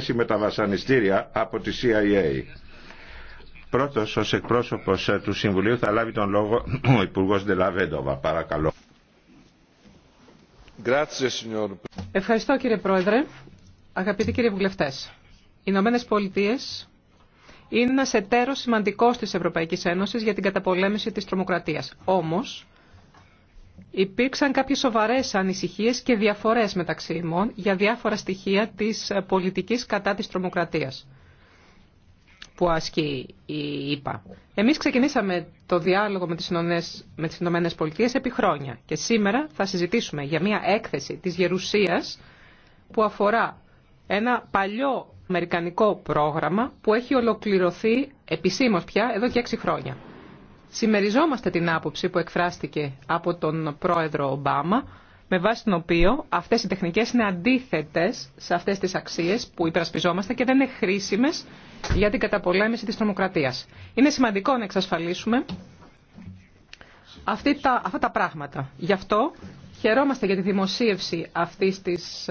σχέση με τα βασανιστήρια από τη CIA. Πρώτος ως εκπρόσωπος ε, του Συμβουλίου θα λάβει τον λόγο ο Υπουργός Ντελαβέντοβα. Παρακαλώ. Ευχαριστώ κύριε Πρόεδρε. Αγαπητοί κύριοι βουλευτές. Οι Ηνωμένε Πολιτείε είναι ένα εταίρο σημαντικό τη Ευρωπαϊκή Ένωση για την καταπολέμηση τη τρομοκρατία. Όμω, Υπήρξαν κάποιες σοβαρές ανησυχίες και διαφορές μεταξύ ημών για διάφορα στοιχεία της πολιτικής κατά της τρομοκρατίας που ασκεί η ΕΠΑ. Εμείς ξεκινήσαμε το διάλογο με τις, Ηνωμένε με επί χρόνια και σήμερα θα συζητήσουμε για μια έκθεση της Γερουσίας που αφορά ένα παλιό αμερικανικό πρόγραμμα που έχει ολοκληρωθεί επισήμως πια εδώ και έξι χρόνια. Συμμεριζόμαστε την άποψη που εκφράστηκε από τον πρόεδρο Ομπάμα, με βάση την οποίο αυτές οι τεχνικές είναι αντίθετες σε αυτές τις αξίες που υπερασπιζόμαστε και δεν είναι χρήσιμε για την καταπολέμηση της τρομοκρατίας. Είναι σημαντικό να εξασφαλίσουμε αυτή τα, αυτά τα πράγματα. Γι' αυτό χαιρόμαστε για τη δημοσίευση αυτής της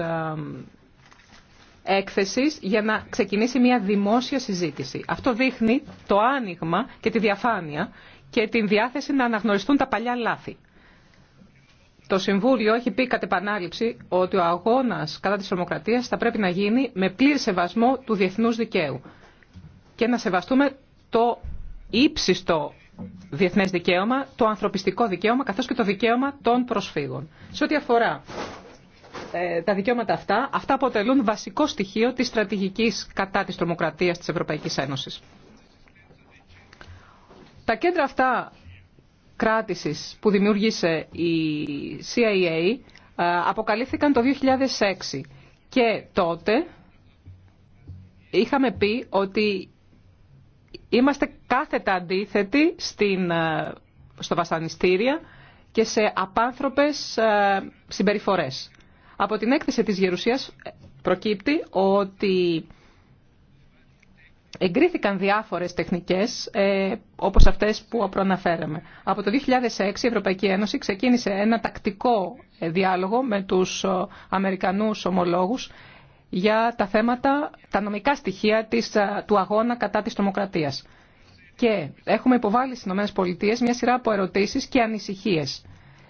έκθεση για να ξεκινήσει μια δημόσια συζήτηση. Αυτό δείχνει το άνοιγμα και τη διαφάνεια και την διάθεση να αναγνωριστούν τα παλιά λάθη. Το Συμβούλιο έχει πει κατ' επανάληψη ότι ο αγώνας κατά της τρομοκρατία θα πρέπει να γίνει με πλήρη σεβασμό του διεθνούς δικαίου και να σεβαστούμε το ύψιστο διεθνές δικαίωμα, το ανθρωπιστικό δικαίωμα καθώς και το δικαίωμα των προσφύγων. Σε ό,τι αφορά ε, τα δικαιώματα αυτά, αυτά αποτελούν βασικό στοιχείο τη στρατηγική κατά τη τρομοκρατία τη Ευρωπαϊκή Ένωση. Τα κέντρα αυτά κράτησης που δημιούργησε η CIA ε, αποκαλύφθηκαν το 2006 και τότε είχαμε πει ότι είμαστε κάθετα αντίθετοι στην, ε, στο βασανιστήρια και σε απάνθρωπες ε, συμπεριφορές. Από την έκθεση της Γερουσίας προκύπτει ότι Εγκρίθηκαν διάφορες τεχνικές ε, όπως αυτές που προαναφέραμε. Από το 2006 η Ευρωπαϊκή Ένωση ξεκίνησε ένα τακτικό ε, διάλογο με τους Αμερικανούς ομολόγους για τα θέματα, τα νομικά στοιχεία της, ε, του αγώνα κατά της τρομοκρατίας. Και έχουμε υποβάλει στις ΗΠΑ μια σειρά από ερωτήσεις και ανησυχίες.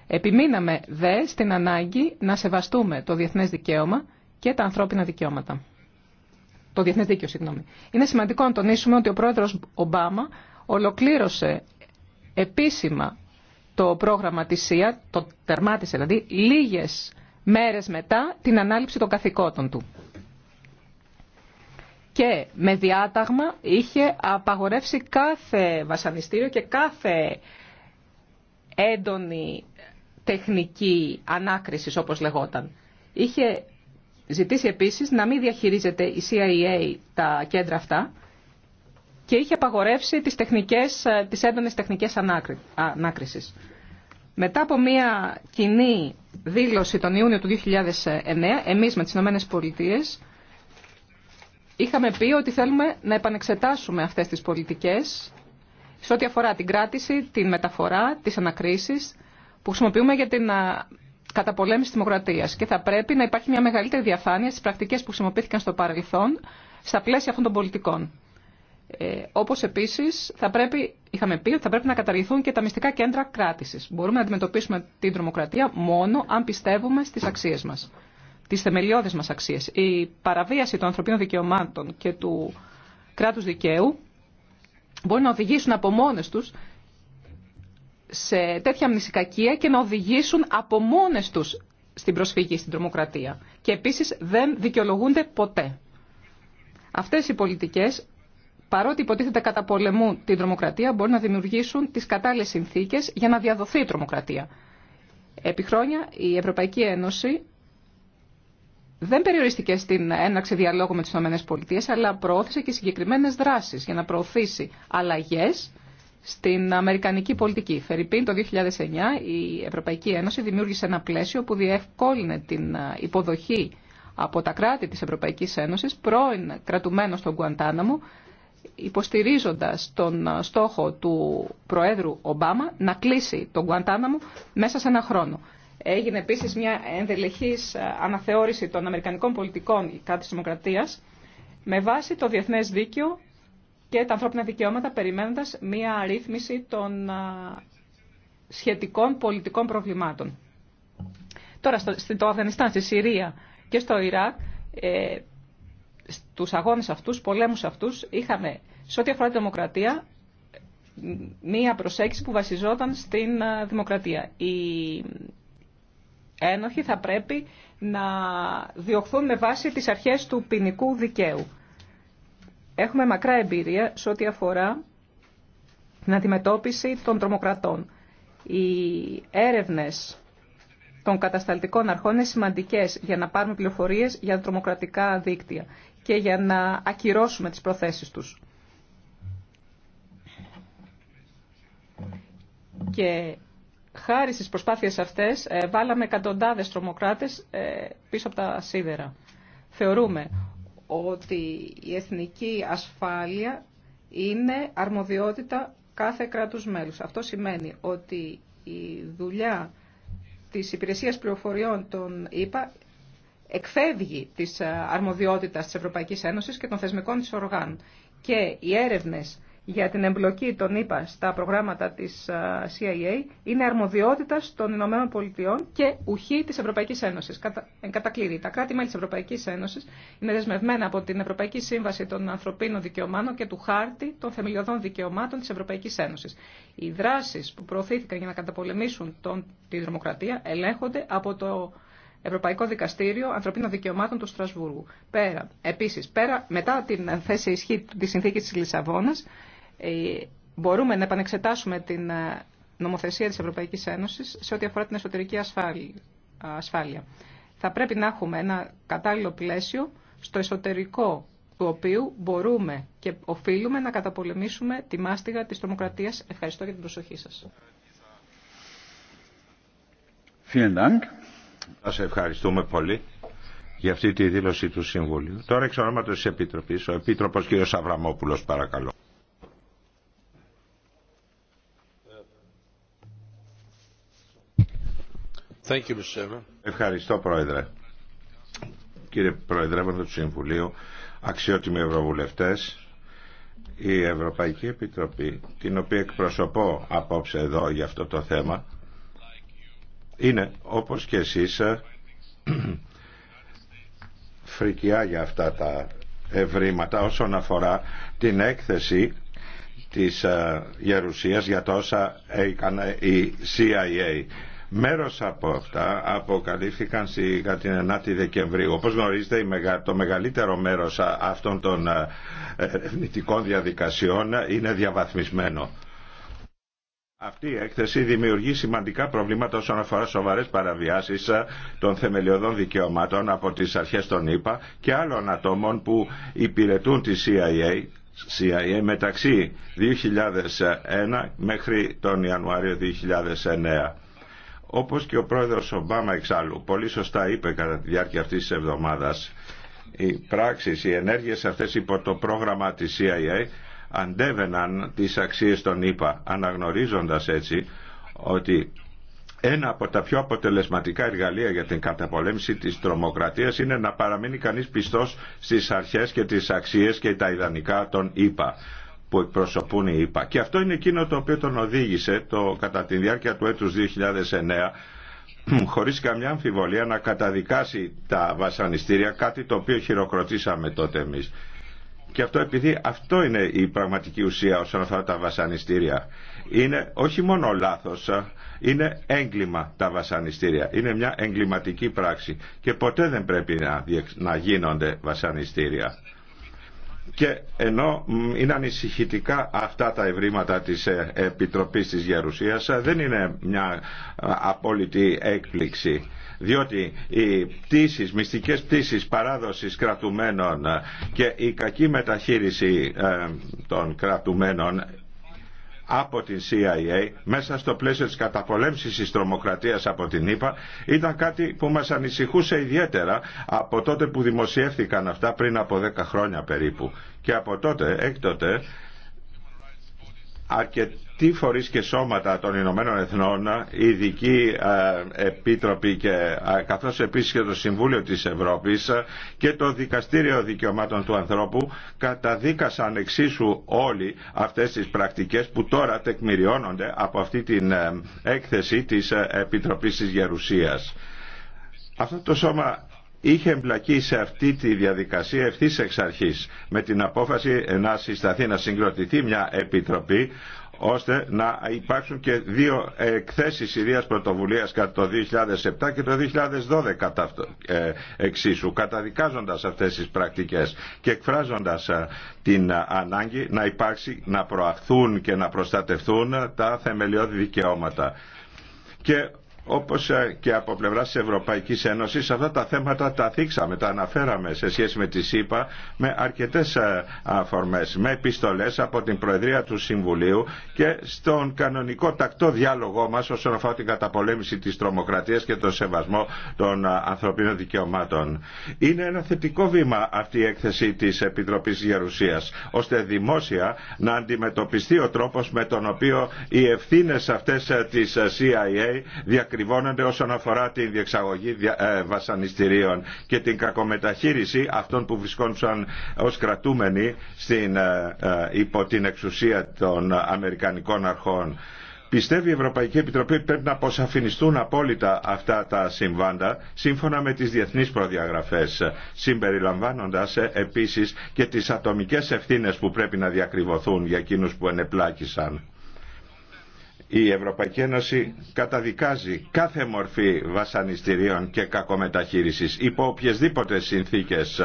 Επιμείναμε δε στην ανάγκη να σεβαστούμε το διεθνές δικαίωμα και τα ανθρώπινα δικαιώματα το διεθνές δίκαιο, συγγνώμη. Είναι σημαντικό να τονίσουμε ότι ο πρόεδρος Ομπάμα ολοκλήρωσε επίσημα το πρόγραμμα της ΣΥΑ, το τερμάτισε δηλαδή, λίγες μέρες μετά την ανάληψη των καθηκόντων του. Και με διάταγμα είχε απαγορεύσει κάθε βασανιστήριο και κάθε έντονη τεχνική ανάκρισης όπως λεγόταν. Είχε ζητήσει επίσης να μην διαχειρίζεται η CIA τα κέντρα αυτά και είχε απαγορεύσει τις, τεχνικές, ε, τις έντονες τεχνικές ανάκρισης. Μετά από μια κοινή δήλωση τον Ιούνιο του 2009, εμείς με τις Ηνωμένες είχαμε πει ότι θέλουμε να επανεξετάσουμε αυτές τις πολιτικές σε ό,τι αφορά την κράτηση, την μεταφορά, τις ανακρίσεις που χρησιμοποιούμε για την ε, καταπολέμηση τη δημοκρατίας και θα πρέπει να υπάρχει μια μεγαλύτερη διαφάνεια στις πρακτικές που χρησιμοποιήθηκαν στο παρελθόν στα πλαίσια αυτών των πολιτικών. Ε, όπως επίσης θα πρέπει, είχαμε πει ότι θα πρέπει να καταργηθούν και τα μυστικά κέντρα κράτησης. Μπορούμε να αντιμετωπίσουμε την τρομοκρατία μόνο αν πιστεύουμε στις αξίες μας, τις θεμελιώδεις μας αξίες. Η παραβίαση των ανθρωπίνων δικαιωμάτων και του κράτους δικαίου μπορεί να οδηγήσουν από μόνες τους σε τέτοια μνησικακία και να οδηγήσουν από μόνε τους στην προσφυγή, στην τρομοκρατία. Και επίσης δεν δικαιολογούνται ποτέ. Αυτές οι πολιτικές, παρότι υποτίθεται πολεμού την τρομοκρατία, μπορούν να δημιουργήσουν τις κατάλληλε συνθήκες για να διαδοθεί η τρομοκρατία. Επί χρόνια η Ευρωπαϊκή Ένωση δεν περιορίστηκε στην έναρξη διαλόγου με τι ΗΠΑ, αλλά προώθησε και συγκεκριμένε δράσει για να προωθήσει αλλαγέ στην Αμερικανική πολιτική. Φερρυπίν το 2009 η Ευρωπαϊκή Ένωση δημιούργησε ένα πλαίσιο που διευκόλυνε την ε, υποδοχή από τα κράτη της Ευρωπαϊκής Ένωσης πρώην κρατουμένο στον Κουαντάναμο υποστηρίζοντας τον ε, στόχο του Προέδρου Ομπάμα να κλείσει τον Κουαντάναμο μέσα σε ένα χρόνο. Έγινε επίσης μια ενδελεχής ε, αναθεώρηση των Αμερικανικών πολιτικών κατά της δημοκρατίας με βάση το διεθνές δίκαιο και τα ανθρώπινα δικαιώματα περιμένοντας μία αρρύθμιση των σχετικών πολιτικών προβλημάτων. Τώρα στο Αφγανιστάν, στη Συρία και στο Ιράκ, ε, στους αγώνες αυτούς, πολέμους αυτούς, είχαμε σε ό,τι αφορά τη δημοκρατία μία προσέγγιση που βασιζόταν στην δημοκρατία. Οι ένοχοι θα πρέπει να διωχθούν με βάση τις αρχές του ποινικού δικαίου έχουμε μακρά εμπειρία σε ό,τι αφορά την αντιμετώπιση των τρομοκρατών. Οι έρευνες των κατασταλτικών αρχών είναι σημαντικές για να πάρουμε πληροφορίες για τρομοκρατικά δίκτυα και για να ακυρώσουμε τις προθέσεις τους. Και χάρη στις προσπάθειες αυτές ε, βάλαμε εκατοντάδες τρομοκράτες ε, πίσω από τα σίδερα. Θεωρούμε ότι η εθνική ασφάλεια είναι αρμοδιότητα κάθε κράτους μέλους. Αυτό σημαίνει ότι η δουλειά της υπηρεσίας πληροφοριών των Ε.Π.Α. εκφεύγει της ε, αρμοδιότητας της Ευρωπαϊκής Ένωσης και των θεσμικών της οργάνων. Και οι έρευνες για την εμπλοκή των ΗΠΑ στα προγράμματα της CIA είναι αρμοδιότητα των Ηνωμένων Πολιτειών και ουχή της Ευρωπαϊκής Ένωσης. Κατα... Κατακλείδη, τα κράτη-μέλη της Ευρωπαϊκής Ένωσης είναι δεσμευμένα από την Ευρωπαϊκή Σύμβαση των Ανθρωπίνων Δικαιωμάτων και του Χάρτη των Θεμελιωδών Δικαιωμάτων της Ευρωπαϊκής Ένωσης. Οι δράσεις που προωθήθηκαν για να καταπολεμήσουν τον... τη δημοκρατία ελέγχονται από το Ευρωπαϊκό Δικαστήριο Ανθρωπίνων Δικαιωμάτων του Στρασβούργου. Πέρα, επίσης, πέρα, μετά την θέση ισχύ της συνθήκης της Λισαβόνας, ε, μπορούμε να επανεξετάσουμε την ε, νομοθεσία της Ευρωπαϊκής Ένωσης σε ό,τι αφορά την εσωτερική ασφάλεια. Θα πρέπει να έχουμε ένα κατάλληλο πλαίσιο στο εσωτερικό του οποίου μπορούμε και οφείλουμε να καταπολεμήσουμε τη μάστιγα της τρομοκρατίας. Ευχαριστώ για την προσοχή σας. Σας ευχαριστούμε πολύ για αυτή τη δήλωση του Συμβουλίου. Τώρα εξ ονόματος της Επιτροπής, ο Επίτροπος κ. Σαβραμόπουλος, παρακαλώ. Ευχαριστώ, Πρόεδρε. Κύριε Προεδρεύοντα του Συμβουλίου, αξιότιμοι Ευρωβουλευτές, η Ευρωπαϊκή Επιτροπή, την οποία εκπροσωπώ απόψε εδώ για αυτό το θέμα, είναι όπως και εσείς φρικιά για αυτά τα ευρήματα όσον αφορά την έκθεση της ε, Γερουσίας για τόσα έκανε η CIA Μέρος από αυτά αποκαλύφθηκαν για την 9η Δεκεμβρίου. Όπως γνωρίζετε το μεγαλύτερο μέρος αυτών των ε, ερευνητικών διαδικασιών είναι διαβαθμισμένο. Αυτή η έκθεση δημιουργεί σημαντικά προβλήματα όσον αφορά σοβαρές παραβιάσεις ε, των θεμελιωδών δικαιωμάτων από τις αρχές των ΗΠΑ και άλλων ατόμων που υπηρετούν τη CIA, CIA μεταξύ 2001 μέχρι τον Ιανουάριο 2009. Όπως και ο πρόεδρος Ομπάμα εξάλλου πολύ σωστά είπε κατά τη διάρκεια αυτής της εβδομάδας, οι πράξεις, οι ενέργειες αυτές υπό το πρόγραμμα της CIA αντέβαιναν τις αξίες των ΗΠΑ, αναγνωρίζοντας έτσι ότι ένα από τα πιο αποτελεσματικά εργαλεία για την καταπολέμηση της τρομοκρατίας είναι να παραμείνει κανείς πιστός στις αρχές και τις αξίες και τα ιδανικά των ΗΠΑ που εκπροσωπούν οι ΙΠΑ. Και αυτό είναι εκείνο το οποίο τον οδήγησε το, κατά τη διάρκεια του έτους 2009 χωρίς καμιά αμφιβολία να καταδικάσει τα βασανιστήρια, κάτι το οποίο χειροκροτήσαμε τότε εμείς. Και αυτό επειδή αυτό είναι η πραγματική ουσία όσον αφορά τα βασανιστήρια. Είναι όχι μόνο λάθος, είναι έγκλημα τα βασανιστήρια. Είναι μια εγκληματική πράξη και ποτέ δεν πρέπει να, να γίνονται βασανιστήρια. Και ενώ είναι ανησυχητικά αυτά τα ευρήματα της ε, Επιτροπής της Γερουσίας, ε, δεν είναι μια ε, απόλυτη έκπληξη διότι οι πτήσεις, μυστικές πτήσεις παράδοσης κρατουμένων και η κακή μεταχείριση των κρατουμένων από την CIA μέσα στο πλαίσιο της καταπολέμησης της τρομοκρατίας από την ΗΠΑ ήταν κάτι που μας ανησυχούσε ιδιαίτερα από τότε που δημοσιεύθηκαν αυτά πριν από 10 χρόνια περίπου. Και από τότε, έκτοτε, αρκετά τι φορείς και σώματα των Ηνωμένων Εθνών, Ειδική ειδικοί ε, επίτροποι και ε, καθώς επίσης και το Συμβούλιο της Ευρώπης και το Δικαστήριο Δικαιωμάτων του Ανθρώπου καταδίκασαν εξίσου όλοι αυτές τις πρακτικές που τώρα τεκμηριώνονται από αυτή την ε, έκθεση της Επιτροπής της Γερουσίας. Αυτό το σώμα είχε εμπλακεί σε αυτή τη διαδικασία ευθύ εξ αρχής... με την απόφαση να συσταθεί, να συγκροτηθεί μια επιτροπή ώστε να υπάρξουν και δύο εκθέσει ιδία πρωτοβουλία κατά το 2007 και το 2012 ε, εξίσου, καταδικάζοντα αυτές τις πρακτικές και εκφράζοντας ε, την ανάγκη να υπάρξει, να προαχθούν και να προστατευτούν τα θεμελιώδη δικαιώματα. Και όπως ε, και από πλευράς της Ευρωπαϊκής Ένωσης αυτά τα θέματα τα θίξαμε, τα αναφέραμε σε σχέση με τη ΣΥΠΑ με αρκετές ε, αφορμές, με επιστολές από την Προεδρία του Συμβουλίου και στον κανονικό τακτό διάλογό μας όσον αφορά την καταπολέμηση της τρομοκρατίας και τον σεβασμό των ε, ανθρωπίνων δικαιωμάτων. Είναι ένα θετικό βήμα αυτή η έκθεση της Επιτροπής Γερουσίας ώστε δημόσια να αντιμετωπιστεί ο τρόπος με τον οποίο οι ευθύνε αυτές της CIA όσον αφορά τη διεξαγωγή ε, βασανιστήριων και την κακομεταχείριση αυτών που βρισκόντουσαν ως κρατούμενοι στην, ε, ε, υπό την εξουσία των Αμερικανικών αρχών. Πιστεύει η Ευρωπαϊκή Επιτροπή πρέπει να αποσαφινιστούν απόλυτα αυτά τα συμβάντα σύμφωνα με τις διεθνείς προδιαγραφές, συμπεριλαμβάνοντας επίσης και τις ατομικές ευθύνες που πρέπει να διακριβωθούν για εκείνους που ενεπλάκησαν η Ευρωπαϊκή Ένωση καταδικάζει κάθε μορφή βασανιστήριων και κακομεταχείρισης υπό οποιασδήποτε συνθήκες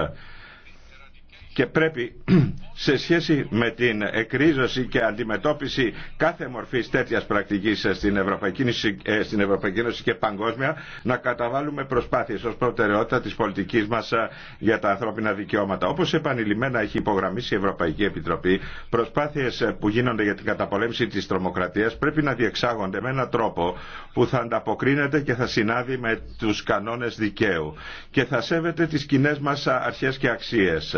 και πρέπει σε σχέση με την εκρίζωση και αντιμετώπιση κάθε μορφής τέτοιας πρακτικής στην Ευρωπαϊκή, ε, στην Ευρωπαϊκή Ένωση και παγκόσμια να καταβάλουμε προσπάθειες ως προτεραιότητα της πολιτικής μας ε, για τα ανθρώπινα δικαιώματα. Όπως επανειλημμένα έχει υπογραμμίσει η Ευρωπαϊκή Επιτροπή, προσπάθειες ε, που γίνονται για την καταπολέμηση της τρομοκρατίας πρέπει να διεξάγονται με έναν τρόπο που θα ανταποκρίνεται και θα συνάδει με τους κανόνες δικαίου και θα σέβεται τις κοινέ μας αρχές και αξίες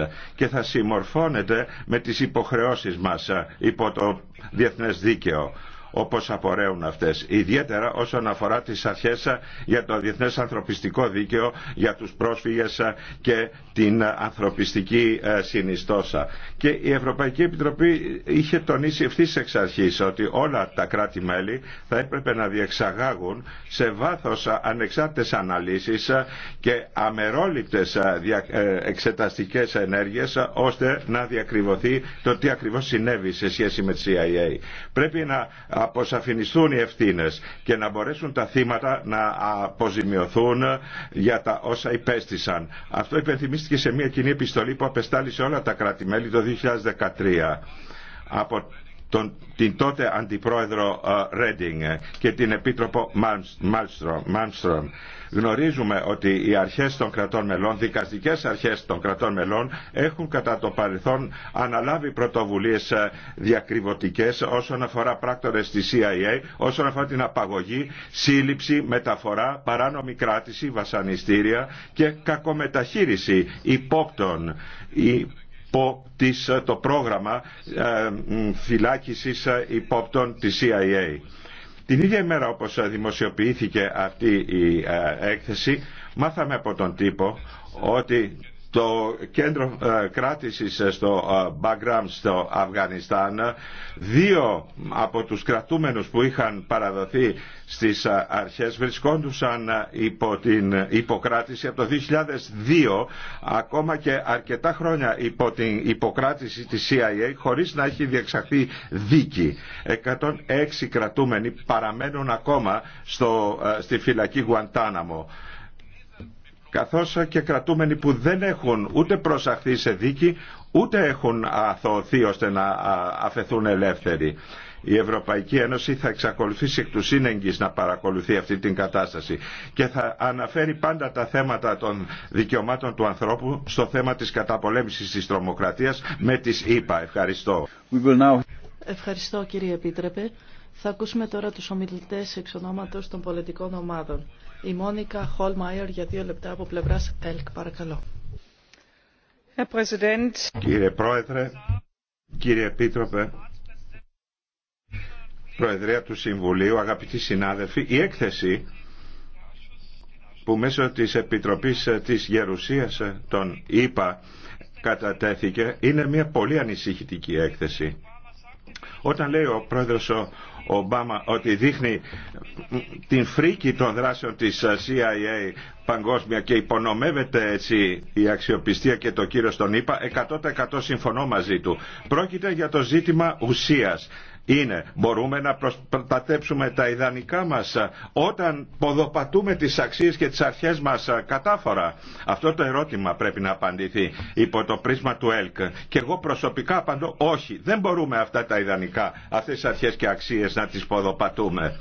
θα συμμορφώνεται με τις υποχρεώσεις μας ε, υπό το διεθνές δίκαιο όπως απορρέουν αυτές. Ιδιαίτερα όσον αφορά τις αρχές για το διεθνές ανθρωπιστικό δίκαιο, για τους πρόσφυγες και την ανθρωπιστική ε, συνιστόσα. Και η Ευρωπαϊκή Επιτροπή είχε τονίσει ευθύ εξ αρχή ότι όλα τα κράτη-μέλη θα έπρεπε να διεξαγάγουν σε βάθος ανεξάρτητες αναλύσεις και αμερόληπτες ε, ε, εξεταστικές ενέργειες ώστε να διακριβωθεί το τι ακριβώς συνέβη σε σχέση με τη CIA. Πρέπει να αποσαφινιστούν οι ευθύνε και να μπορέσουν τα θύματα να αποζημιωθούν για τα όσα υπέστησαν. Αυτό υπενθυμίστηκε σε μια κοινή επιστολή που απεστάλησε όλα τα κράτη-μέλη το 2013. Από τον, την τότε αντιπρόεδρο Ρέντινγκ ε, και την επίτροπο Μάλστρομ. Γνωρίζουμε ότι οι αρχές των κρατών μελών, δικαστικές αρχές των κρατών μελών έχουν κατά το παρελθόν αναλάβει πρωτοβουλίες ε, διακριβωτικές όσον αφορά πράκτορες της CIA, όσον αφορά την απαγωγή, σύλληψη, μεταφορά, παράνομη κράτηση, βασανιστήρια και κακομεταχείριση υπόπτων υπό ε, το πρόγραμμα ε, φυλάκισης υπόπτων της CIA. Την ίδια ημέρα όπως δημοσιοποιήθηκε αυτή η ε, έκθεση μάθαμε από τον τύπο ότι το κέντρο ε, κράτησης ε, στο ε, Μπαγκράμ στο Αφγανιστάν δύο από τους κρατούμενους που είχαν παραδοθεί στις αρχές βρισκόντουσαν υπό την υποκράτηση από το 2002 ακόμα και αρκετά χρόνια υπό την υποκράτηση της CIA χωρίς να έχει διεξαχθεί δίκη. 106 κρατούμενοι παραμένουν ακόμα στο, στη φυλακή Γουαντάναμο καθώς και κρατούμενοι που δεν έχουν ούτε προσαχθεί σε δίκη, ούτε έχουν αθωωθεί ώστε να αφαιθούν ελεύθεροι. Η Ευρωπαϊκή Ένωση θα εξακολουθήσει εκ του σύνεγγυς να παρακολουθεί αυτή την κατάσταση και θα αναφέρει πάντα τα θέματα των δικαιωμάτων του ανθρώπου στο θέμα της καταπολέμησης της τρομοκρατίας με τις ΗΠΑ. Ευχαριστώ. Ευχαριστώ κύριε Επίτρεπε. Θα ακούσουμε τώρα τους ομιλητές εξ των πολιτικών ομάδων. Η Μόνικα Χολμάιερ για δύο λεπτά από πλευρά ΤΕΛΚ. Παρακαλώ. Κύριε Πρόεδρε, κύριε Επίτροπε, Προεδρία του Συμβουλίου, αγαπητοί συνάδελφοι, η έκθεση που μέσω της Επιτροπής της Γερουσίας των ΗΠΑ κατατέθηκε είναι μια πολύ ανησυχητική έκθεση. Όταν λέει ο πρόεδρος Ομπάμα ότι δείχνει την φρίκη των δράσεων της CIA παγκόσμια και υπονομεύεται έτσι η αξιοπιστία και το κύριο στον είπα 100% συμφωνώ μαζί του. Πρόκειται για το ζήτημα ουσίας είναι μπορούμε να προστατέψουμε τα ιδανικά μας ε, όταν ποδοπατούμε τις αξίες και τις αρχές μας ε, κατάφορα. Αυτό το ερώτημα πρέπει να απαντηθεί υπό το πρίσμα του ΕΛΚ. Και εγώ προσωπικά απαντώ όχι. Δεν μπορούμε αυτά τα ιδανικά, αυτές τις αρχές και αξίες να τις ποδοπατούμε.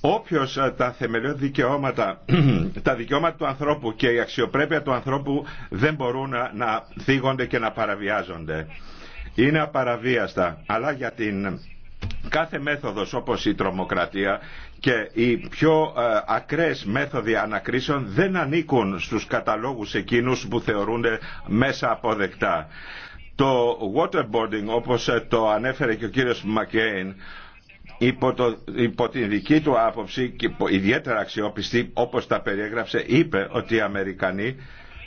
Όποιος ε, τα θεμελιώδη δικαιώματα, τα δικαιώματα του ανθρώπου και η αξιοπρέπεια του ανθρώπου δεν μπορούν να θίγονται και να παραβιάζονται είναι απαραβίαστα. Αλλά για την κάθε μέθοδος όπως η τρομοκρατία και οι πιο ε, ακραίες μέθοδοι ανακρίσεων δεν ανήκουν στους καταλόγους εκείνους που θεωρούνται μέσα αποδεκτά. Το waterboarding όπως ε, το ανέφερε και ο κύριος Μακέιν υπό, το, υπό την δική του άποψη και ιδιαίτερα αξιόπιστη όπως τα περιέγραψε είπε ότι οι Αμερικανοί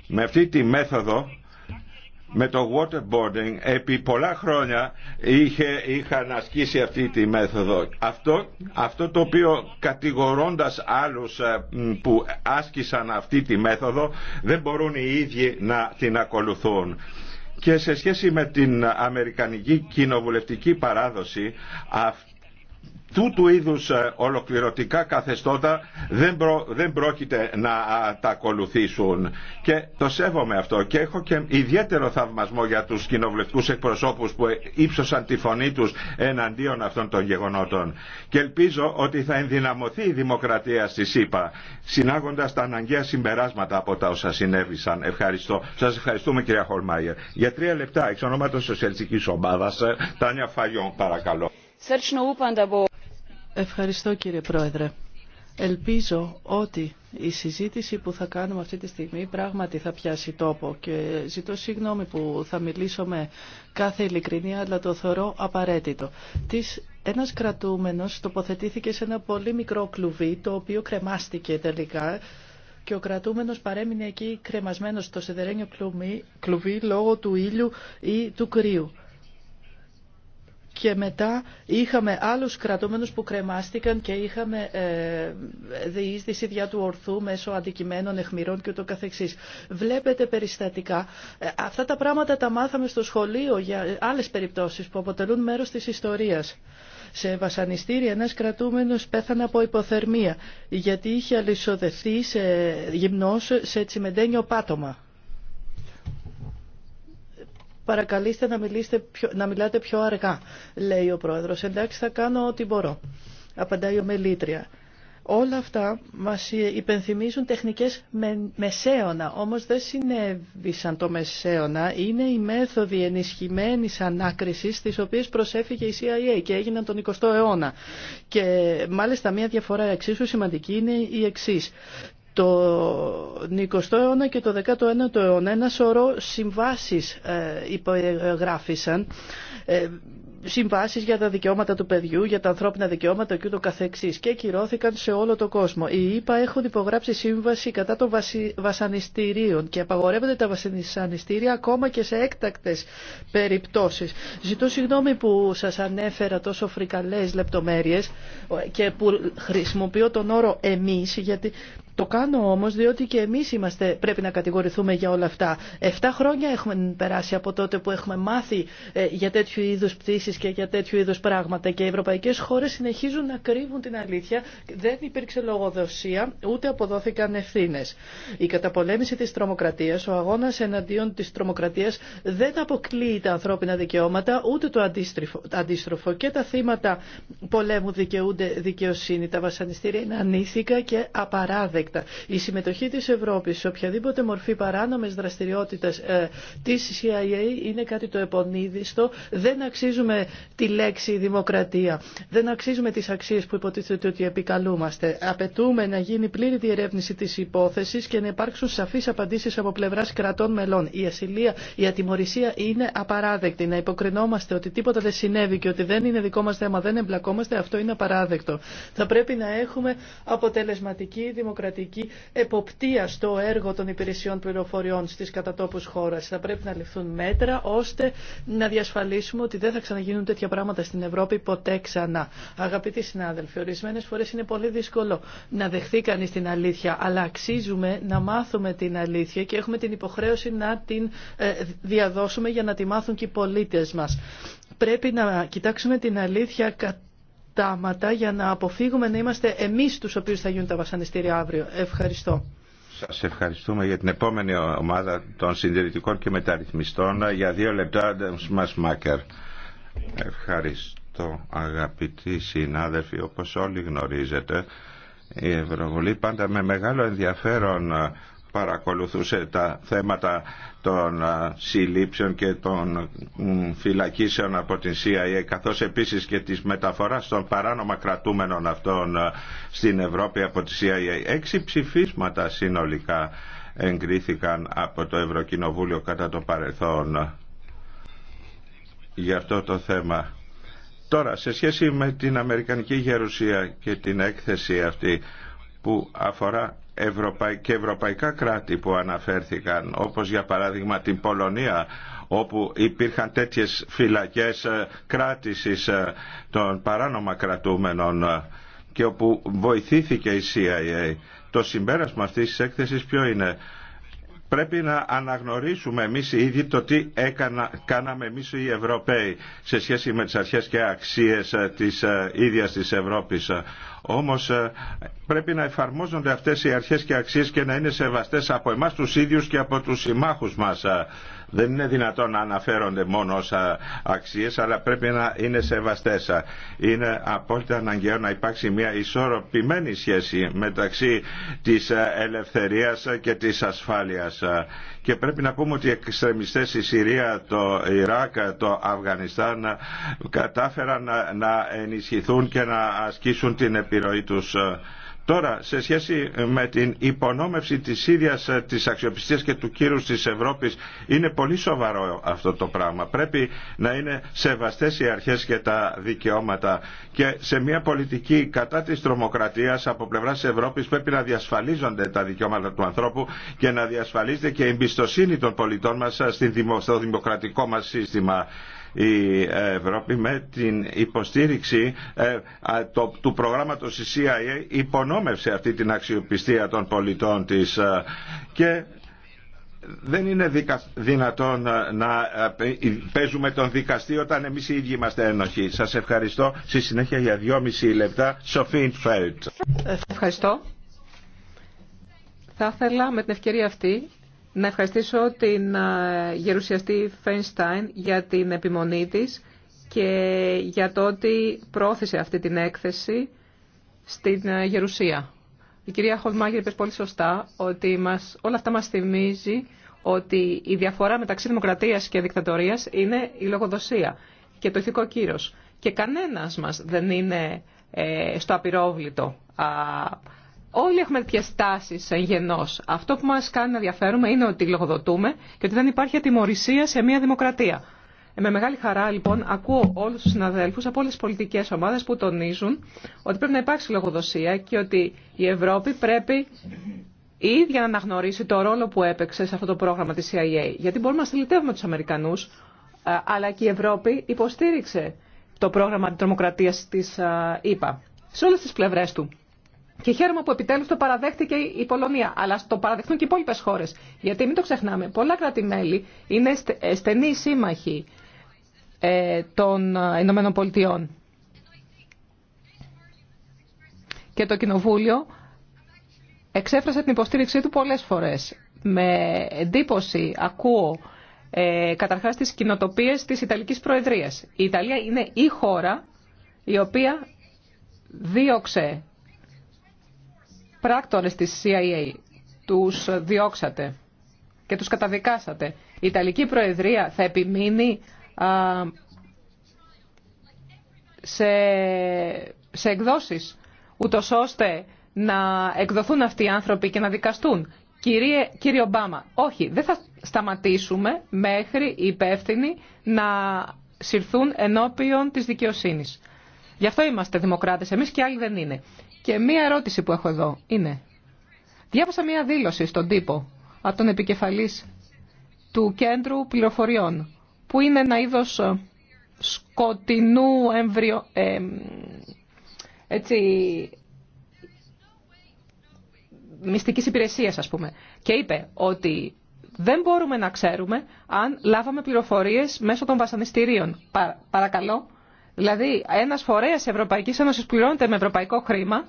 με αυτή τη μέθοδο με το waterboarding επί πολλά χρόνια είχε, είχαν ασκήσει αυτή τη μέθοδο. Αυτό, αυτό το οποίο κατηγορώντας άλλους ε, που άσκησαν αυτή τη μέθοδο δεν μπορούν οι ίδιοι να την ακολουθούν. Και σε σχέση με την αμερικανική κοινοβουλευτική παράδοση αυτό τούτου είδους ε, ολοκληρωτικά καθεστώτα δεν, προ, δεν πρόκειται να τα ακολουθήσουν. Και το σέβομαι αυτό και έχω και ιδιαίτερο θαυμασμό για τους κοινοβουλευτικούς εκπροσώπους που ε, ύψωσαν τη φωνή τους εναντίον αυτών των γεγονότων. Και ελπίζω ότι θα ενδυναμωθεί η δημοκρατία στη ΣΥΠΑ συνάγοντας τα αναγκαία συμπεράσματα από τα όσα συνέβησαν. Ευχαριστώ. Σας ευχαριστούμε κυρία Χολμάιερ. Για τρία λεπτά εξ ονόματος Σοσιαλιστικής Ομάδας, ε, Τάνια Φαγιόν παρακαλώ. Ευχαριστώ κύριε Πρόεδρε. Ελπίζω ότι η συζήτηση που θα κάνουμε αυτή τη στιγμή πράγματι θα πιάσει τόπο και ζητώ συγγνώμη που θα μιλήσω με κάθε ειλικρινία αλλά το θεωρώ απαραίτητο. Της ένας κρατούμενος τοποθετήθηκε σε ένα πολύ μικρό κλουβί το οποίο κρεμάστηκε τελικά και ο κρατούμενος παρέμεινε εκεί κρεμασμένος στο σιδερένιο κλουβί λόγω του ήλιου ή του κρύου και μετά είχαμε άλλους κρατούμενους που κρεμάστηκαν και είχαμε ε, διά του ορθού μέσω αντικειμένων, εχμηρών και ούτω καθεξής. Βλέπετε περιστατικά. Ε, αυτά τα πράγματα τα μάθαμε στο σχολείο για άλλες περιπτώσεις που αποτελούν μέρος της ιστορίας. Σε βασανιστήρι ένας κρατούμενος πέθανε από υποθερμία γιατί είχε αλυσοδευτεί σε γυμνός σε τσιμεντένιο πάτωμα. Παρακαλείστε να, μιλήστε να μιλάτε πιο αργά, λέει ο πρόεδρος. Εντάξει, θα κάνω ό,τι μπορώ, απαντάει ο μελίτρια. Όλα αυτά μας υπενθυμίζουν τεχνικές μεσαίωνα, όμως δεν συνέβησαν το μεσαίωνα. Είναι η μέθοδοι ενισχυμένης ανάκρισης, τις οποίες προσέφηκε η CIA και έγιναν τον 20ο αιώνα. Και μάλιστα μια διαφορά εξίσου σημαντική είναι η εξής το 20ο αιώνα και το 19ο αιώνα ένα σωρό συμβάσεις ε, υπογράφησαν ε, συμβάσεις για τα δικαιώματα του παιδιού, για τα ανθρώπινα δικαιώματα και ούτω καθεξής και κυρώθηκαν σε όλο τον κόσμο. Οι ΙΠΑ έχουν υπογράψει σύμβαση κατά των βασανιστήριων και απαγορεύονται τα βασανιστήρια ακόμα και σε έκτακτες περιπτώσεις. Ζητώ συγγνώμη που σας ανέφερα τόσο φρικαλές λεπτομέρειες και που χρησιμοποιώ τον όρο «εμείς» γιατί το κάνω όμως διότι και εμείς είμαστε, πρέπει να κατηγορηθούμε για όλα αυτά. Εφτά χρόνια έχουμε περάσει από τότε που έχουμε μάθει ε, για τέτοιου είδους πτήσεις και για τέτοιου είδους πράγματα και οι ευρωπαϊκές χώρες συνεχίζουν να κρύβουν την αλήθεια. Δεν υπήρξε λογοδοσία, ούτε αποδόθηκαν ευθύνε. Η καταπολέμηση της τρομοκρατίας, ο αγώνας εναντίον της τρομοκρατίας δεν αποκλείει τα ανθρώπινα δικαιώματα, ούτε το αντίστροφο και τα θύματα πολέμου δικαιούνται δικαιοσύνη. Τα βασανιστήρια είναι ανήθικα και απαράδεκτα η συμμετοχή της Ευρώπης σε οποιαδήποτε μορφή παράνομες δραστηριότητες ε, της CIA είναι κάτι το επονίδιστο. Δεν αξίζουμε τη λέξη δημοκρατία. Δεν αξίζουμε τις αξίες που υποτίθεται ότι επικαλούμαστε. Απαιτούμε να γίνει πλήρη διερεύνηση της υπόθεσης και να υπάρξουν σαφείς απαντήσεις από πλευράς κρατών μελών. Η ασυλία, η ατιμορρησία είναι απαράδεκτη. Να υποκρινόμαστε ότι τίποτα δεν συνέβη και ότι δεν είναι δικό μας θέμα, δεν εμπλακόμαστε, αυτό είναι απαράδεκτο. Θα πρέπει να έχουμε αποτελεσματική δημοκρατία δημοκρατική εποπτεία στο έργο των υπηρεσιών πληροφοριών στις κατατόπους χώρας. Θα πρέπει να ληφθούν μέτρα ώστε να διασφαλίσουμε ότι δεν θα ξαναγίνουν τέτοια πράγματα στην Ευρώπη ποτέ ξανά. Αγαπητοί συνάδελφοι, ορισμένε φορέ είναι πολύ δύσκολο να δεχθεί κανεί την αλήθεια, αλλά αξίζουμε να μάθουμε την αλήθεια και έχουμε την υποχρέωση να την ε, διαδώσουμε για να τη μάθουν και οι πολίτε μα. Πρέπει να κοιτάξουμε την αλήθεια ματά για να αποφύγουμε να είμαστε εμείς τους οποίους θα γίνουν τα βασανιστήρια αύριο. Ευχαριστώ. Σας ευχαριστούμε για την επόμενη ομάδα των συντηρητικών και μεταρρυθμιστών για δύο λεπτά μας μάκερ. Ευχαριστώ αγαπητοί συνάδελφοι όπως όλοι γνωρίζετε. Η Ευρωβουλή πάντα με μεγάλο ενδιαφέρον παρακολουθούσε τα θέματα των συλλήψεων και των φυλακίσεων από την CIA καθώς επίσης και της μεταφοράς των παράνομα κρατούμενων αυτών στην Ευρώπη από τη CIA. Έξι ψηφίσματα συνολικά εγκρίθηκαν από το Ευρωκοινοβούλιο κατά το παρελθόν για αυτό το θέμα. Τώρα, σε σχέση με την Αμερικανική Γερουσία και την έκθεση αυτή, που αφορά και ευρωπαϊκά κράτη που αναφέρθηκαν, όπως για παράδειγμα την Πολωνία, όπου υπήρχαν τέτοιες φυλακές ε, κράτησης ε, των παράνομα κρατούμενων ε, και όπου βοηθήθηκε η CIA. Το συμπέρασμα αυτής της έκθεσης ποιο είναι, Πρέπει να αναγνωρίσουμε εμείς οι ίδιοι το τι έκανα, κάναμε εμείς οι Ευρωπαίοι σε σχέση με τις αρχές και αξίες ε, της ε, ίδιας της Ευρώπης. Όμως ε, πρέπει να εφαρμόζονται αυτές οι αρχές και αξίες και να είναι σεβαστές από εμάς τους ίδιους και από τους συμμάχους μας. Δεν είναι δυνατόν να αναφέρονται μόνο ως αξίες, αλλά πρέπει να είναι σεβαστές. Είναι απόλυτα αναγκαίο να υπάρξει μια ισορροπημένη σχέση μεταξύ της ελευθερίας και της ασφάλειας. Και πρέπει να πούμε ότι οι εξτρεμιστές στη Συρία, το Ιράκ, το Αφγανιστάν κατάφεραν να ενισχυθούν και να ασκήσουν την επιρροή τους Τώρα, σε σχέση ε, με την υπονόμευση της ίδιας ε, της αξιοπιστίας και του κύρου της Ευρώπης, είναι πολύ σοβαρό αυτό το πράγμα. Πρέπει να είναι σεβαστές οι αρχές και τα δικαιώματα. Και σε μια πολιτική κατά της τρομοκρατίας από πλευράς Ευρώπης πρέπει να διασφαλίζονται τα δικαιώματα του ανθρώπου και να διασφαλίζεται και η εμπιστοσύνη των πολιτών μας ε, στο δημοκρατικό μας σύστημα η ε, Ευρώπη με την υποστήριξη ε, του προγράμματος της CIA υπονόμευσε αυτή την αξιοπιστία των πολιτών της ε, και δεν είναι δυνατόν να παίζουμε τον δικαστή όταν εμείς οι ίδιοι είμαστε ένοχοι. Σας ευχαριστώ. Στη συνέχεια για δυόμιση λεπτά, Σοφίν Φέλτ. Ευχαριστώ. Θα ήθελα με την ευκαιρία αυτή να ευχαριστήσω την ε, γερουσιαστή Φέινστάιν για την επιμονή της και για το ότι πρόθεσε αυτή την έκθεση στην ε, Γερουσία. Η κυρία Χολμάγερ είπε πολύ σωστά ότι μας, όλα αυτά μας θυμίζει ότι η διαφορά μεταξύ δημοκρατίας και δικτατορίας είναι η λογοδοσία και το ηθικό κύρος. Και κανένας μας δεν είναι ε, στο απειρόβλητο Όλοι έχουμε τέτοιε τάσει ε, γενό. Αυτό που μα κάνει να διαφέρουμε είναι ότι λογοδοτούμε και ότι δεν υπάρχει ατιμορρησία σε μια δημοκρατία. Ε, με μεγάλη χαρά λοιπόν ακούω όλου του συναδέλφου από όλε τι πολιτικέ ομάδε που τονίζουν ότι πρέπει να υπάρξει λογοδοσία και ότι η Ευρώπη πρέπει η ίδια να αναγνωρίσει το ρόλο που έπαιξε σε αυτό το πρόγραμμα τη CIA. Γιατί μπορούμε να στελιτεύουμε του Αμερικανού, ε, αλλά και η Ευρώπη υποστήριξε το πρόγραμμα τρομοκρατία τη ΕΠΑ. Σε όλε τι πλευρέ του. Και χαίρομαι που επιτέλου το παραδέχτηκε η Πολωνία. Αλλά το παραδεχτούν και οι υπόλοιπε χώρε. Γιατί μην το ξεχνάμε, πολλά κράτη-μέλη είναι ε, στενοί σύμμαχοι ε, των ε, Ηνωμένων Πολιτειών. Και το Κοινοβούλιο εξέφρασε την υποστήριξή του πολλές φορές. Με εντύπωση ακούω ε, καταρχάς τις κοινοτοπίες της Ιταλικής Προεδρίας. Η Ιταλία είναι η χώρα η οποία δίωξε πράκτορες της CIA. Τους διώξατε και τους καταδικάσατε. Η Ιταλική Προεδρία θα επιμείνει σε, σε εκδόσεις, ούτως ώστε να εκδοθούν αυτοί οι άνθρωποι και να δικαστούν. Κύριε, κύριε Ομπάμα, όχι, δεν θα σταματήσουμε μέχρι οι υπεύθυνοι να συρθούν ενώπιον της δικαιοσύνης. Γι' αυτό είμαστε δημοκράτες, εμείς και άλλοι δεν είναι. Και μία ερώτηση που έχω εδώ είναι, διάβασα μία δήλωση στον τύπο από τον επικεφαλής του Κέντρου Πληροφοριών, που είναι ένα ειδο ε, σκοτεινού εμβριο, ε, έτσι, μυστικής υπηρεσίας ας πούμε. Και είπε ότι δεν μπορούμε να ξέρουμε αν λάβαμε πληροφορίες μέσω των βασανιστήριων. Παρακαλώ, Δηλαδή, ένας φορέας Ευρωπαϊκής Ένωση πληρώνεται με ευρωπαϊκό χρήμα,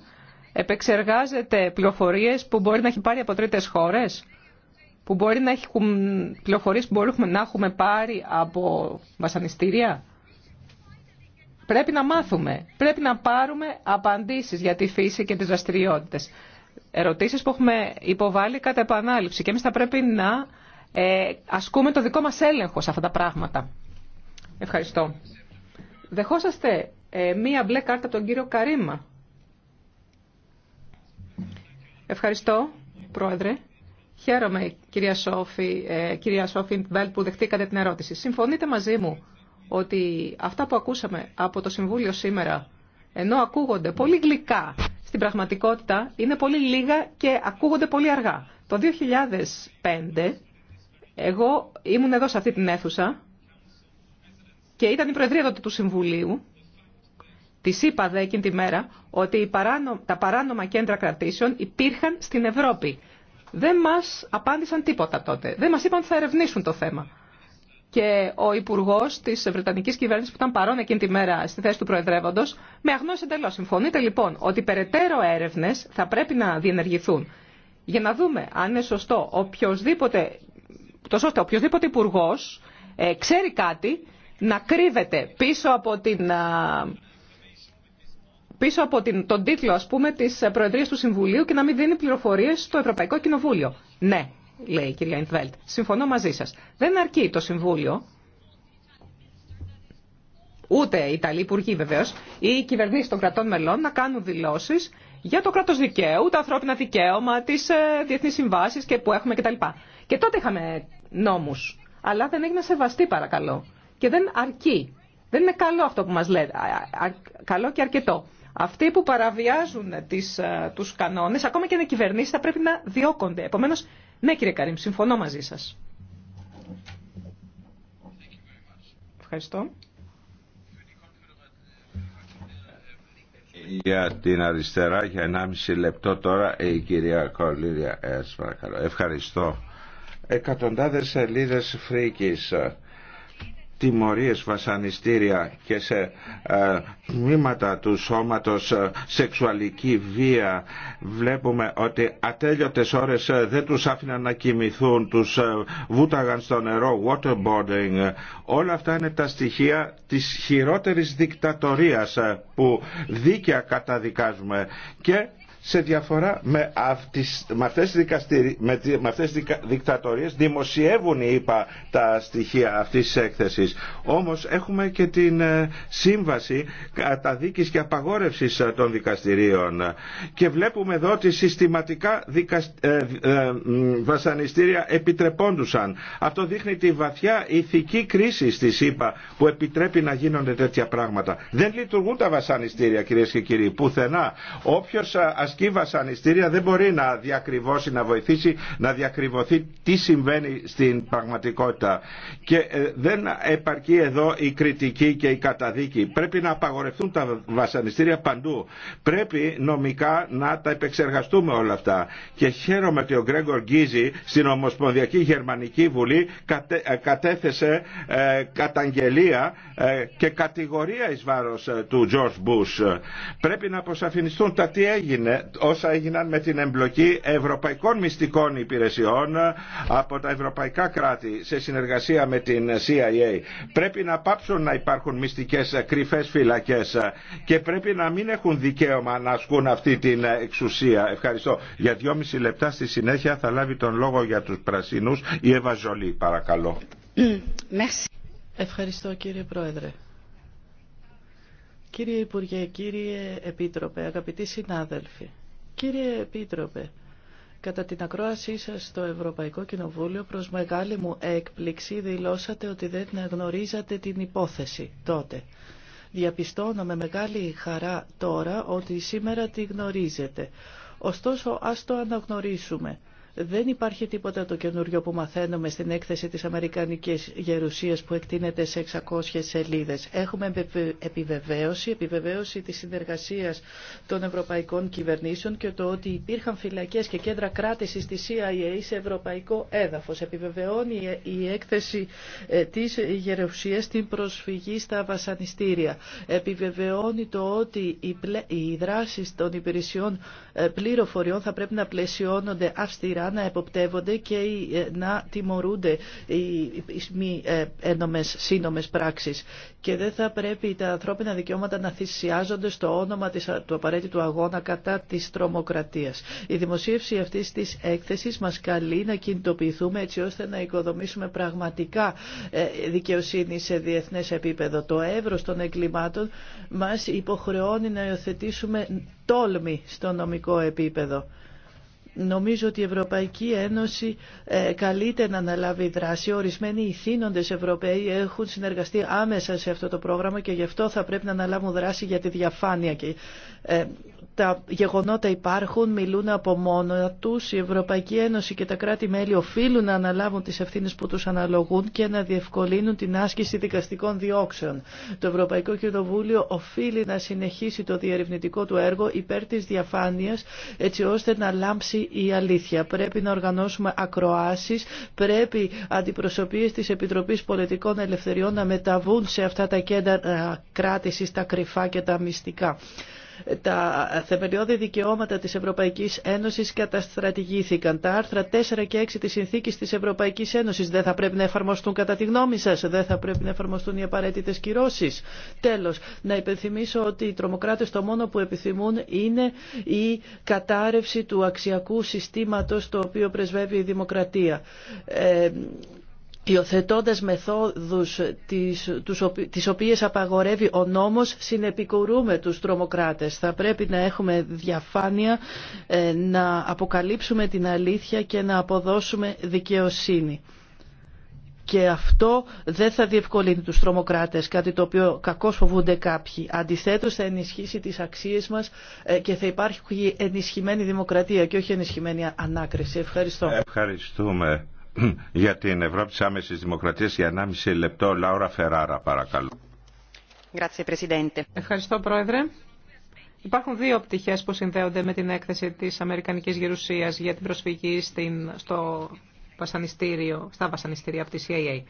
επεξεργάζεται πληροφορίε που μπορεί να έχει πάρει από τρίτε χώρε που μπορεί να έχει πληροφορίες που μπορούμε να έχουμε πάρει από βασανιστήρια. Πρέπει να μάθουμε, πρέπει να πάρουμε απαντήσεις για τη φύση και τις δραστηριότητε. Ερωτήσεις που έχουμε υποβάλει κατά επανάληψη και εμείς θα πρέπει να ε, ασκούμε το δικό μας έλεγχο σε αυτά τα πράγματα. Ευχαριστώ. Δεχόσαστε ε, μία μπλε κάρτα τον κύριο Καρίμα. Ευχαριστώ, Πρόεδρε. Χαίρομαι, κυρία Σόφη, ε, κυρία Σόφη Μπέλ, που δεχτήκατε την ερώτηση. Συμφωνείτε μαζί μου ότι αυτά που ακούσαμε από το Συμβούλιο σήμερα, ενώ ακούγονται πολύ γλυκά, στην πραγματικότητα είναι πολύ λίγα και ακούγονται πολύ αργά. Το 2005, εγώ ήμουν εδώ σε αυτή την αίθουσα και ήταν η Προεδρία του Συμβουλίου, τη είπα δε εκείνη τη μέρα ότι τα παράνομα κέντρα κρατήσεων υπήρχαν στην Ευρώπη. Δεν μα απάντησαν τίποτα τότε. Δεν μα είπαν ότι θα ερευνήσουν το θέμα. Και ο υπουργό τη Βρετανική κυβέρνηση που ήταν παρόν εκείνη τη μέρα στη θέση του Προεδρεύοντο, με αγνώρισε εντελώ. Συμφωνείτε λοιπόν ότι περαιτέρω έρευνε θα πρέπει να διενεργηθούν για να δούμε αν είναι σωστό οποιοδήποτε, το οποιοδήποτε υπουργό ε, ξέρει κάτι να κρύβεται πίσω από, την, πίσω από την, τον τίτλο ας πούμε, της Προεδρίας του Συμβουλίου και να μην δίνει πληροφορίες στο Ευρωπαϊκό Κοινοβούλιο. Ναι, λέει η κυρία Ιντβέλτ, συμφωνώ μαζί σας. Δεν αρκεί το Συμβούλιο, ούτε οι Ιταλοί Υπουργοί βεβαίω, ή οι κυβερνήσει των κρατών μελών να κάνουν δηλώσει για το κράτο δικαίου, τα ανθρώπινα δικαίωμα, τι ε, διεθνεί συμβάσει και που έχουμε κτλ. Και τότε είχαμε νόμου. Αλλά δεν έγινε σεβαστή, παρακαλώ και δεν αρκεί. Δεν είναι καλό αυτό που μας λέτε, καλό και αρκετό. Αυτοί που παραβιάζουν τις, ε, τους κανόνες, ακόμα και να κυβερνήσει, θα πρέπει να διώκονται. Επομένως, ναι κύριε Καρύμ, συμφωνώ μαζί σας. Ευχαριστώ. Για την αριστερά, για 1,5 λεπτό τώρα, η κυρία Κολύρια Ευχαριστώ. Εκατοντάδες σελίδες φρίκης ε, τιμωρίες βασανιστήρια και σε ε, τμήματα του σώματος ε, σεξουαλική βία βλέπουμε ότι ατέλειωτες ώρες ε, δεν τους άφηναν να κοιμηθούν τους ε, βούταγαν στο νερό waterboarding όλα αυτά είναι τα στοιχεία της χειρότερης δικτατορίας που δίκαια καταδικάζουμε και σε διαφορά με, αυτις, με αυτές με αυτές δικτατορίες δημοσιεύουν οι τα στοιχεία αυτής της έκθεσης. Όμως έχουμε και την ε, σύμβαση καταδίκης και απαγόρευσης ε, των δικαστηρίων και βλέπουμε εδώ ότι συστηματικά δικασ... Ε, βασανιστήρια επιτρεπόντουσαν. Αυτό δείχνει τη βαθιά ηθική κρίση στις είπα που επιτρέπει να γίνονται τέτοια πράγματα. Δεν λειτουργούν τα βασανιστήρια κυρίες και κύριοι πουθενά. Όποιος η βασανιστήρια δεν μπορεί να διακριβώσει, να βοηθήσει να διακριβωθεί τι συμβαίνει στην πραγματικότητα. Και ε, δεν επαρκεί εδώ η κριτική και η καταδίκη. Πρέπει να απαγορευτούν τα βασανιστήρια παντού. Πρέπει νομικά να τα επεξεργαστούμε όλα αυτά. Και χαίρομαι ότι ο Γκρέγκορ Γκίζη στην Ομοσπονδιακή Γερμανική Βουλή ε, κατέθεσε ε, καταγγελία και κατηγορία εις βάρος του George Bush. Πρέπει να αποσαφινιστούν τα τι έγινε, όσα έγιναν με την εμπλοκή ευρωπαϊκών μυστικών υπηρεσιών από τα ευρωπαϊκά κράτη σε συνεργασία με την CIA. Πρέπει να πάψουν να υπάρχουν μυστικές κρυφές φυλακές και πρέπει να μην έχουν δικαίωμα να ασκούν αυτή την εξουσία. Ευχαριστώ. Για δυόμιση λεπτά στη συνέχεια θα λάβει τον λόγο για τους πρασινούς η Εύα Ζολή, παρακαλώ. Ευχαριστώ κύριε Πρόεδρε. Κύριε Υπουργέ, κύριε Επίτροπε, αγαπητοί συνάδελφοι, κύριε Επίτροπε, Κατά την ακρόασή σας στο Ευρωπαϊκό Κοινοβούλιο, προς μεγάλη μου έκπληξη, δηλώσατε ότι δεν γνωρίζατε την υπόθεση τότε. Διαπιστώνω με μεγάλη χαρά τώρα ότι σήμερα τη γνωρίζετε. Ωστόσο, ας το αναγνωρίσουμε. Δεν υπάρχει τίποτα το καινούριο που μαθαίνουμε στην έκθεση της Αμερικανικής Γερουσίας που εκτείνεται σε 600 σελίδες. Έχουμε επιβεβαίωση, επιβεβαίωση της συνεργασίας των ευρωπαϊκών κυβερνήσεων και το ότι υπήρχαν φυλακές και κέντρα κράτησης της CIA σε ευρωπαϊκό έδαφος. Επιβεβαιώνει η έκθεση ε, της Γερουσίας στην προσφυγή στα βασανιστήρια. Επιβεβαιώνει το ότι οι δράσεις των υπηρεσιών ε, πληροφοριών θα πρέπει να πλαισιώνονται αυστηρά να εποπτεύονται και ε, να τιμωρούνται οι μη ε, ένομες, σύνομες πράξεις. Και δεν θα πρέπει τα ανθρώπινα δικαιώματα να θυσιάζονται στο όνομα του απαραίτητου αγώνα κατά της τρομοκρατίας. Η δημοσίευση αυτής της έκθεσης μας καλεί να κινητοποιηθούμε έτσι ώστε να οικοδομήσουμε πραγματικά ε, δικαιοσύνη σε διεθνές επίπεδο. Το εύρος των εγκλημάτων μας υποχρεώνει να υιοθετήσουμε τόλμη στο νομικό επίπεδο. Νομίζω ότι η Ευρωπαϊκή Ένωση ε, καλείται να αναλάβει δράση. Ορισμένοι ηθήνοντες Ευρωπαίοι έχουν συνεργαστεί άμεσα σε αυτό το πρόγραμμα και γι' αυτό θα πρέπει να αναλάβουν δράση για τη διαφάνεια και ε, τα γεγονότα υπάρχουν, μιλούν από μόνο τους. Η Ευρωπαϊκή Ένωση και τα κράτη-μέλη οφείλουν να αναλάβουν τις ευθύνες που τους αναλογούν και να διευκολύνουν την άσκηση δικαστικών διώξεων. Το Ευρωπαϊκό Κοινοβούλιο οφείλει να συνεχίσει το διερευνητικό του έργο υπέρ της διαφάνειας έτσι ώστε να λάμψει η αλήθεια. Πρέπει να οργανώσουμε ακροάσεις, πρέπει αντιπροσωπείες της Επιτροπής Πολιτικών Ελευθεριών να μεταβούν σε αυτά τα κέντρα ε, κράτησης, τα κρυφά και τα μυστικά τα θεμελιώδη δικαιώματα της Ευρωπαϊκής Ένωσης καταστρατηγήθηκαν. Τα άρθρα 4 και 6 της Συνθήκης της Ευρωπαϊκής Ένωσης δεν θα πρέπει να εφαρμοστούν κατά τη γνώμη σας, δεν θα πρέπει να εφαρμοστούν οι απαραίτητες κυρώσεις. Τέλος, να υπενθυμίσω ότι οι τρομοκράτες το μόνο που επιθυμούν είναι η κατάρρευση του αξιακού συστήματος το οποίο πρεσβεύει η δημοκρατία. Ε, Υιοθετώντας μεθόδους τις, τους, τις οποίες απαγορεύει ο νόμος, συνεπικουρούμε τους τρομοκράτες. Θα πρέπει να έχουμε διαφάνεια, ε, να αποκαλύψουμε την αλήθεια και να αποδώσουμε δικαιοσύνη. Και αυτό δεν θα διευκολύνει τους τρομοκράτες, κάτι το οποίο κακώς φοβούνται κάποιοι. Αντιθέτως θα ενισχύσει τις αξίες μας ε, και θα υπάρχει ενισχυμένη δημοκρατία και όχι ενισχυμένη ανάκριση. Ευχαριστώ. Ευχαριστούμε. για την Ευρώπη της Άμεσης Δημοκρατίας για 1,5 λεπτό. Λάουρα Φεράρα παρακαλώ. Ευχαριστώ Πρόεδρε. Υπάρχουν δύο πτυχές που συνδέονται με την έκθεση της Αμερικανικής Γερουσίας για την προσφυγή στην, στο βασανιστήριο, στα βασανιστήρια από τη CIA.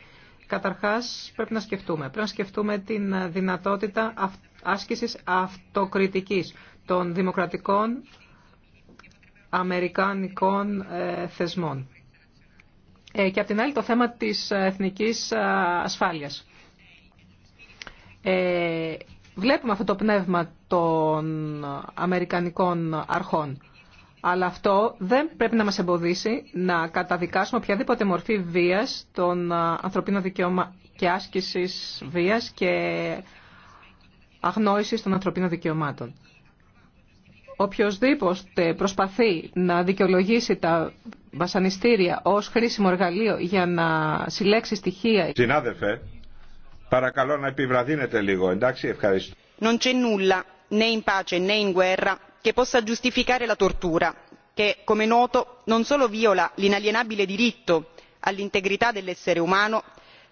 Καταρχάς πρέπει να σκεφτούμε. Πρέπει να σκεφτούμε την δυνατότητα άσκησης αυτοκριτικής των δημοκρατικών αμερικανικών ε, θεσμών. Ε, και από την άλλη το θέμα της ε, εθνικής ε, ασφάλειας. Βλέπουμε αυτό το πνεύμα των Αμερικανικών αρχών. Αλλά αυτό δεν πρέπει να μας εμποδίσει να καταδικάσουμε οποιαδήποτε μορφή βίας των ανθρωπίνων δικαιωμάτων και άσκησης βίας και αγνόησης των ανθρωπίνων δικαιωμάτων οποιοδήποτε προσπαθεί να δικαιολογήσει τα βασανιστήρια ως χρήσιμο εργαλείο για να συλλέξει στοιχεία... Συνάδελφε, παρακαλώ να επιβραδύνετε λίγο, εντάξει, ευχαριστώ. Non c'è nulla, né in pace né in guerra, che possa giustificare la tortura, che, come noto, non solo viola l'inalienabile diritto all'integrità dell'essere umano,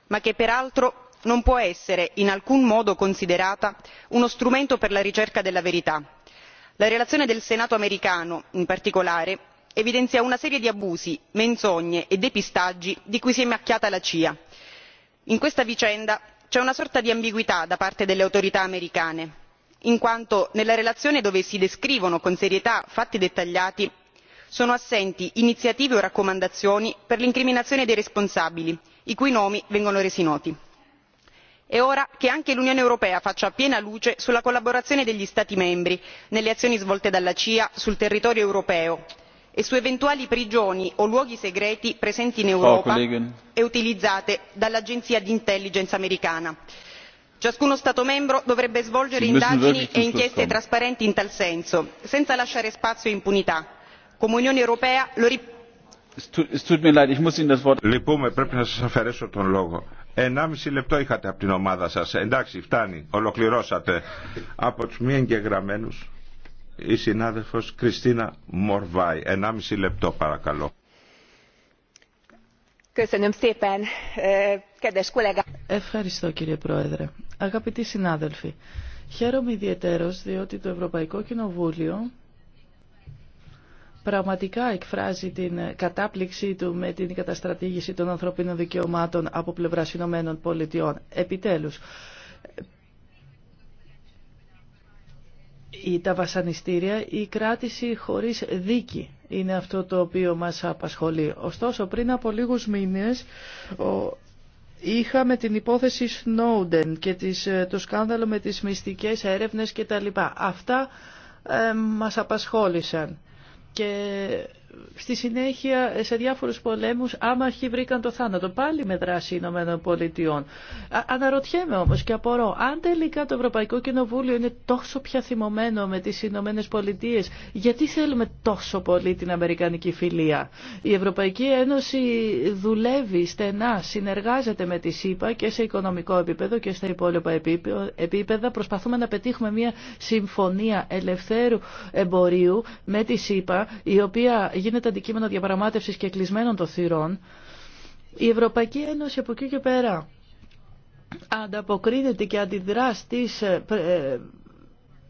ma che peraltro non può essere in alcun modo considerata uno strumento per la ricerca della verità la relazione del senato americano in particolare evidenzia una serie di abusi menzogne e depistaggi di cui si è macchiata la cia. in questa vicenda c'è una sorta di ambiguità da parte delle autorità americane in quanto nella relazione dove si descrivono con serietà fatti dettagliati sono assenti iniziative o raccomandazioni per l'incriminazione dei responsabili i cui nomi vengono resi noti è ora che anche l'unione europea faccia piena luce sulla collaborazione degli stati membri nelle azioni svolte dalla cia sul territorio europeo e su eventuali prigioni o luoghi segreti presenti in europa e utilizzate dall'agenzia di intelligence americana. ciascuno stato membro dovrebbe svolgere indagini e inchieste trasparenti in tal senso senza lasciare spazio a impunità. come unione europea Ενάμιση λεπτό είχατε από την ομάδα σας. Εντάξει, φτάνει. Ολοκληρώσατε. Από τους μη εγγεγραμμένους, η συνάδελφος Κριστίνα Μορβάη. Ενάμιση λεπτό παρακαλώ. Ε, Ευχαριστώ κύριε Πρόεδρε. Αγαπητοί συνάδελφοι, χαίρομαι ιδιαίτερος διότι το Ευρωπαϊκό Κοινοβούλιο πραγματικά εκφράζει την κατάπληξή του με την καταστρατήγηση των ανθρωπίνων δικαιωμάτων από πλευράς πλευρά Επιτέλους, ή τα βασανιστήρια ή η κράτηση η δίκη είναι αυτό το οποίο μας απασχολεί. Ωστόσο, πριν από λίγους μήνες είχαμε την υπόθεση Snowden και ε, το σκάνδαλο με τις μυστικές έρευνες κτλ. Αυτά ε, μας απασχόλησαν και στη συνέχεια σε διάφορους πολέμους άμαχοι βρήκαν το θάνατο πάλι με δράση Ηνωμένων Πολιτειών. αναρωτιέμαι όμως και απορώ αν τελικά το Ευρωπαϊκό Κοινοβούλιο είναι τόσο πια θυμωμένο με τις Ηνωμένε Πολιτείε, γιατί θέλουμε τόσο πολύ την Αμερικανική φιλία. Η Ευρωπαϊκή Ένωση δουλεύει στενά, συνεργάζεται με τη ΣΥΠΑ και σε οικονομικό επίπεδο και στα υπόλοιπα επίπεδα. Προσπαθούμε να πετύχουμε μια συμφωνία ελευθέρου εμπορίου με τη ΣΥΠΑ η οποία γίνεται αντικείμενο διαπραγματεύση και κλεισμένων των θυρών, η Ευρωπαϊκή Ένωση από εκεί και πέρα ανταποκρίνεται και αντιδρά στι ε, ε,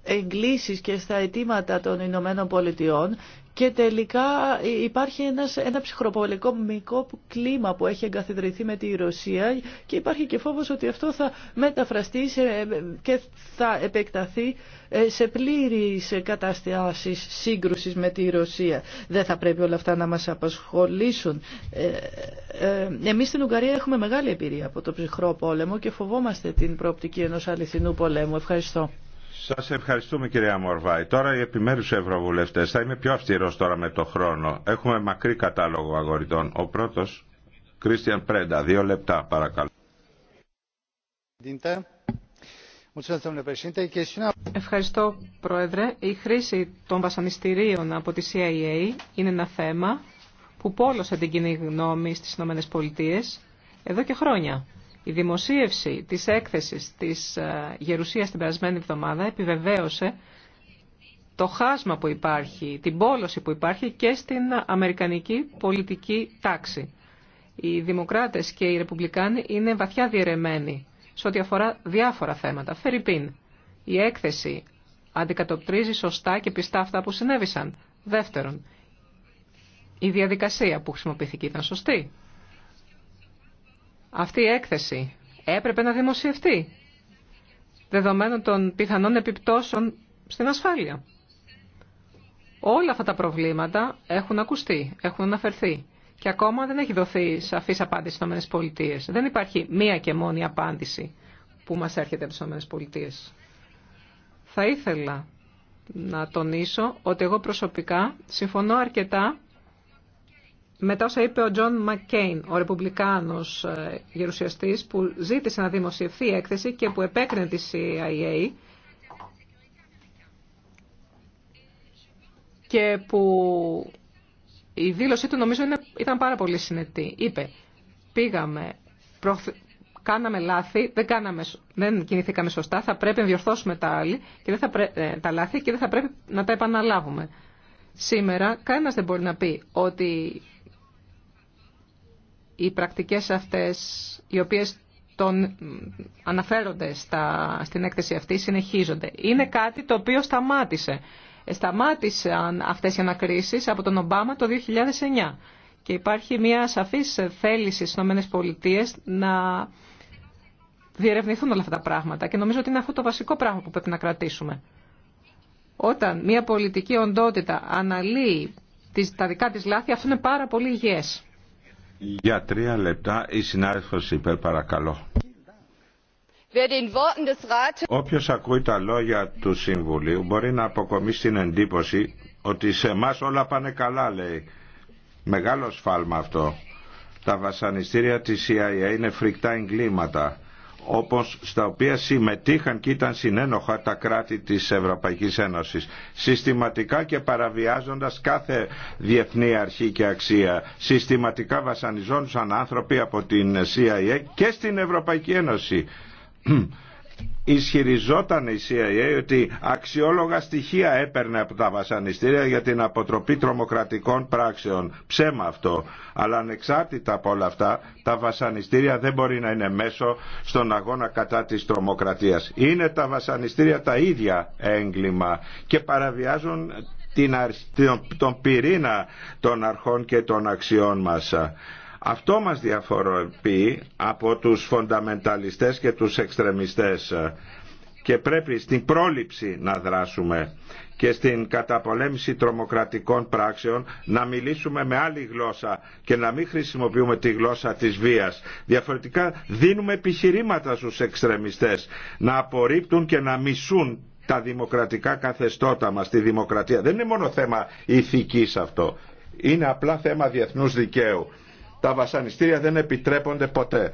εγκλήσεις και στα αιτήματα των Ηνωμένων Πολιτειών και τελικά υπάρχει ένας, ένα ψυχροπολικό μικρό κλίμα που έχει εγκαθιδρυθεί με τη Ρωσία και υπάρχει και φόβος ότι αυτό θα μεταφραστεί ε, και θα επεκταθεί ε, σε πλήρης καταστάσεις σύγκρουσης με τη Ρωσία. Δεν θα πρέπει όλα αυτά να μας απασχολήσουν. Ε, εμείς στην Ουγγαρία έχουμε μεγάλη εμπειρία από το ψυχρό πόλεμο και φοβόμαστε την προοπτική ενός αληθινού πολέμου. Ευχαριστώ. Σα ευχαριστούμε κυρία Μορβάη. Τώρα οι επιμέρου ευρωβουλευτέ. Θα είμαι πιο αυστηρός τώρα με το χρόνο. Έχουμε μακρύ κατάλογο αγοριτών. Ο πρώτο, Κρίστιαν Πρέντα. Δύο λεπτά παρακαλώ. Ευχαριστώ Πρόεδρε. Η χρήση των βασανιστήριων από τη CIA είναι ένα θέμα που πόλωσε την κοινή γνώμη στι ΗΠΑ εδώ και χρόνια. Η δημοσίευση της έκθεσης της ε, Γερουσίας την περασμένη εβδομάδα επιβεβαίωσε το χάσμα που υπάρχει, την πόλωση που υπάρχει και στην αμερικανική πολιτική τάξη. Οι δημοκράτες και οι ρεπουμπλικάνοι είναι βαθιά διαιρεμένοι σε ό,τι αφορά διάφορα θέματα. Φερρυπίν, η έκθεση αντικατοπτρίζει σωστά και πιστά αυτά που συνέβησαν. Δεύτερον, η διαδικασία που χρησιμοποιήθηκε ήταν σωστή αυτή η έκθεση έπρεπε να δημοσιευτεί δεδομένων των πιθανών επιπτώσεων στην ασφάλεια. Όλα αυτά τα προβλήματα έχουν ακουστεί, έχουν αναφερθεί και ακόμα δεν έχει δοθεί σαφής απάντηση στις ΗΠΑ. Δεν υπάρχει μία και μόνη απάντηση που μας έρχεται από τις ΗΠΑ. Θα ήθελα να τονίσω ότι εγώ προσωπικά συμφωνώ αρκετά μετά όσα είπε ο Τζον Μακκέιν, ο ρεπουμπλικάνος ε, γερουσιαστής που ζήτησε να δημοσιευθεί η έκθεση και που επέκρινε τη CIA και που η δήλωσή του νομίζω ήταν πάρα πολύ συνετή. Είπε, πήγαμε, κάναμε λάθη, δεν, κάναμε, δεν κινηθήκαμε σωστά, θα πρέπει να διορθώσουμε τα, άλλη και δεν θα ε, τα λάθη και δεν θα πρέπει να τα επαναλάβουμε. Σήμερα κανένας δεν μπορεί να πει ότι οι πρακτικές αυτές, οι οποίες τον αναφέρονται στα, στην έκθεση αυτή, συνεχίζονται. Είναι κάτι το οποίο σταμάτησε. Σταμάτησαν αυτές οι ανακρίσεις από τον Ομπάμα το 2009. Και υπάρχει μια σαφής θέληση στις ΗΠΑ να διερευνηθούν όλα αυτά τα πράγματα. Και νομίζω ότι είναι αυτό το βασικό πράγμα που πρέπει να κρατήσουμε. Όταν μια πολιτική οντότητα αναλύει τα δικά της λάθη, αυτό είναι πάρα πολύ υγιές. Για τρία λεπτά η συνάδελφος είπε, παρακαλώ. Όποιος ακούει τα λόγια του Συμβουλίου μπορεί να αποκομίσει την εντύπωση ότι σε εμά όλα πάνε καλά λέει. Μεγάλο σφάλμα αυτό. Τα βασανιστήρια της CIA είναι φρικτά εγκλήματα όπως στα οποία συμμετείχαν και ήταν συνένοχα τα κράτη της Ευρωπαϊκής Ένωσης συστηματικά και παραβιάζοντας κάθε διεθνή αρχή και αξία συστηματικά βασανιζόντουσαν άνθρωποι από την CIA και στην Ευρωπαϊκή Ένωση ισχυριζόταν η CIA ότι αξιόλογα στοιχεία έπαιρνε από τα βασανιστήρια για την αποτροπή τρομοκρατικών πράξεων. Ψέμα αυτό. Αλλά ανεξάρτητα από όλα αυτά, τα βασανιστήρια δεν μπορεί να είναι μέσο στον αγώνα κατά της τρομοκρατίας. Είναι τα βασανιστήρια τα ίδια έγκλημα και παραβιάζουν την, τον πυρήνα των αρχών και των αξιών μας. Αυτό μας διαφοροποιεί από τους φονταμενταλιστές και τους εξτρεμιστές και πρέπει στην πρόληψη να δράσουμε και στην καταπολέμηση τρομοκρατικών πράξεων να μιλήσουμε με άλλη γλώσσα και να μην χρησιμοποιούμε τη γλώσσα της βίας. Διαφορετικά δίνουμε επιχειρήματα στους εξτρεμιστές να απορρίπτουν και να μισούν τα δημοκρατικά καθεστώτα μας, τη δημοκρατία. Δεν είναι μόνο θέμα ηθικής αυτό. Είναι απλά θέμα διεθνούς δικαίου. Τα βασανιστήρια δεν επιτρέπονται ποτέ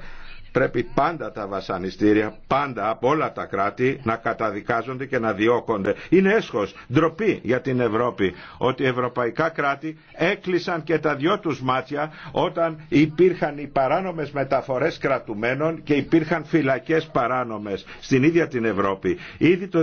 πρέπει πάντα τα βασανιστήρια, πάντα από όλα τα κράτη να καταδικάζονται και να διώκονται. Είναι έσχος, ντροπή για την Ευρώπη ότι ευρωπαϊκά κράτη έκλεισαν και τα δυο τους μάτια όταν υπήρχαν οι παράνομες μεταφορές κρατουμένων και υπήρχαν φυλακές παράνομες στην ίδια την Ευρώπη. Ήδη το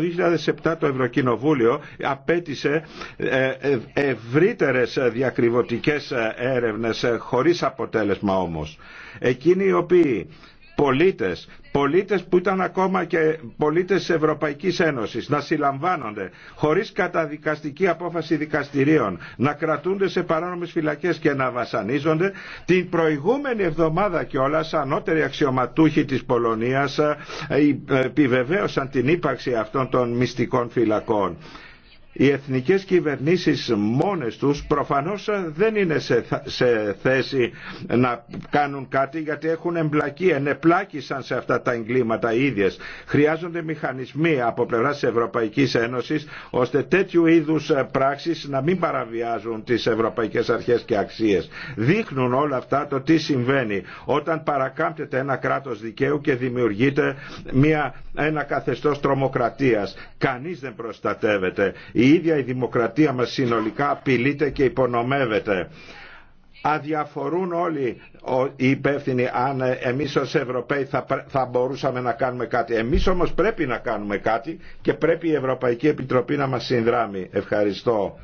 2007 το Ευρωκοινοβούλιο απέτησε ε, ε, ευρύτερες διακριβωτικές ε, έρευνες χωρίς αποτέλεσμα όμως. Εκείνοι οι οποίοι πολίτες, πολίτες που ήταν ακόμα και πολίτες της Ευρωπαϊκής Ένωσης να συλλαμβάνονται χωρίς καταδικαστική απόφαση δικαστηρίων, να κρατούνται σε παράνομες φυλακές και να βασανίζονται. Την προηγούμενη εβδομάδα κιόλα ανώτεροι αξιωματούχοι της Πολωνίας ε, ε, επιβεβαίωσαν την ύπαρξη αυτών των μυστικών φυλακών. Οι εθνικές κυβερνήσεις μόνες τους προφανώς δεν είναι σε θέση να κάνουν κάτι γιατί έχουν εμπλακεί, ενεπλάκησαν σε αυτά τα εγκλήματα οι ίδιες. Χρειάζονται μηχανισμοί από πλευρά της Ευρωπαϊκής Ένωσης ώστε τέτοιου είδους πράξεις να μην παραβιάζουν τις ευρωπαϊκές αρχές και αξίες. Δείχνουν όλα αυτά το τι συμβαίνει όταν παρακάμπτεται ένα κράτος δικαίου και δημιουργείται μια, ένα καθεστώς τρομοκρατίας. Κανείς δεν προστατεύεται η ίδια η δημοκρατία μας συνολικά απειλείται και υπονομεύεται. Αδιαφορούν όλοι οι υπεύθυνοι αν εμείς ως Ευρωπαίοι θα, θα μπορούσαμε να κάνουμε κάτι. Εμείς όμως πρέπει να κάνουμε κάτι και πρέπει η Ευρωπαϊκή Επιτροπή να μας συνδράμει. Ευχαριστώ.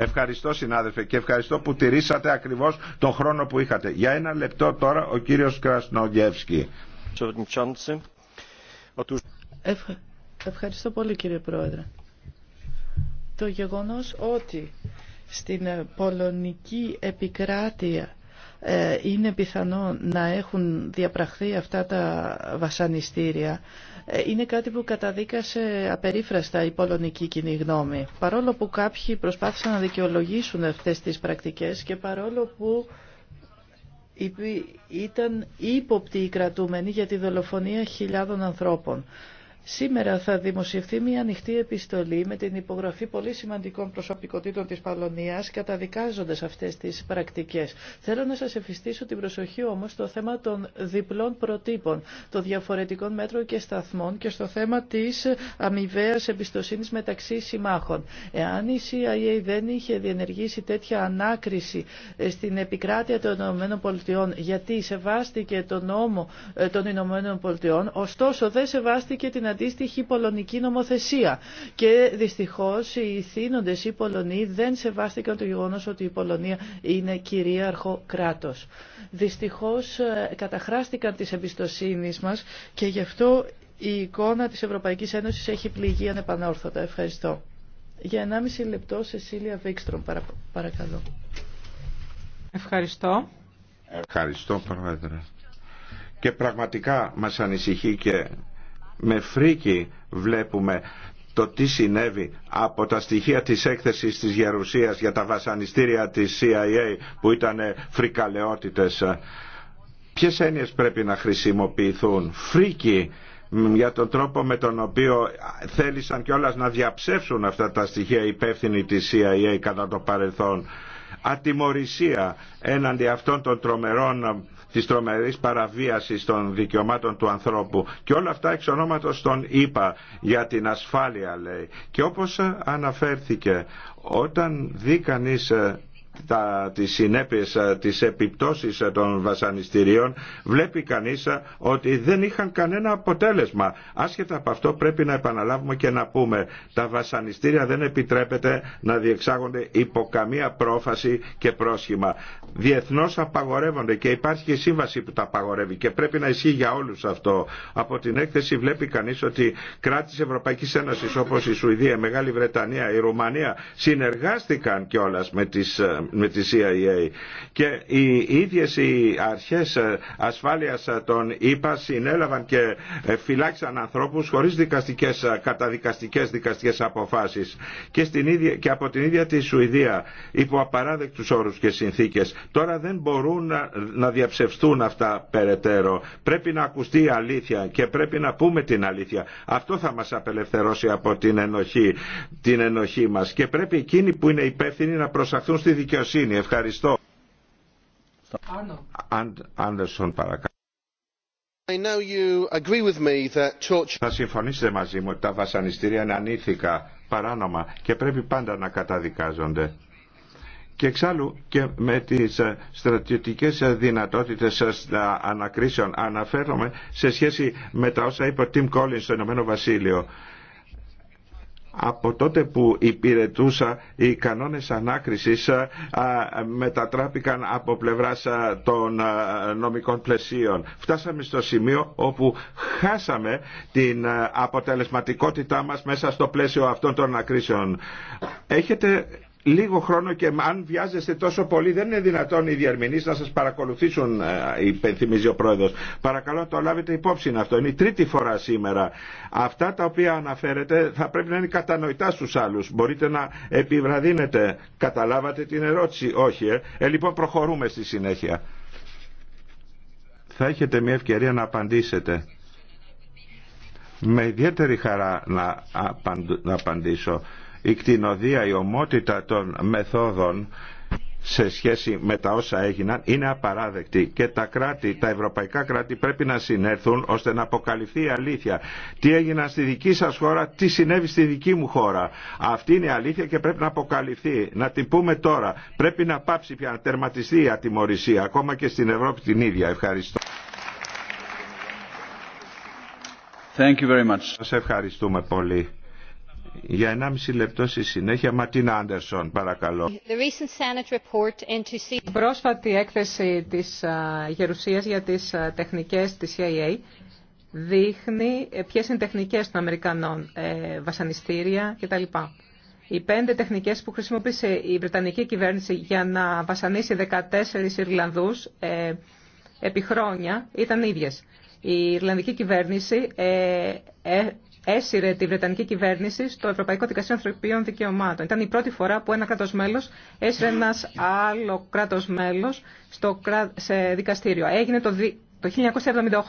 Ευχαριστώ συνάδελφε και ευχαριστώ που τηρήσατε ακριβώς τον χρόνο που είχατε. Για ένα λεπτό τώρα ο κύριος Κρασνογεύσκη. Ευχαριστώ πολύ κύριε Πρόεδρε το γεγονός ότι στην πολωνική επικράτεια ε, είναι πιθανό να έχουν διαπραχθεί αυτά τα βασανιστήρια ε, είναι κάτι που καταδίκασε απερίφραστα η πολωνική κοινή γνώμη. Παρόλο που κάποιοι προσπάθησαν να δικαιολογήσουν αυτές τις πρακτικές και παρόλο που ήταν ύποπτοι οι κρατούμενοι για τη δολοφονία χιλιάδων ανθρώπων. Σήμερα θα δημοσιευθεί μια ανοιχτή επιστολή με την υπογραφή πολύ σημαντικών προσωπικότητων της Παλωνίας καταδικάζοντας αυτές τις πρακτικές. Θέλω να σας εφιστήσω την προσοχή όμως στο θέμα των διπλών προτύπων, των διαφορετικών μέτρων και σταθμών και στο θέμα της αμοιβαίας εμπιστοσύνης μεταξύ συμμάχων. Εάν η CIA δεν είχε διενεργήσει τέτοια ανάκριση ε, στην επικράτεια των ΗΠΑ γιατί σεβάστηκε τον νόμο ε, των ΗΠΑ, ωστόσο δεν σεβάστηκε την αντίστοιχη πολωνική νομοθεσία. Και δυστυχώς οι θύνοντε οι Πολωνοί δεν σεβάστηκαν το γεγονός ότι η Πολωνία είναι κυρίαρχο κράτος. Δυστυχώ, ε, καταχράστηκαν τις εμπιστοσύνη μας και γι' αυτό η εικόνα της Ευρωπαϊκής Ένωσης έχει πληγεί ανεπανόρθωτα. Ευχαριστώ. Για 1,5 λεπτό, Σεσίλια Βίξτρομ, παρακαλώ. Ευχαριστώ. Ευχαριστώ, Πρόεδρε. Και πραγματικά μας ανησυχεί και με φρίκη βλέπουμε το τι συνέβη από τα στοιχεία της έκθεσης της Γερουσίας για τα βασανιστήρια της CIA που ήταν φρικαλαιότητες. Ποιες έννοιες πρέπει να χρησιμοποιηθούν. Φρίκη για τον τρόπο με τον οποίο θέλησαν κιόλας να διαψεύσουν αυτά τα στοιχεία υπεύθυνοι της CIA κατά το παρελθόν. Ατιμορρησία έναντι αυτών των τρομερών της τρομερής παραβίασης των δικαιωμάτων του ανθρώπου. Και όλα αυτά εξ ονόματος των είπα για την ασφάλεια λέει. Και όπως αναφέρθηκε, όταν δει κανείς ε, τα, τις συνέπειες, ε, τις επιπτώσεις ε, των βασανιστήριων βλέπει κανείς ε, ότι δεν είχαν κανένα αποτέλεσμα. Άσχετα από αυτό πρέπει να επαναλάβουμε και να πούμε τα βασανιστήρια δεν επιτρέπεται να διεξάγονται υπό καμία πρόφαση και πρόσχημα. Διεθνώς απαγορεύονται και υπάρχει και σύμβαση που τα απαγορεύει και πρέπει να ισχύει για όλους αυτό. Από την έκθεση βλέπει κανείς ότι κράτη της Ευρωπαϊκής Ένωσης όπως η Σουηδία, η Μεγάλη Βρετανία, η Ρουμανία συνεργάστηκαν κιόλα με τις με τη CIA. Και οι ίδιες οι αρχές ε, ασφάλειας ε, των ΗΠΑ συνέλαβαν και ε, φυλάξαν ανθρώπους χωρίς δικαστικές, καταδικαστικές δικαστικές αποφάσεις και, και από την ίδια τη Σουηδία υπό απαράδεκτους όρους και συνθήκες. Τώρα δεν μπορούν να, να διαψευστούν αυτά περαιτέρω. Πρέπει να ακουστεί η αλήθεια και πρέπει να πούμε την αλήθεια. Αυτό θα μας απελευθερώσει από την ενοχή, την ενοχή μας και πρέπει εκείνοι που είναι υπεύθυνοι να προσαχθούν στη δικαιοσύνη δικαιοσύνη. Ευχαριστώ. Άντερσον παρακαλώ. I know you agree with me that... Θα συμφωνήσετε μαζί μου ότι τα βασανιστήρια είναι ανήθικα, παράνομα και πρέπει πάντα να καταδικάζονται. Και εξάλλου και με τις ε, στρατιωτικές ε, δυνατότητες ε, ανακρίσεων αναφέρομαι σε σχέση με τα όσα είπε ο Τιμ Κόλλιν στο Ηνωμένο Βασίλειο από τότε που υπηρετούσα οι κανόνες ανάκρισης μετατράπηκαν από πλευράς των νομικών πλαισίων. Φτάσαμε στο σημείο όπου χάσαμε την αποτελεσματικότητά μας μέσα στο πλαίσιο αυτών των ανακρίσεων. Έχετε λίγο χρόνο και αν βιάζεστε τόσο πολύ δεν είναι δυνατόν οι διερμηνείς να σας παρακολουθήσουν ε, υπενθυμίζει ο πρόεδρος. Παρακαλώ το λάβετε υπόψη αυτό. Είναι η τρίτη φορά σήμερα. Αυτά τα οποία αναφέρετε θα πρέπει να είναι κατανοητά στους άλλους. Μπορείτε να επιβραδύνετε. Καταλάβατε την ερώτηση. Όχι. Ε, ε λοιπόν προχωρούμε στη συνέχεια. Θα έχετε μια ευκαιρία να απαντήσετε. Με ιδιαίτερη χαρά να απαντήσω η κτηνοδία, η ομότητα των μεθόδων σε σχέση με τα όσα έγιναν είναι απαράδεκτη και τα κράτη, τα ευρωπαϊκά κράτη πρέπει να συνέρθουν ώστε να αποκαλυφθεί η αλήθεια. Τι έγινα στη δική σας χώρα, τι συνέβη στη δική μου χώρα. Αυτή είναι η αλήθεια και πρέπει να αποκαλυφθεί. Να την πούμε τώρα. Πρέπει να πάψει πια, να τερματιστεί η ατιμορρησία, ακόμα και στην Ευρώπη την ίδια. Ευχαριστώ. Thank you very Σας ευχαριστούμε πολύ. Για 1,5 λεπτό στη συνέχεια, Ματίνα Άντερσον, παρακαλώ. Η πρόσφατη έκθεση της Γερουσίας για τις τεχνικές της CIA δείχνει ε, ποιες είναι τεχνικές των Αμερικανών, ε, βασανιστήρια κτλ. Οι πέντε τεχνικές που χρησιμοποίησε η Βρετανική κυβέρνηση για να βασανίσει 14 Ιρλανδούς ε, επί χρόνια ήταν ίδιες. Η Ιρλανδική κυβέρνηση έσυρε τη Βρετανική κυβέρνηση στο Ευρωπαϊκό Δικαστήριο Ανθρωπίνων Δικαιωμάτων. Ήταν η πρώτη φορά που ένα κράτο μέλο έσυρε ένα άλλο κράτο μέλο σε δικαστήριο. Έγινε το, το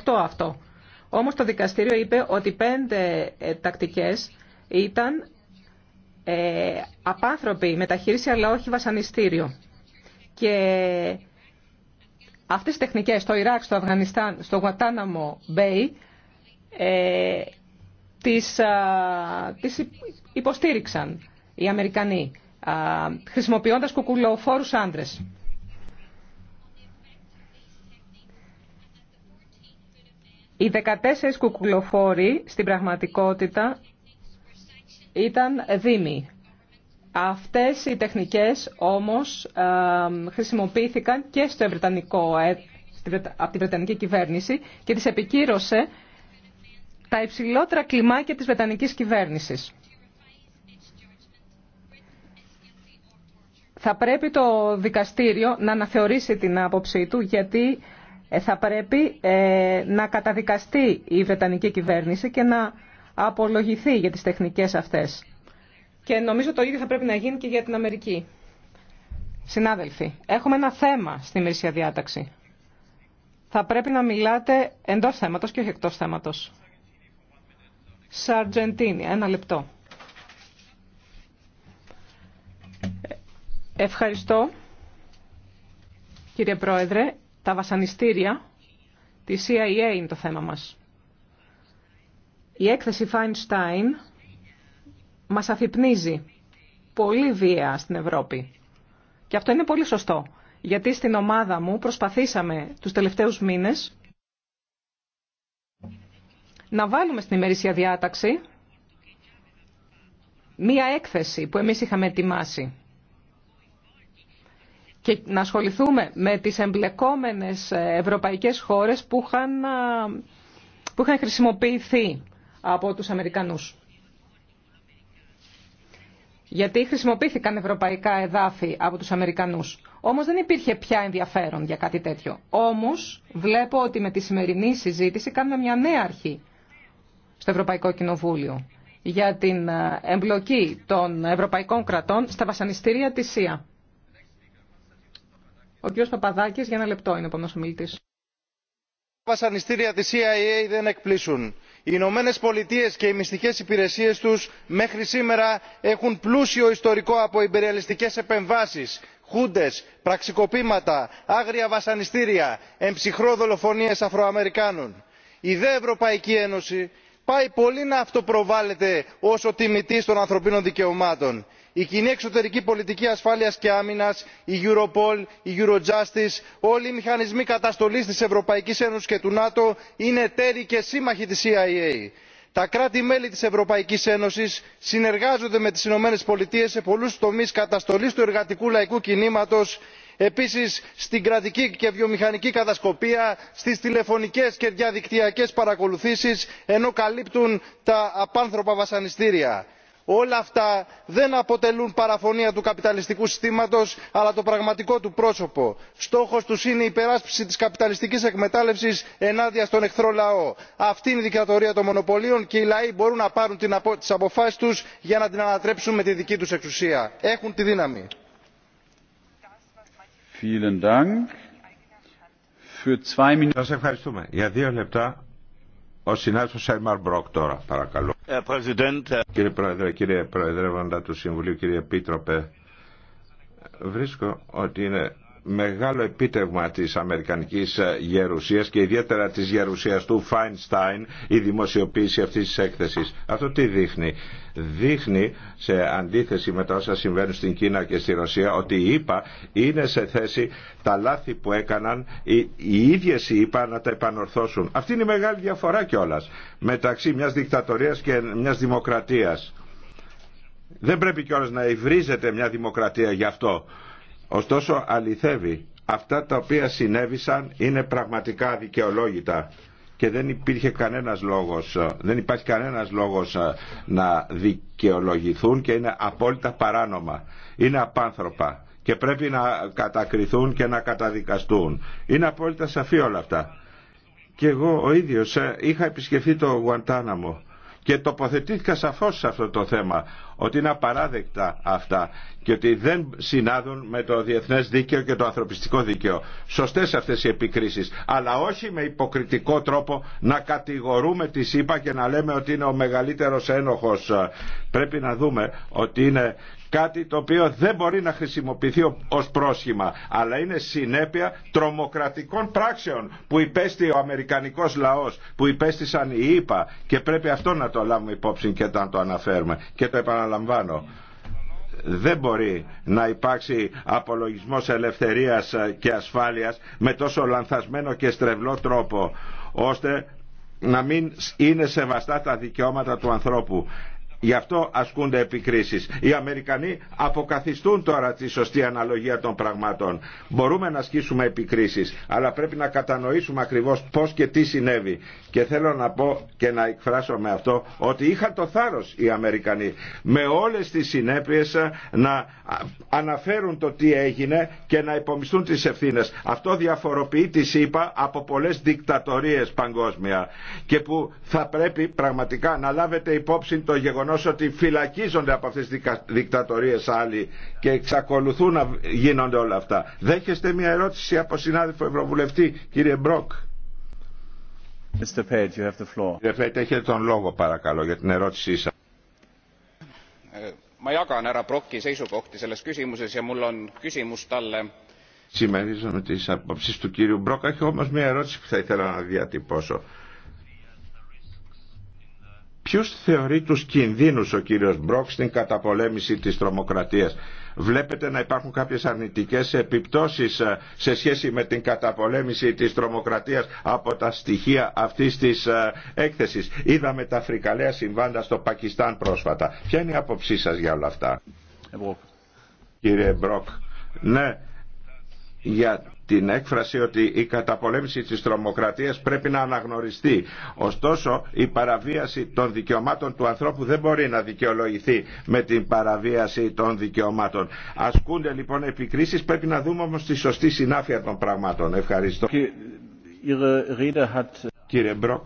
1978 αυτό. Όμω το δικαστήριο είπε ότι πέντε ε, τακτικέ ήταν ε, απάνθρωπη μεταχείριση αλλά όχι βασανιστήριο. Και αυτές οι τεχνικές στο Ιράκ, στο Αφγανιστάν, στο Γουατάναμο Μπέι ε, τις, υποστήριξαν οι Αμερικανοί, χρησιμοποιώντας κουκουλοφόρους άντρες. Οι 14 κουκουλοφόροι στην πραγματικότητα ήταν δήμοι. Αυτές οι τεχνικές όμως χρησιμοποιήθηκαν και στο Βρετανικό, ε, από την Βρετανική κυβέρνηση και τις επικύρωσε τα υψηλότερα κλιμάκια της Βρετανικής κυβέρνησης. Θα πρέπει το δικαστήριο να αναθεωρήσει την άποψή του γιατί ε, θα πρέπει ε, να καταδικαστεί η Βρετανική κυβέρνηση και να απολογηθεί για τις τεχνικές αυτές. Και νομίζω το ίδιο θα πρέπει να γίνει και για την Αμερική. Συνάδελφοι, έχουμε ένα θέμα στη μερίσια διάταξη. Θα πρέπει να μιλάτε εντός θέματος και όχι εκτός θέματος. Σαρτζεντίνη. Ένα λεπτό. Ευχαριστώ, κύριε Πρόεδρε. Τα βασανιστήρια τη CIA είναι το θέμα μας. Η έκθεση Feinstein μας αφυπνίζει πολύ βία στην Ευρώπη. Και αυτό είναι πολύ σωστό, γιατί στην ομάδα μου προσπαθήσαμε τους τελευταίους μήνες να βάλουμε στην ημερήσια διάταξη μία έκθεση που εμείς είχαμε ετοιμάσει και να ασχοληθούμε με τις εμπλεκόμενες ευρωπαϊκές χώρες που είχαν, που είχαν χρησιμοποιηθεί από τους Αμερικανούς. Γιατί χρησιμοποιήθηκαν ευρωπαϊκά εδάφη από τους Αμερικανούς. Όμως δεν υπήρχε πια ενδιαφέρον για κάτι τέτοιο. Όμως βλέπω ότι με τη σημερινή συζήτηση κάνουμε μια νέα αρχή στο Ευρωπαϊκό Κοινοβούλιο για την ε, εμπλοκή των ευρωπαϊκών κρατών στα βασανιστήρια της ΣΥΑ. Ο κ. Παπαδάκης για ένα λεπτό είναι ο επόμενος ομιλητής. Τα βασανιστήρια της CIA δεν εκπλήσουν. Οι Ηνωμένε Πολιτείε και οι μυστικές υπηρεσίες τους μέχρι σήμερα έχουν πλούσιο ιστορικό από υπεριαλιστικέ επεμβάσεις, χούντες, πραξικοπήματα, άγρια βασανιστήρια, εμψυχρό δολοφονίε Αφροαμερικάνων. Η δε Ένωση πάει πολύ να αυτοπροβάλλεται ως ο τιμητής των ανθρωπίνων δικαιωμάτων. η κοινή εξωτερική πολιτική ασφάλειας και άμυνας η europol η Eurojustice, όλοι οι μηχανισμοί καταστολής της ευρωπαϊκής ένωσης και του νατο είναι εταίροι και σύμμαχοι της cia. τα κράτη μέλη της ευρωπαϊκής ένωσης συνεργάζονται με τις ηνωμένες πολιτείες σε πολλούς τομείς καταστολής του εργατικού λαϊκού κινήματος επίσης στην κρατική και βιομηχανική κατασκοπία στις τηλεφωνικές και διαδικτυακές παρακολουθήσεις ενώ καλύπτουν τα απάνθρωπα βασανιστήρια. όλα αυτά δεν αποτελούν παραφωνία του καπιταλιστικού συστήματος αλλά το πραγματικό του πρόσωπο. στόχος τους είναι η υπεράσπιση της καπιταλιστικής εκμετάλλευσης ενάντια στον εχθρό λαό. αυτή είναι η δικτατορία των μονοπωλίων και οι λαοί μπορούν να πάρουν τις αποφάσεις τους για να την ανατρέψουν με τη δική τους εξουσία. έχουν τη δύναμη. Vielen Σας ευχαριστούμε. Για δύο λεπτά ο συνάδελφος Σέλμαρ Μπρόκ τώρα, παρακαλώ. Ε, ε- κύριε Πρόεδρε, κύριε Προεδρεύοντα του Συμβουλίου, κύριε Επίτροπε, βρίσκω ότι είναι μεγάλο επίτευγμα της Αμερικανικής Γερουσίας και ιδιαίτερα της Γερουσίας του Φάινστάιν η δημοσιοποίηση αυτής της έκθεσης. Αυτό τι δείχνει. Δείχνει σε αντίθεση με τα όσα συμβαίνουν στην Κίνα και στη Ρωσία ότι η ΗΠΑ είναι σε θέση τα λάθη που έκαναν οι, οι ίδιες οι ΗΠΑ να τα επανορθώσουν. Αυτή είναι η μεγάλη διαφορά κιόλα. μεταξύ μιας δικτατορίας και μιας δημοκρατίας. Δεν πρέπει κιόλας να υβρίζεται μια δημοκρατία γι' αυτό. Ωστόσο αληθεύει, αυτά τα οποία συνέβησαν είναι πραγματικά δικαιολόγητα και δεν υπήρχε κανένας λόγος, ε, δεν υπάρχει κανένας λόγος ε, να δικαιολογηθούν και είναι απόλυτα παράνομα. Είναι απάνθρωπα και πρέπει να κατακριθούν και να καταδικαστούν. Είναι απόλυτα σαφή όλα αυτά. Και εγώ ο ίδιος ε, είχα επισκεφθεί το Γουαντάναμο και τοποθετήθηκα σαφώς σε αυτό το θέμα, ότι είναι απαράδεκτα αυτά και ότι δεν συνάδουν με το διεθνές δίκαιο και το ανθρωπιστικό δίκαιο. Σωστές αυτές οι επικρίσεις, αλλά όχι με υποκριτικό τρόπο να κατηγορούμε τη ΣΥΠΑ και να λέμε ότι είναι ο μεγαλύτερος ένοχος. Πρέπει να δούμε ότι είναι κάτι το οποίο δεν μπορεί να χρησιμοποιηθεί ως πρόσχημα αλλά είναι συνέπεια τρομοκρατικών πράξεων που υπέστη ο Αμερικανικός λαός που υπέστησαν οι ΙΠΑ και πρέπει αυτό να το λάβουμε υπόψη και να το αναφέρουμε και το επαναλαμβάνω δεν μπορεί να υπάρξει απολογισμός ελευθερίας και ασφάλειας με τόσο λανθασμένο και στρεβλό τρόπο ώστε να μην είναι σεβαστά τα δικαιώματα του ανθρώπου. Γι' αυτό ασκούνται επικρίσεις. Οι Αμερικανοί αποκαθιστούν τώρα τη σωστή αναλογία των πραγμάτων. Μπορούμε να ασκήσουμε επικρίσεις, αλλά πρέπει να κατανοήσουμε ακριβώς πώς και τι συνέβη. Και θέλω να πω και να εκφράσω με αυτό ότι είχαν το θάρρος οι Αμερικανοί με όλες τις συνέπειες να αναφέρουν το τι έγινε και να υπομισθούν τις ευθύνες. Αυτό διαφοροποιεί τη ΣΥΠΑ από πολλές δικτατορίες παγκόσμια και που θα πρέπει πραγματικά να λάβετε υπόψη το γεγονό γεγονός ότι φυλακίζονται από αυτές τις δικτατορίες άλλοι και εξακολουθούν να γίνονται όλα αυτά. Δέχεστε μια ερώτηση από συνάδελφο Ευρωβουλευτή, κύριε Μπρόκ. Mr. Page, you have the floor. Κύριε Φέιτ, έχετε τον λόγο παρακαλώ για την ερώτησή σας. Ma jagan härra Brocki τις απόψεις του κύριου Μπρόκ, έχω όμως μια ερώτηση που θα ήθελα να διατυπώσω Ποιους θεωρεί τους κινδύνους ο κύριος Μπρόκ στην καταπολέμηση της τρομοκρατίας. Βλέπετε να υπάρχουν κάποιες αρνητικές επιπτώσεις ε, σε σχέση με την καταπολέμηση της τρομοκρατίας από τα στοιχεία αυτής της ε, έκθεσης. Είδαμε τα φρικαλαία συμβάντα στο Πακιστάν πρόσφατα. Ποια είναι η άποψή σας για όλα αυτά. Κύριε Μπρόκ, ναι, για την έκφραση ότι η καταπολέμηση της τρομοκρατίας πρέπει να αναγνωριστεί. Ωστόσο, η παραβίαση των δικαιωμάτων του ανθρώπου δεν μπορεί να δικαιολογηθεί με την παραβίαση των δικαιωμάτων. Ασκούνται λοιπόν επικρίσεις, πρέπει να δούμε όμως τη σωστή συνάφεια των πραγμάτων. Ευχαριστώ. Κύριε Μπρόκ,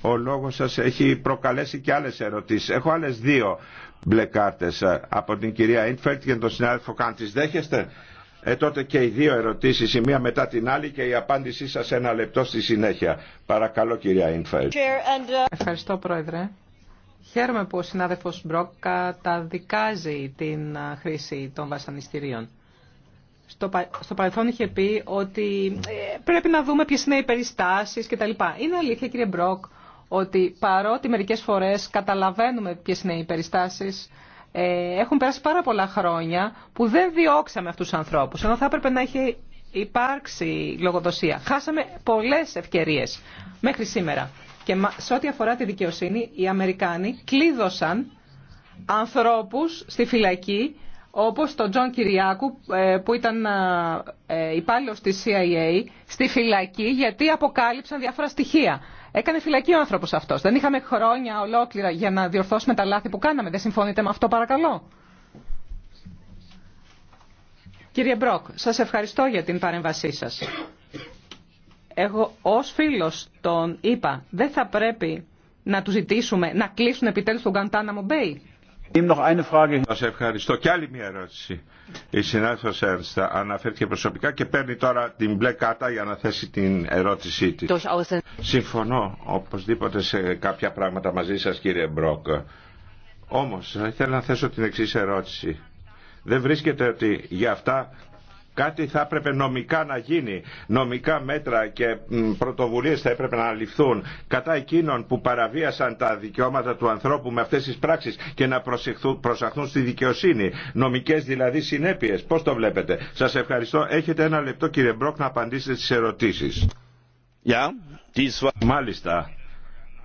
ο λόγος σας έχει προκαλέσει και άλλες ερωτήσεις. Έχω άλλες δύο μπλε κάρτες από την κυρία Ίντφερτ και τον συνάδελφο Κάντης. Δέχεστε. Ε, τότε και οι δύο ερωτήσεις, η μία μετά την άλλη και η απάντησή σας ένα λεπτό στη συνέχεια. Παρακαλώ κυρία Ινφέλτ. Uh, Ευχαριστώ πρόεδρε. Χαίρομαι που ο συνάδελφος Μπροκ καταδικάζει την uh, χρήση των βασανιστήριων. Στο, στο παρελθόν είχε πει ότι ε, πρέπει να δούμε ποιες είναι οι περιστάσεις κτλ. Είναι αλήθεια κύριε Μπροκ ότι παρότι μερικές φορές καταλαβαίνουμε ποιες είναι οι περιστάσεις ε, έχουν περάσει πάρα πολλά χρόνια που δεν διώξαμε αυτούς τους ανθρώπους, ενώ θα έπρεπε να έχει υπάρξει λογοδοσία. Χάσαμε πολλές ευκαιρίες μέχρι σήμερα. Και σε ό,τι αφορά τη δικαιοσύνη, οι Αμερικάνοι κλείδωσαν ανθρώπους στη φυλακή, όπως τον Τζον Κυριάκου, ε, που ήταν ε, υπάλληλος της CIA, στη φυλακή γιατί αποκάλυψαν διάφορα στοιχεία. Έκανε φυλακή ο άνθρωπο αυτό. Δεν είχαμε χρόνια ολόκληρα για να διορθώσουμε τα λάθη που κάναμε. Δεν συμφωνείτε με αυτό, παρακαλώ. Κύριε Μπροκ, σας ευχαριστώ για την παρέμβασή σα. Εγώ ως φίλος τον είπα, δεν θα πρέπει να του ζητήσουμε να κλείσουν επιτέλους τον Καντάναμο Μπέι. Σα ευχαριστώ. Και άλλη μια ερώτηση. Η συνάδελφο Έρνστα αναφέρθηκε προσωπικά και παίρνει τώρα την μπλε κάτα για να θέσει την ερώτησή τη. Συμφωνώ οπωσδήποτε σε κάποια πράγματα μαζί σα κύριε Μπρόκ. Όμω ήθελα να θέσω την εξή ερώτηση. Δεν βρίσκεται ότι για αυτά Κάτι θα έπρεπε νομικά να γίνει. Νομικά μέτρα και πρωτοβουλίε θα έπρεπε να ληφθούν κατά εκείνων που παραβίασαν τα δικαιώματα του ανθρώπου με αυτέ τι πράξει και να προσαχθούν στη δικαιοσύνη. Νομικέ δηλαδή συνέπειε. Πώ το βλέπετε. Σα ευχαριστώ. Έχετε ένα λεπτό κύριε Μπρόκ να απαντήσετε στι ερωτήσει. Μάλιστα.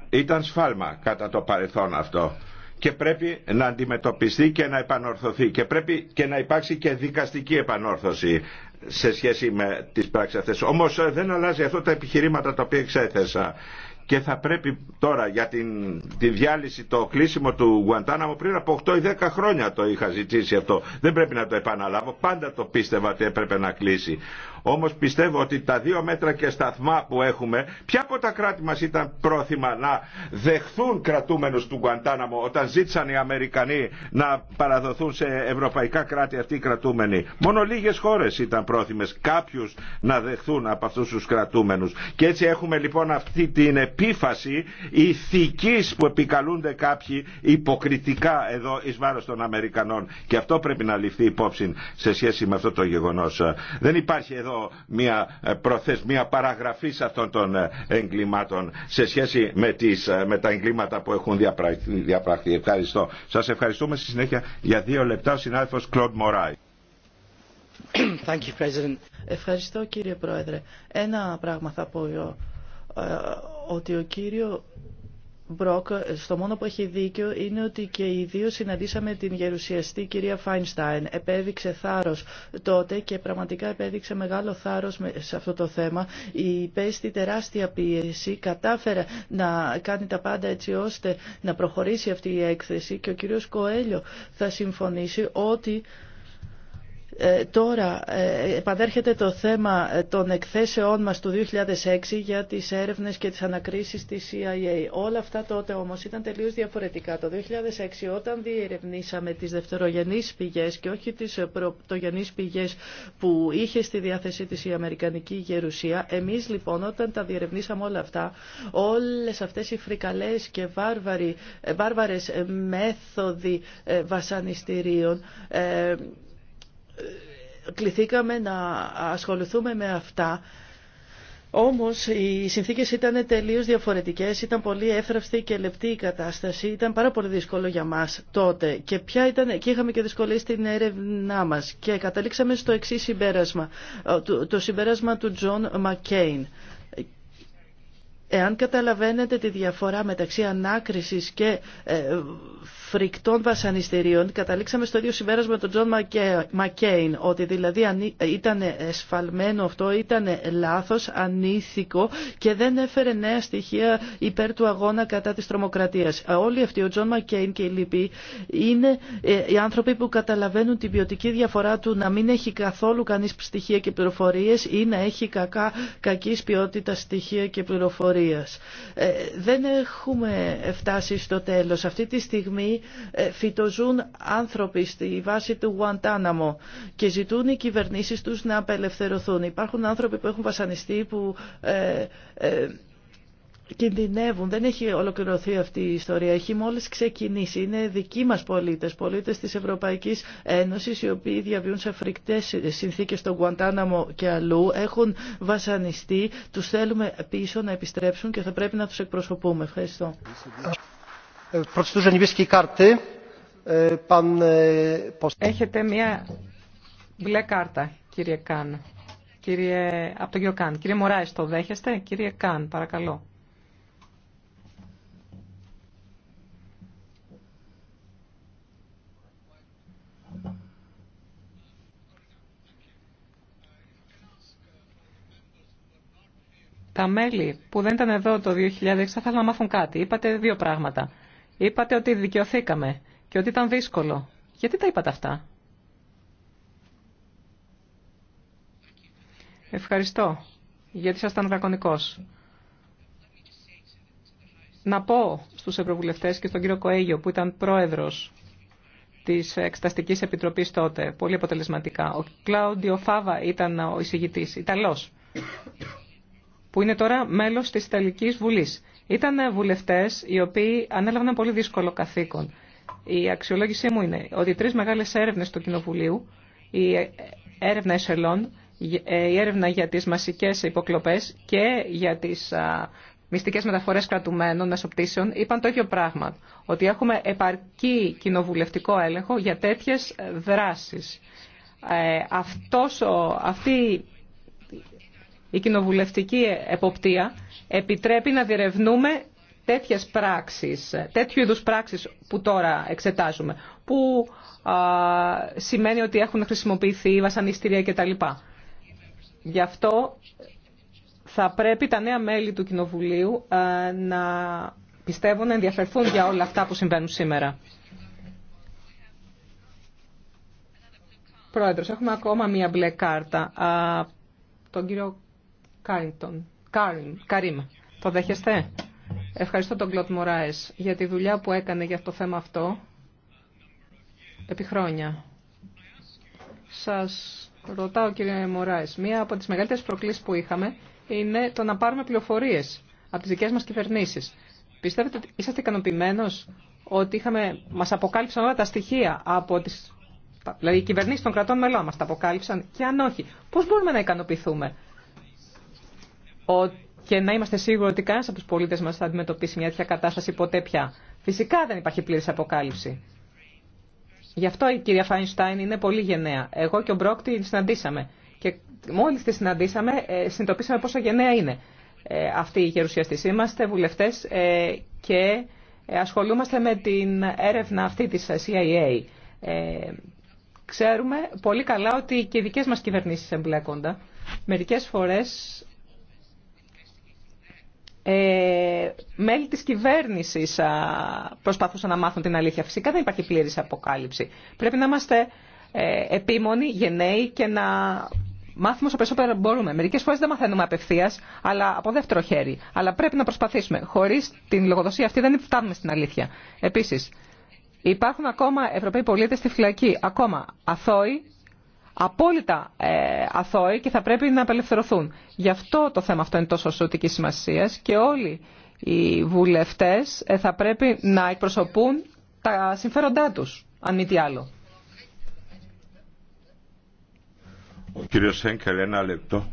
Ήταν σφάλμα κατά το παρελθόν αυτό και πρέπει να αντιμετωπιστεί και να επανορθωθεί και πρέπει και να υπάρξει και δικαστική επανόρθωση σε σχέση με τις πράξεις αυτές. Όμως ε, δεν αλλάζει αυτό τα επιχειρήματα τα οποία εξέθεσα και θα πρέπει τώρα για την, τη διάλυση, το κλείσιμο του Γουαντάναμο πριν από 8 ή 10 χρόνια το είχα ζητήσει αυτό. Δεν πρέπει να το επαναλάβω. Πάντα το πίστευα ότι έπρεπε να κλείσει. Όμως πιστεύω ότι τα δύο μέτρα και σταθμά που έχουμε, ποια από τα κράτη μας ήταν πρόθυμα να δεχθούν κρατούμενους του Γκουαντάναμο όταν ζήτησαν οι Αμερικανοί να παραδοθούν σε ευρωπαϊκά κράτη αυτοί οι κρατούμενοι. Μόνο λίγες χώρες ήταν πρόθυμες κάποιους να δεχθούν από αυτούς τους κρατούμενους. Και έτσι έχουμε λοιπόν αυτή την επίφαση ηθικής που επικαλούνται κάποιοι υποκριτικά εδώ εις βάρος των Αμερικανών. Και αυτό πρέπει να ληφθεί υπόψη σε σχέση με αυτό το γεγονός. Δεν υπάρχει εδώ μια ε, προθεσμία παραγραφής αυτών των ε, εγκλημάτων σε σχέση με, τις, ε, με τα εγκλήματα που έχουν διαπραχθεί. Ευχαριστώ. Σας ευχαριστούμε στη συνέχεια για δύο λεπτά ο συνάδελφος Κλοντ Μωράη. Thank you, President. Ευχαριστώ κύριε Πρόεδρε. Ένα πράγμα θα πω ότι ο κύριο στο μόνο που έχει δίκιο είναι ότι και οι δύο συναντήσαμε την γερουσιαστή κυρία Φάινστάιν. Επέδειξε θάρρο τότε και πραγματικά επέδειξε μεγάλο θάρρος σε αυτό το θέμα. Η πέστη τεράστια πίεση κατάφερε να κάνει τα πάντα έτσι ώστε να προχωρήσει αυτή η έκθεση και ο κύριος Κοέλιο θα συμφωνήσει ότι ε, τώρα ε, επανέρχεται το θέμα ε, των εκθέσεών μας του 2006 για τις έρευνες και τις ανακρίσεις της CIA. Όλα αυτά τότε όμως ήταν τελείως διαφορετικά. Το 2006 όταν διερευνήσαμε τις δευτερογενείς πηγές και όχι τις πρωτογενείς πηγές που είχε στη διάθεσή της η Αμερικανική Γερουσία, εμείς λοιπόν όταν τα διερευνήσαμε όλα αυτά, όλες αυτές οι φρικαλές και βάρβαροι, βάρβαρες μέθοδοι βασανιστήριων κληθήκαμε να ασχοληθούμε με αυτά. Όμως οι συνθήκες ήταν τελείως διαφορετικές, ήταν πολύ έφραυστη και λεπτή η κατάσταση, ήταν πάρα πολύ δύσκολο για μας τότε και, ποια ήταν, και είχαμε και δυσκολίες στην έρευνά μας και καταλήξαμε στο εξή συμπέρασμα, το συμπέρασμα του Τζον Μακκέιν. Εάν καταλαβαίνετε τη διαφορά μεταξύ ανάκρισης και ε, φρικτών βασανιστήριων, καταλήξαμε στο ίδιο συμπέρασμα με τον Τζον Μακέιν, ότι δηλαδή ήταν εσφαλμένο αυτό, ήταν λάθος, ανήθικο και δεν έφερε νέα στοιχεία υπέρ του αγώνα κατά της τρομοκρατίας. Όλοι αυτοί, ο Τζον Μακέιν και οι λοιποί, είναι ε, οι άνθρωποι που καταλαβαίνουν την ποιοτική διαφορά του να μην έχει καθόλου κανείς στοιχεία και πληροφορίες ή να έχει κακά, κακής ποιότητας στοιχεία και πληροφορίας. Ε, δεν έχουμε φτάσει στο τέλος. Αυτή τη στιγμή ε, φυτοζούν άνθρωποι στη βάση του Γουαντάναμο και ζητούν οι κυβερνήσεις τους να απελευθερωθούν. Υπάρχουν άνθρωποι που έχουν βασανιστεί, που ε, ε, κινδυνεύουν. Δεν έχει ολοκληρωθεί αυτή η ιστορία. Έχει μόλις ξεκινήσει. Είναι δικοί μας πολίτες, πολίτες της Ευρωπαϊκής Ένωσης, οι οποίοι διαβιούν σε φρικτές συνθήκες στο Γουαντάναμο και αλλού. Έχουν βασανιστεί. Τους θέλουμε πίσω να επιστρέψουν και θα πρέπει να τους εκπροσωπούμε. Ευχαριστώ. E, e, Έχετε μια μπλε κάρτα, κύριε Καν. Κύριε, από τον κύριο Καν. Κύριε το δέχεστε. Κύριε Καν, παρακαλώ. Τα μέλη που δεν ήταν εδώ το 2006 θα ήθελαν να μάθουν κάτι. Είπατε δύο πράγματα. Είπατε ότι δικαιωθήκαμε και ότι ήταν δύσκολο. Γιατί τα είπατε αυτά. Ευχαριστώ, γιατί ήταν δρακονικός. Να πω στους Ευρωβουλευτές και στον κύριο Κοέγιο, που ήταν πρόεδρος της Εξεταστικής Επιτροπής τότε, πολύ αποτελεσματικά. Ο Κλάουντιο Φάβα ήταν ο εισηγητής, Ιταλός, που είναι τώρα μέλος της Ιταλικής Βουλής. Ήταν βουλευτέ οι οποίοι ανέλαβαν πολύ δύσκολο καθήκον. Η αξιολόγησή μου είναι ότι οι τρεις μεγάλες έρευνες του Κοινοβουλίου, η έρευνα εσελών, η έρευνα για τις μασικές υποκλοπές και για τις μυστικές μεταφορές κρατουμένων πτήσεων, είπαν το ίδιο πράγμα, ότι έχουμε επαρκή κοινοβουλευτικό έλεγχο για τέτοιες ε, δράσεις. Ε, αυτός, η κοινοβουλευτική εποπτεία επιτρέπει να διερευνούμε τέτοιες πράξεις, τέτοιου είδους πράξεις που τώρα εξετάζουμε, που α, σημαίνει ότι έχουν χρησιμοποιηθεί βασανιστήρια κτλ. Γι' αυτό θα πρέπει τα νέα μέλη του Κοινοβουλίου να πιστεύουν, να ενδιαφερθούν για όλα αυτά που συμβαίνουν σήμερα. Πρόεδρος, έχουμε ακόμα μία μπλε κάρτα. Α, τον κύριο Κάριντον. Καρίμ. Το δέχεστε. Ευχαριστώ τον Κλωτ Μωράε για τη δουλειά που έκανε για το θέμα αυτό επί χρόνια. Σας ρωτάω κύριε Μωράε, μία από τι μεγαλύτερε προκλήσεις που είχαμε είναι το να πάρουμε πληροφορίε από τι δικέ μα κυβερνήσει. Πιστεύετε ότι είσαστε ικανοποιημένο ότι είχαμε, μας αποκάλυψαν όλα τα στοιχεία από τις... Δηλαδή, οι κυβερνήσει των κρατών μελών μα τα αποκάλυψαν. Και αν όχι, πώ μπορούμε να ικανοποιηθούμε και να είμαστε σίγουροι ότι κανένα από του πολίτε μα θα αντιμετωπίσει μια τέτοια κατάσταση ποτέ πια. Φυσικά δεν υπάρχει πλήρη αποκάλυψη. Γι' αυτό η κυρία Φάινστάιν είναι πολύ γενναία. Εγώ και ο Μπρόκ την συναντήσαμε. Και μόλι τη συναντήσαμε, ε, συνειδητοποίησαμε πόσο γενναία είναι. Ε, αυτή η γερουσιαστή. Είμαστε βουλευτέ, ε, και ε, ασχολούμαστε με την έρευνα αυτή τη CIA. ξέρουμε πολύ καλά ότι και οι δικέ μα κυβερνήσει εμπλέκονται. Μερικέ φορέ ε, μέλη της κυβέρνησης α, προσπαθούσαν να μάθουν την αλήθεια. Φυσικά δεν υπάρχει πλήρης αποκάλυψη. Πρέπει να είμαστε ε, επίμονοι, γενναίοι και να μάθουμε όσο περισσότερο μπορούμε. Μερικές φορές δεν μαθαίνουμε απευθείας αλλά από δεύτερο χέρι. Αλλά πρέπει να προσπαθήσουμε. Χωρίς την λογοδοσία αυτή δεν φτάνουμε στην αλήθεια. Επίσης, υπάρχουν ακόμα Ευρωπαίοι πολίτες στη φυλακή. Ακόμα αθώοι απόλυτα ε, αθώοι και θα πρέπει να απελευθερωθούν. Γι' αυτό το θέμα αυτό είναι τόσο σωτική σημασία και όλοι οι βουλευτές ε, θα πρέπει να εκπροσωπούν τα συμφέροντά τους, αν μη τι άλλο. Ο κύριος ένα λεπτό.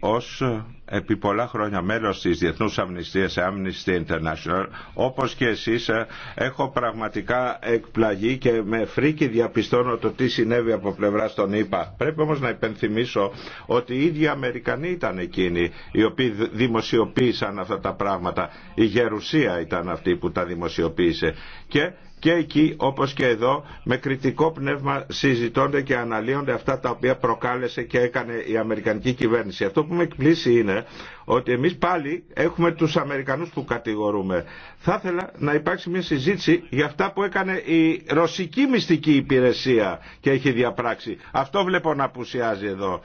Ως επί πολλά χρόνια μέλος της Διεθνούς Αμνηστίας Amnesty International όπως και εσείς ε, έχω πραγματικά εκπλαγεί και με φρίκι διαπιστώνω το τι συνέβη από πλευρά των ΗΠΑ. Πρέπει όμως να υπενθυμίσω ότι οι ίδιοι Αμερικανοί ήταν εκείνοι οι οποίοι δημοσιοποίησαν αυτά τα πράγματα. Η Γερουσία ήταν αυτή που τα δημοσιοποίησε και και εκεί όπως και εδώ με κριτικό πνεύμα συζητώνται και αναλύονται αυτά τα οποία προκάλεσε και έκανε η Αμερικανική κυβέρνηση. Αυτό που με εκπλήσει είναι ότι εμείς πάλι έχουμε τους Αμερικανούς που κατηγορούμε. Θα ήθελα να υπάρξει μια συζήτηση για αυτά που έκανε η ρωσική μυστική υπηρεσία και έχει διαπράξει. Αυτό βλέπω να απουσιάζει εδώ.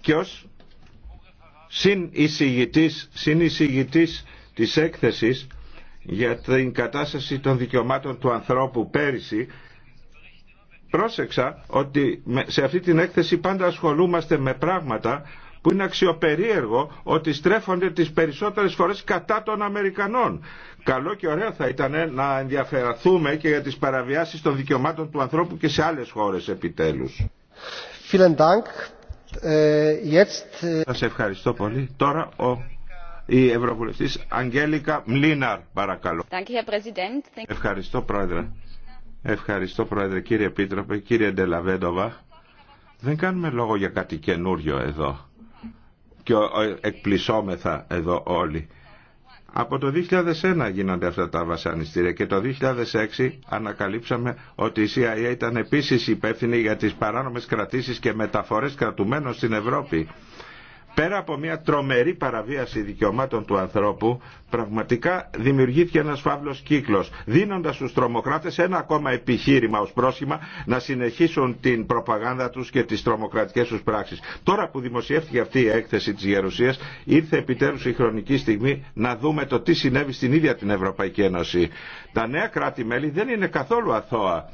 Και ως συνεισηγητής, συνεισηγητής της έκθεσης για την κατάσταση των δικαιωμάτων του ανθρώπου πέρυσι πρόσεξα ότι σε αυτή την έκθεση πάντα ασχολούμαστε με πράγματα που είναι αξιοπερίεργο ότι στρέφονται τις περισσότερες φορές κατά των Αμερικανών. Καλό και ωραίο θα ήταν να ενδιαφεραθούμε και για τις παραβιάσεις των δικαιωμάτων του ανθρώπου και σε άλλες χώρες επιτέλους. Ε, ε, Σας ευχαριστώ πολύ. Τώρα ο η Ευρωβουλευτής Αγγέλικα Μλίναρ, παρακαλώ. Ευχαριστώ, Πρόεδρε. Ευχαριστώ, Πρόεδρε, κύριε Επίτροπε, κύριε Ντελαβέντοβα. Δεν κάνουμε λόγο για κάτι καινούριο εδώ και εκπλησόμεθα εδώ όλοι. Από το 2001 γίνονται αυτά τα βασανιστήρια και το 2006 ανακαλύψαμε ότι η CIA ήταν επίσης υπεύθυνη για τις παράνομες κρατήσεις και μεταφορές κρατουμένων στην Ευρώπη πέρα από μια τρομερή παραβίαση δικαιωμάτων του ανθρώπου, πραγματικά δημιουργήθηκε ένας φαύλος κύκλος, δίνοντας στους τρομοκράτες ένα ακόμα επιχείρημα ως πρόσχημα να συνεχίσουν την προπαγάνδα τους και τις τρομοκρατικές τους πράξεις. Τώρα που δημοσιεύτηκε αυτή η έκθεση της Γερουσίας, ήρθε επιτέλους η χρονική στιγμή να δούμε το τι συνέβη στην ίδια την Ευρωπαϊκή Ένωση. Τα νέα κράτη-μέλη δεν είναι καθόλου αθώα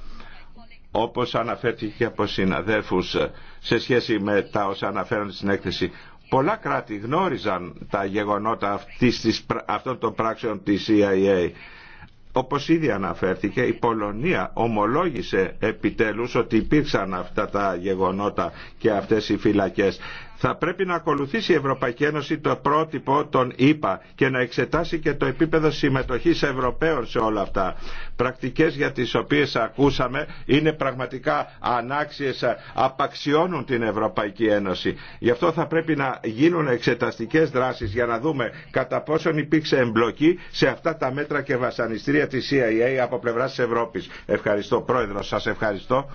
όπως αναφέρθηκε από συναδέλφους σε σχέση με τα όσα αναφέρονται στην έκθεση πολλά κράτη γνώριζαν τα γεγονότα αυτής της, αυτών των πράξεων της CIA. Όπως ήδη αναφέρθηκε, η Πολωνία ομολόγησε επιτέλους ότι υπήρξαν αυτά τα γεγονότα και αυτές οι φυλακές. Θα πρέπει να ακολουθήσει η Ευρωπαϊκή Ένωση το πρότυπο των ΗΠΑ και να εξετάσει και το επίπεδο συμμετοχής Ευρωπαίων σε όλα αυτά. Πρακτικές για τις οποίες ακούσαμε είναι πραγματικά ανάξιες, απαξιώνουν την Ευρωπαϊκή Ένωση. Γι' αυτό θα πρέπει να γίνουν εξεταστικές δράσεις για να δούμε κατά πόσον υπήρξε εμπλοκή σε αυτά τα μέτρα και βασανιστήρια της CIA από πλευράς της Ευρώπης. Ευχαριστώ πρόεδρο, σας ευχαριστώ.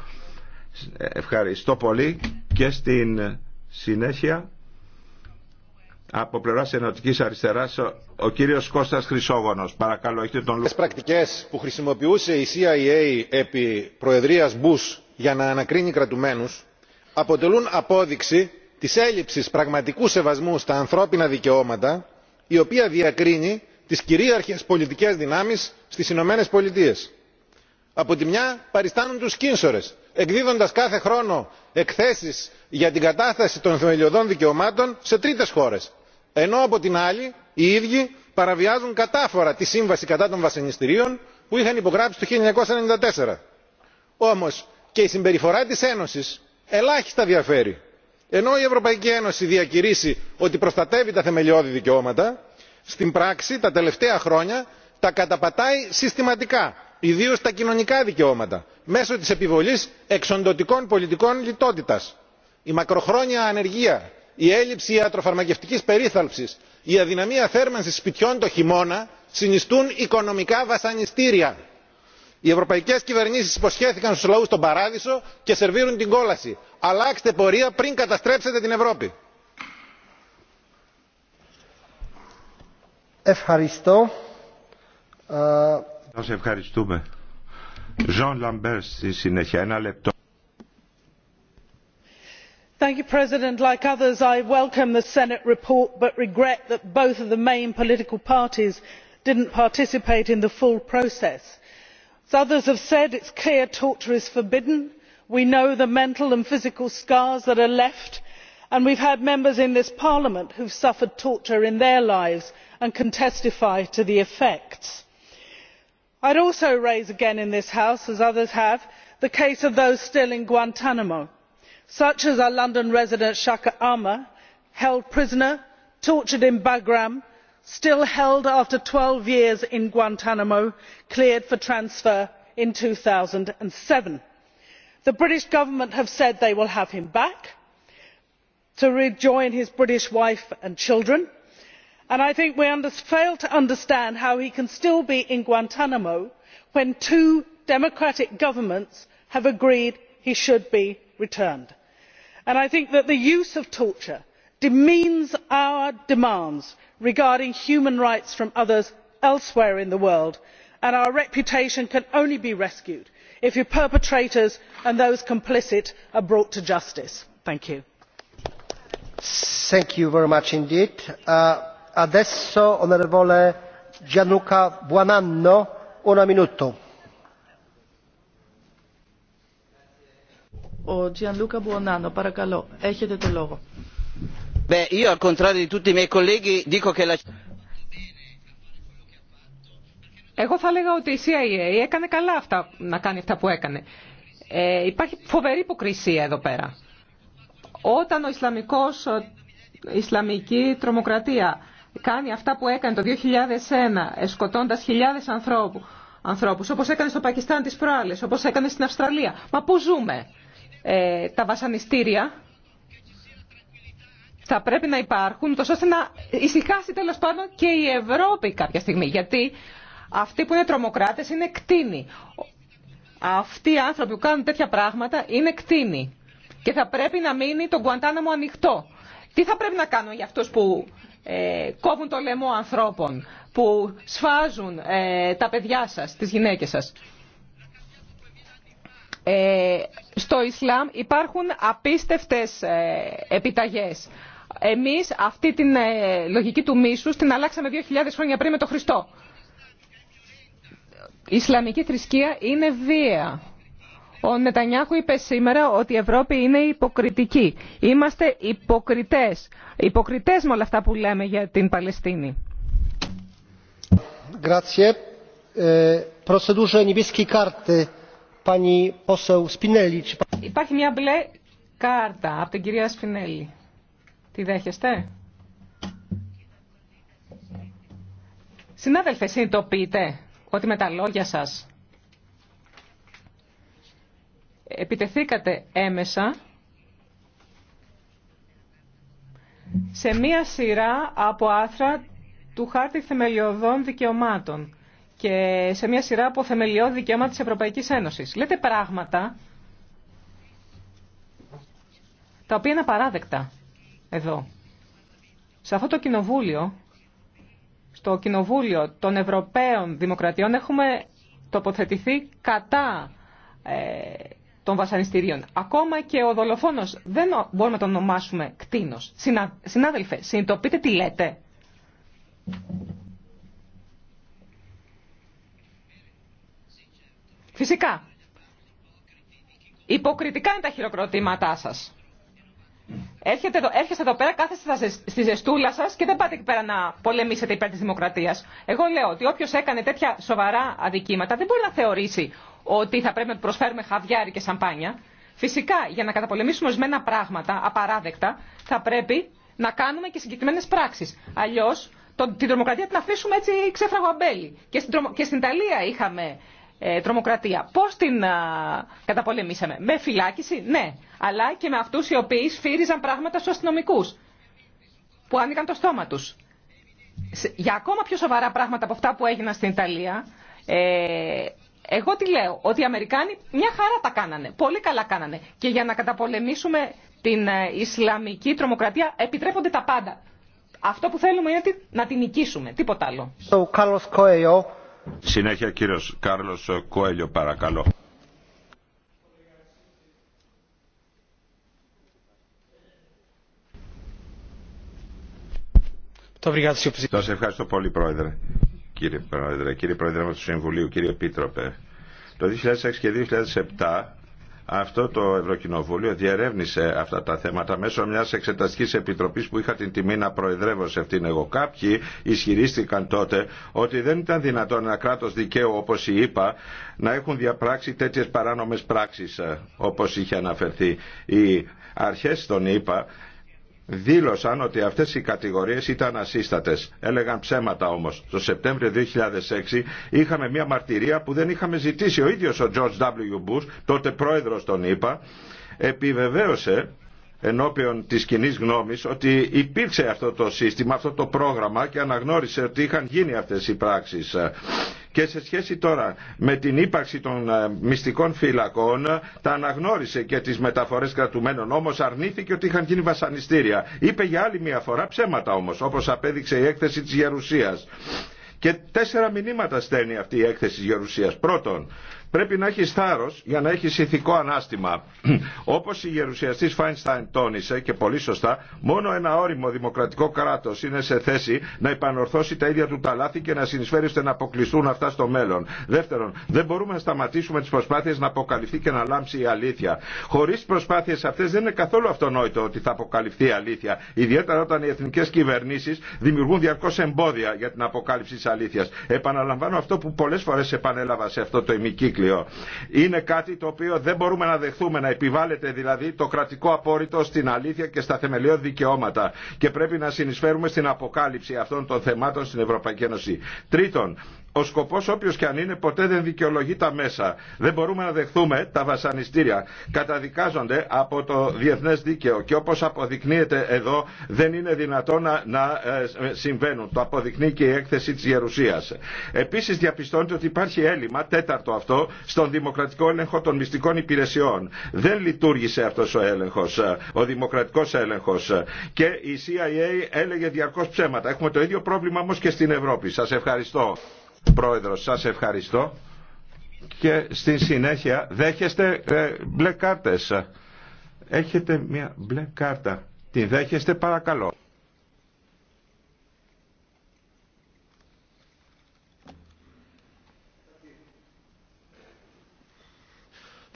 Ευχαριστώ πολύ και στην Συνέχεια, από πλευρά Ενωτική Αριστερά, ο κύριο Κώστα Χρυσόγονο. Παρακαλώ, έχετε τον λόγο. Τι πρακτικέ που χρησιμοποιούσε η CIA επί Προεδρία Μπού για να ανακρίνει κρατουμένου αποτελούν απόδειξη τη έλλειψη πραγματικού σεβασμού στα ανθρώπινα δικαιώματα, η οποία διακρίνει τι κυρίαρχε πολιτικέ δυνάμει στι Ηνωμένε Πολιτείε. Από τη μια παριστάνουν του κίνσορες εκδίδοντας κάθε χρόνο εκθέσεις για την κατάσταση των θεμελιωδών δικαιωμάτων σε τρίτες χώρες ενώ από την άλλη οι ίδιοι παραβιάζουν κατάφορα τη σύμβαση κατά των βασανιστήριων που είχαν υπογράψει το. 1994. όμως και η συμπεριφορά της ένωσης ελάχιστα διαφέρει. ενώ η ευρωπαϊκή ένωση διακηρύσσει ότι προστατεύει τα θεμελιώδη δικαιώματα στην πράξη τα τελευταία χρόνια τα καταπατάει συστηματικά ιδίως τα κοινωνικά δικαιώματα μέσω της επιβολής εξοντωτικών πολιτικών λιτότητας. η μακροχρόνια ανεργία η έλλειψη ιατροφαρμακευτικής περίθαλψης η αδυναμία θέρμανσης σπιτιών το χειμώνα συνιστούν οικονομικά βασανιστήρια. οι ευρωπαϊκές κυβερνήσεις υποσχέθηκαν στους λαούς τον παράδεισο και σερβίρουν την κόλαση. αλλάξτε πορεία πριν καταστρέψετε την ευρώπη. Ευχαριστώ. Ε, σας ευχαριστούμε. στη λεπτό. Thank you, President. Like others, I welcome the Senate report, but regret that both of the main political parties didn't participate in the full process. As others have said, it's clear torture is forbidden. We know the mental and physical scars that are left and we have had members in this parliament who have suffered torture in their lives and can testify to the effects i would also raise again in this house as others have the case of those still in Guantanamo, such as our london resident shaka amer held prisoner tortured in bagram still held after twelve years in Guantanamo, cleared for transfer in. two thousand seven the british government have said they will have him back to rejoin his british wife and children i think we fail to understand how he can still be in Guantanamo when two democratic governments have agreed he should be returned. i think that the use of torture demeans our demands regarding human rights from others elsewhere in the world and our reputation can only be rescued if the perpetrators and those complicit are brought to justice. Ο Gianluca Buonanno, παρακαλώ, έχετε το λόγο. Εγώ θα έλεγα ότι η CIA έκανε καλά αυτά, να κάνει αυτά που έκανε. Ε, υπάρχει φοβερή υποκρισία εδώ πέρα. Όταν ο Ισλαμικός, η Ισλαμική τρομοκρατία κάνει αυτά που έκανε το 2001, σκοτώντας χιλιάδες ανθρώπου, ανθρώπους όπως έκανε στο Πακιστάν τις προάλλες, όπως έκανε στην Αυστραλία. Μα πού ζούμε. Ε, τα βασανιστήρια θα πρέπει να υπάρχουν, τόσο ώστε να ησυχάσει τέλος πάντων και η Ευρώπη κάποια στιγμή. Γιατί αυτοί που είναι τρομοκράτες είναι κτίνοι. Αυτοί οι άνθρωποι που κάνουν τέτοια πράγματα είναι κτίνοι. Και θα πρέπει να μείνει τον Κουαντάναμο ανοιχτό. Τι θα πρέπει να κάνουμε για αυτούς που ε, κόβουν το λαιμό ανθρώπων, που σφάζουν ε, τα παιδιά σας, τις γυναίκες σας. Ε, στο Ισλάμ υπάρχουν απίστευτες επιταγές. Εμείς αυτή την λογική του μίσου την αλλάξαμε 2.000 χρόνια πριν με τον Χριστό. Η Ισλαμική θρησκεία είναι βία. Ο Νετανιάχου είπε σήμερα ότι η Ευρώπη είναι υποκριτική. Είμαστε υποκριτές. Υποκριτές με όλα αυτά που λέμε για την Παλαιστίνη. Ε, Υπάρχει μια μπλε κάρτα από την κυρία Σπινέλη. Τη δέχεστε? Συνάδελφε, συνειδητοποιείτε ότι με τα λόγια σας επιτεθήκατε έμεσα σε μία σειρά από άθρα του Χάρτη Θεμελιωδών Δικαιωμάτων και σε μία σειρά από θεμελιώδη δικαιώματα της Ευρωπαϊκής Ένωσης. Λέτε πράγματα τα οποία είναι απαράδεκτα εδώ. Σε αυτό το κοινοβούλιο, στο κοινοβούλιο των Ευρωπαίων Δημοκρατιών, έχουμε τοποθετηθεί κατά ε, των βασανιστήριων. Ακόμα και ο δολοφόνο δεν μπορούμε να τον ονομάσουμε κτίνος. Συνα... Συνάδελφε, συνειδητοποιείτε τι λέτε. Φυσικά. Υποκριτικά είναι τα χειροκροτήματά σα. Έρχεται εδώ, έρχεστε εδώ πέρα, κάθεστε στη ζεστούλα σα και δεν πάτε εκεί πέρα να πολεμήσετε υπέρ τη δημοκρατία. Εγώ λέω ότι όποιο έκανε τέτοια σοβαρά αδικήματα δεν μπορεί να θεωρήσει ότι θα πρέπει να προσφέρουμε χαβιάρι και σαμπάνια. Φυσικά, για να καταπολεμήσουμε ορισμένα πράγματα απαράδεκτα, θα πρέπει να κάνουμε και συγκεκριμένε πράξει. Αλλιώ, την τρομοκρατία την αφήσουμε έτσι ξέφραγο αμπέλι. Και στην, τρομο, και στην Ιταλία είχαμε ε, τρομοκρατία. Πώ την καταπολεμήσαμε, Με φυλάκιση, ναι. Αλλά και με αυτού οι οποίοι σφύριζαν πράγματα στου αστυνομικού. Που άνοιγαν το στόμα του. Για ακόμα πιο σοβαρά πράγματα από αυτά που έγιναν στην Ιταλία, ε, εγώ τι λέω, ότι οι Αμερικάνοι μια χαρά τα κάνανε, πολύ καλά κάνανε. Και για να καταπολεμήσουμε την ε, Ισλαμική τρομοκρατία επιτρέπονται τα πάντα. Αυτό που θέλουμε είναι να την νικήσουμε, τίποτα άλλο. Συνέχεια κύριος Κάρλος Κοέλιο παρακαλώ. Σας ευχαριστώ πολύ πρόεδρε κύριε Πρόεδρε, κύριε Πρόεδρε του Συμβουλίου, κύριε Επίτροπε. Το 2006 και 2007 αυτό το Ευρωκοινοβούλιο διερεύνησε αυτά τα θέματα μέσω μιας εξεταστικής επιτροπής που είχα την τιμή να προεδρεύω σε αυτήν εγώ. Κάποιοι ισχυρίστηκαν τότε ότι δεν ήταν δυνατόν ένα κράτος δικαίου όπως η ΕΠΑ να έχουν διαπράξει τέτοιες παράνομες πράξεις ε, όπως είχε αναφερθεί. Οι αρχές των ΕΠΑ δήλωσαν ότι αυτές οι κατηγορίες ήταν ασύστατες. Έλεγαν ψέματα όμως. Το Σεπτέμβριο 2006 είχαμε μια μαρτυρία που δεν είχαμε ζητήσει. Ο ίδιος ο George W. Bush, τότε πρόεδρος των ΗΠΑ, επιβεβαίωσε ενώπιον της κοινή γνώμης ότι υπήρξε αυτό το σύστημα, αυτό το πρόγραμμα και αναγνώρισε ότι είχαν γίνει αυτές οι πράξεις και σε σχέση τώρα με την ύπαρξη των ε, μυστικών φυλακών, τα αναγνώρισε και τις μεταφορές κρατουμένων, όμως αρνήθηκε ότι είχαν γίνει βασανιστήρια. Είπε για άλλη μια φορά ψέματα όμως, όπως απέδειξε η έκθεση της Γερουσίας. Και τέσσερα μηνύματα στέλνει αυτή η έκθεση της Γερουσίας. Πρώτον, Πρέπει να έχει θάρρο για να έχει ηθικό ανάστημα. Όπω η γερουσιαστή Φάινστάιν τόνισε και πολύ σωστά, μόνο ένα όριμο δημοκρατικό κράτο είναι σε θέση να επανορθώσει τα ίδια του τα λάθη και να συνεισφέρει ώστε να αποκλειστούν αυτά στο μέλλον. Δεύτερον, δεν μπορούμε να σταματήσουμε τι προσπάθειε να αποκαλυφθεί και να λάμψει η αλήθεια. Χωρί τι προσπάθειε αυτέ δεν είναι καθόλου αυτονόητο ότι θα αποκαλυφθεί η αλήθεια. Ιδιαίτερα όταν οι εθνικέ κυβερνήσει δημιουργούν διαρκώ εμπόδια για την αποκάλυψη τη αλήθεια. Επαναλαμβάνω αυτό που πολλέ φορέ επανέλαβα σε αυτό το ημικύκλιο είναι κάτι το οποίο δεν μπορούμε να δεχθούμε, να επιβάλλεται δηλαδή το κρατικό απόρριτο στην αλήθεια και στα θεμελιώδη δικαιώματα και πρέπει να συνεισφέρουμε στην αποκάλυψη αυτών των θεμάτων στην Ευρωπαϊκή Ένωση. Τρίτον, ο σκοπό όποιο και αν είναι ποτέ δεν δικαιολογεί τα μέσα. Δεν μπορούμε να δεχθούμε τα βασανιστήρια. Καταδικάζονται από το διεθνέ δίκαιο και όπω αποδεικνύεται εδώ δεν είναι δυνατό να, να ε, συμβαίνουν. Το αποδεικνύει και η έκθεση τη Γερουσία. Επίση διαπιστώνεται ότι υπάρχει έλλειμμα, τέταρτο αυτό, στον δημοκρατικό έλεγχο των μυστικών υπηρεσιών. Δεν λειτουργήσε αυτό ο έλεγχο, ε, ο δημοκρατικό έλεγχο. Και η CIA έλεγε διαρκώ ψέματα. Έχουμε το ίδιο πρόβλημα όμω και στην Ευρώπη. Σα ευχαριστώ. Πρόεδρος, σας ευχαριστώ και στην συνέχεια δέχεστε ε, μπλε κάρτες. Έχετε μια μπλε κάρτα. Την δέχεστε παρακαλώ.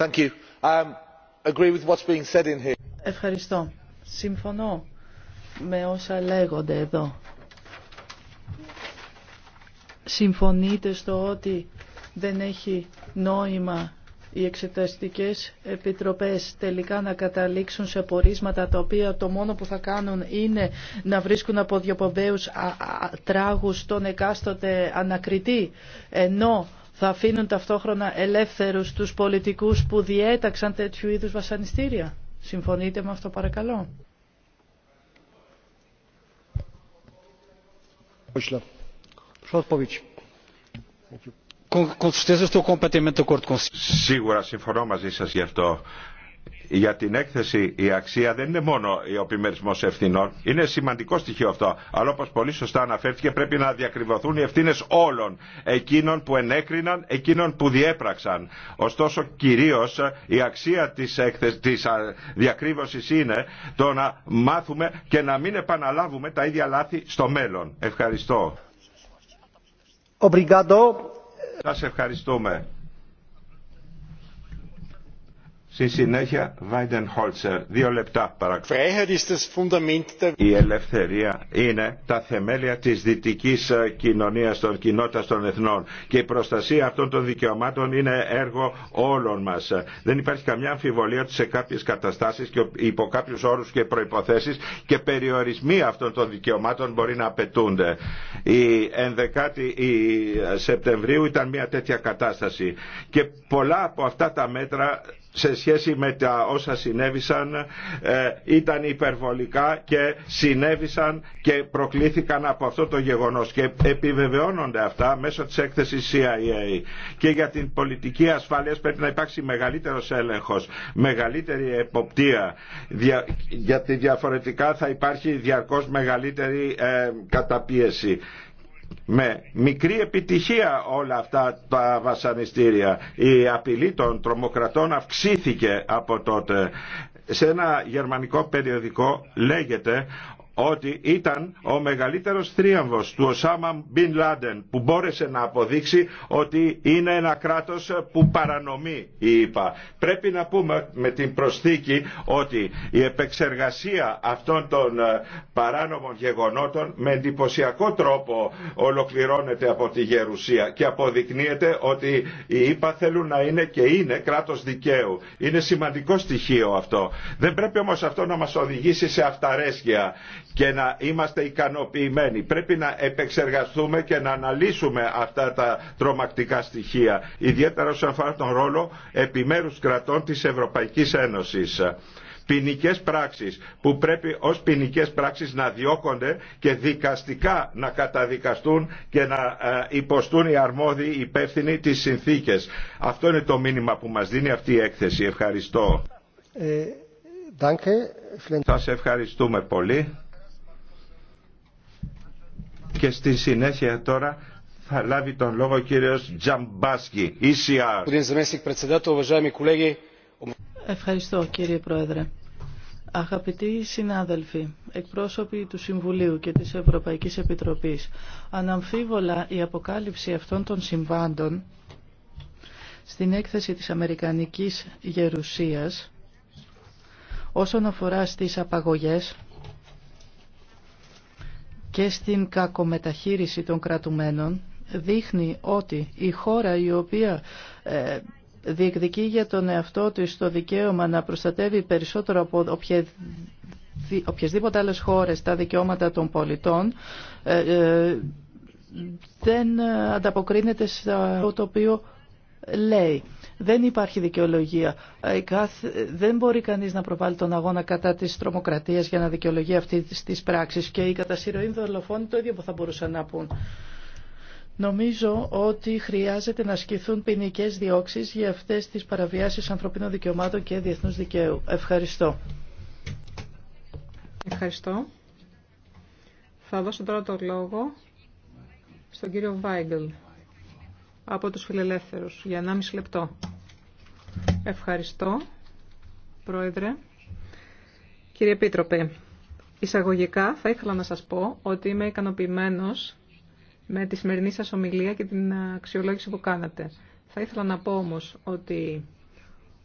Thank you. Um, agree with what's being said in here. Ευχαριστώ. Συμφωνώ με όσα λέγονται εδώ συμφωνείτε στο ότι δεν έχει νόημα οι εξεταστικές επιτροπές τελικά να καταλήξουν σε πορίσματα τα οποία το μόνο που θα κάνουν είναι να βρίσκουν από διοποδέους τράγους τον εκάστοτε ανακριτή ενώ θα αφήνουν ταυτόχρονα ελεύθερους τους πολιτικούς που διέταξαν τέτοιου είδους βασανιστήρια. Συμφωνείτε με αυτό παρακαλώ. Σίγουρα συμφωνώ μαζί σας γι' αυτό. Για την έκθεση η αξία δεν είναι μόνο ο επιμερισμό ευθυνών. Είναι σημαντικό στοιχείο αυτό. Αλλά όπως πολύ σωστά αναφέρθηκε πρέπει να διακριβωθούν οι ευθύνες όλων. Εκείνων που ενέκριναν, εκείνων που διέπραξαν. Ωστόσο κυρίως η αξία τη της διακρύβωσης είναι το να μάθουμε και να μην επαναλάβουμε τα ίδια λάθη στο μέλλον. Ευχαριστώ. Σας ευχαριστούμε. Στη συνέχεια, Βάιντεν Χόλτσερ. Δύο λεπτά παρακαλώ. Η ελευθερία είναι τα θεμέλια της δυτικής ε, κοινωνίας των κοινότητας των εθνών και η προστασία αυτών των δικαιωμάτων είναι έργο όλων μας. Δεν υπάρχει καμιά αμφιβολία ότι σε κάποιες καταστάσεις και υπό κάποιους όρους και προϋποθέσεις και περιορισμοί αυτών των δικαιωμάτων μπορεί να απαιτούνται. Η 11η Σεπτεμβρίου ήταν μια τέτοια κατάσταση και πολλά από αυτά τα μέτρα σε σχέση με τα όσα συνέβησαν ε, ήταν υπερβολικά και συνέβησαν και προκλήθηκαν από αυτό το γεγονός και επιβεβαιώνονται αυτά μέσω της έκθεσης CIA και για την πολιτική ασφάλειας πρέπει να υπάρξει μεγαλύτερος έλεγχος μεγαλύτερη εποπτεία γιατί διαφορετικά θα υπάρχει διαρκώς μεγαλύτερη ε, καταπίεση με μικρή επιτυχία όλα αυτά τα βασανιστήρια. Η απειλή των τρομοκρατών αυξήθηκε από τότε. Σε ένα γερμανικό περιοδικό λέγεται ότι ήταν ο μεγαλύτερος θρίαμβος του Οσάμα Μπιν Λάντεν που μπόρεσε να αποδείξει ότι είναι ένα κράτος που παρανομεί η ΕΠΑ. Πρέπει να πούμε με την προσθήκη ότι η επεξεργασία αυτών των ε, παράνομων γεγονότων με εντυπωσιακό τρόπο ολοκληρώνεται από τη Γερουσία και αποδεικνύεται ότι οι ΕΠΑ θέλουν να είναι και είναι κράτος δικαίου. Είναι σημαντικό στοιχείο αυτό. Δεν πρέπει όμως αυτό να μας οδηγήσει σε αυταρέσκεια και να είμαστε ικανοποιημένοι. Πρέπει να επεξεργαστούμε και να αναλύσουμε αυτά τα τρομακτικά στοιχεία, ιδιαίτερα όσον αφορά τον ρόλο επιμέρους κρατών της Ευρωπαϊκής Ένωσης ποινικέ πράξεις που πρέπει ως ποινικέ πράξεις να διώκονται και δικαστικά να καταδικαστούν και να ε, υποστούν οι αρμόδιοι υπεύθυνοι τις συνθήκες. Αυτό είναι το μήνυμα που μας δίνει αυτή η έκθεση. Ευχαριστώ. Ε, ευχαριστούμε πολύ. Και στη συνέχεια τώρα θα λάβει τον λόγο ο κύριος Τζαμπάσκι, ECR. Ευχαριστώ κύριε Πρόεδρε. Αγαπητοί συνάδελφοι, εκπρόσωποι του Συμβουλίου και της Ευρωπαϊκής Επιτροπής, αναμφίβολα η αποκάλυψη αυτών των συμβάντων στην έκθεση της Αμερικανικής Γερουσίας όσον αφορά στις απαγωγές και στην κακομεταχείριση των κρατουμένων δείχνει ότι η χώρα η οποία ε, διεκδικεί για τον εαυτό της το δικαίωμα να προστατεύει περισσότερο από οποια οποιασδήποτε άλλες χώρες τα δικαιώματα των πολιτών ε, ε, δεν ανταποκρίνεται στο το οποίο λέει. Δεν υπάρχει δικαιολογία. Ε, δεν μπορεί κανείς να προβάλλει τον αγώνα κατά της τρομοκρατίας για να δικαιολογεί αυτή της πράξης και οι κατασυρωοί δολοφόνοι το ίδιο που θα μπορούσαν να πούν. Νομίζω ότι χρειάζεται να ασκηθούν ποινικέ διώξει για αυτέ τι παραβιάσει ανθρωπίνων δικαιωμάτων και διεθνού δικαίου. Ευχαριστώ. Ευχαριστώ. Θα δώσω τώρα το λόγο στον κύριο Βάιγκελ από τους φιλελεύθερους για 1,5 λεπτό. Ευχαριστώ, Πρόεδρε. Κύριε Επίτροπε, εισαγωγικά θα ήθελα να σας πω ότι είμαι ικανοποιημένος με τη σημερινή σας ομιλία και την αξιολόγηση που κάνατε. Θα ήθελα να πω όμως ότι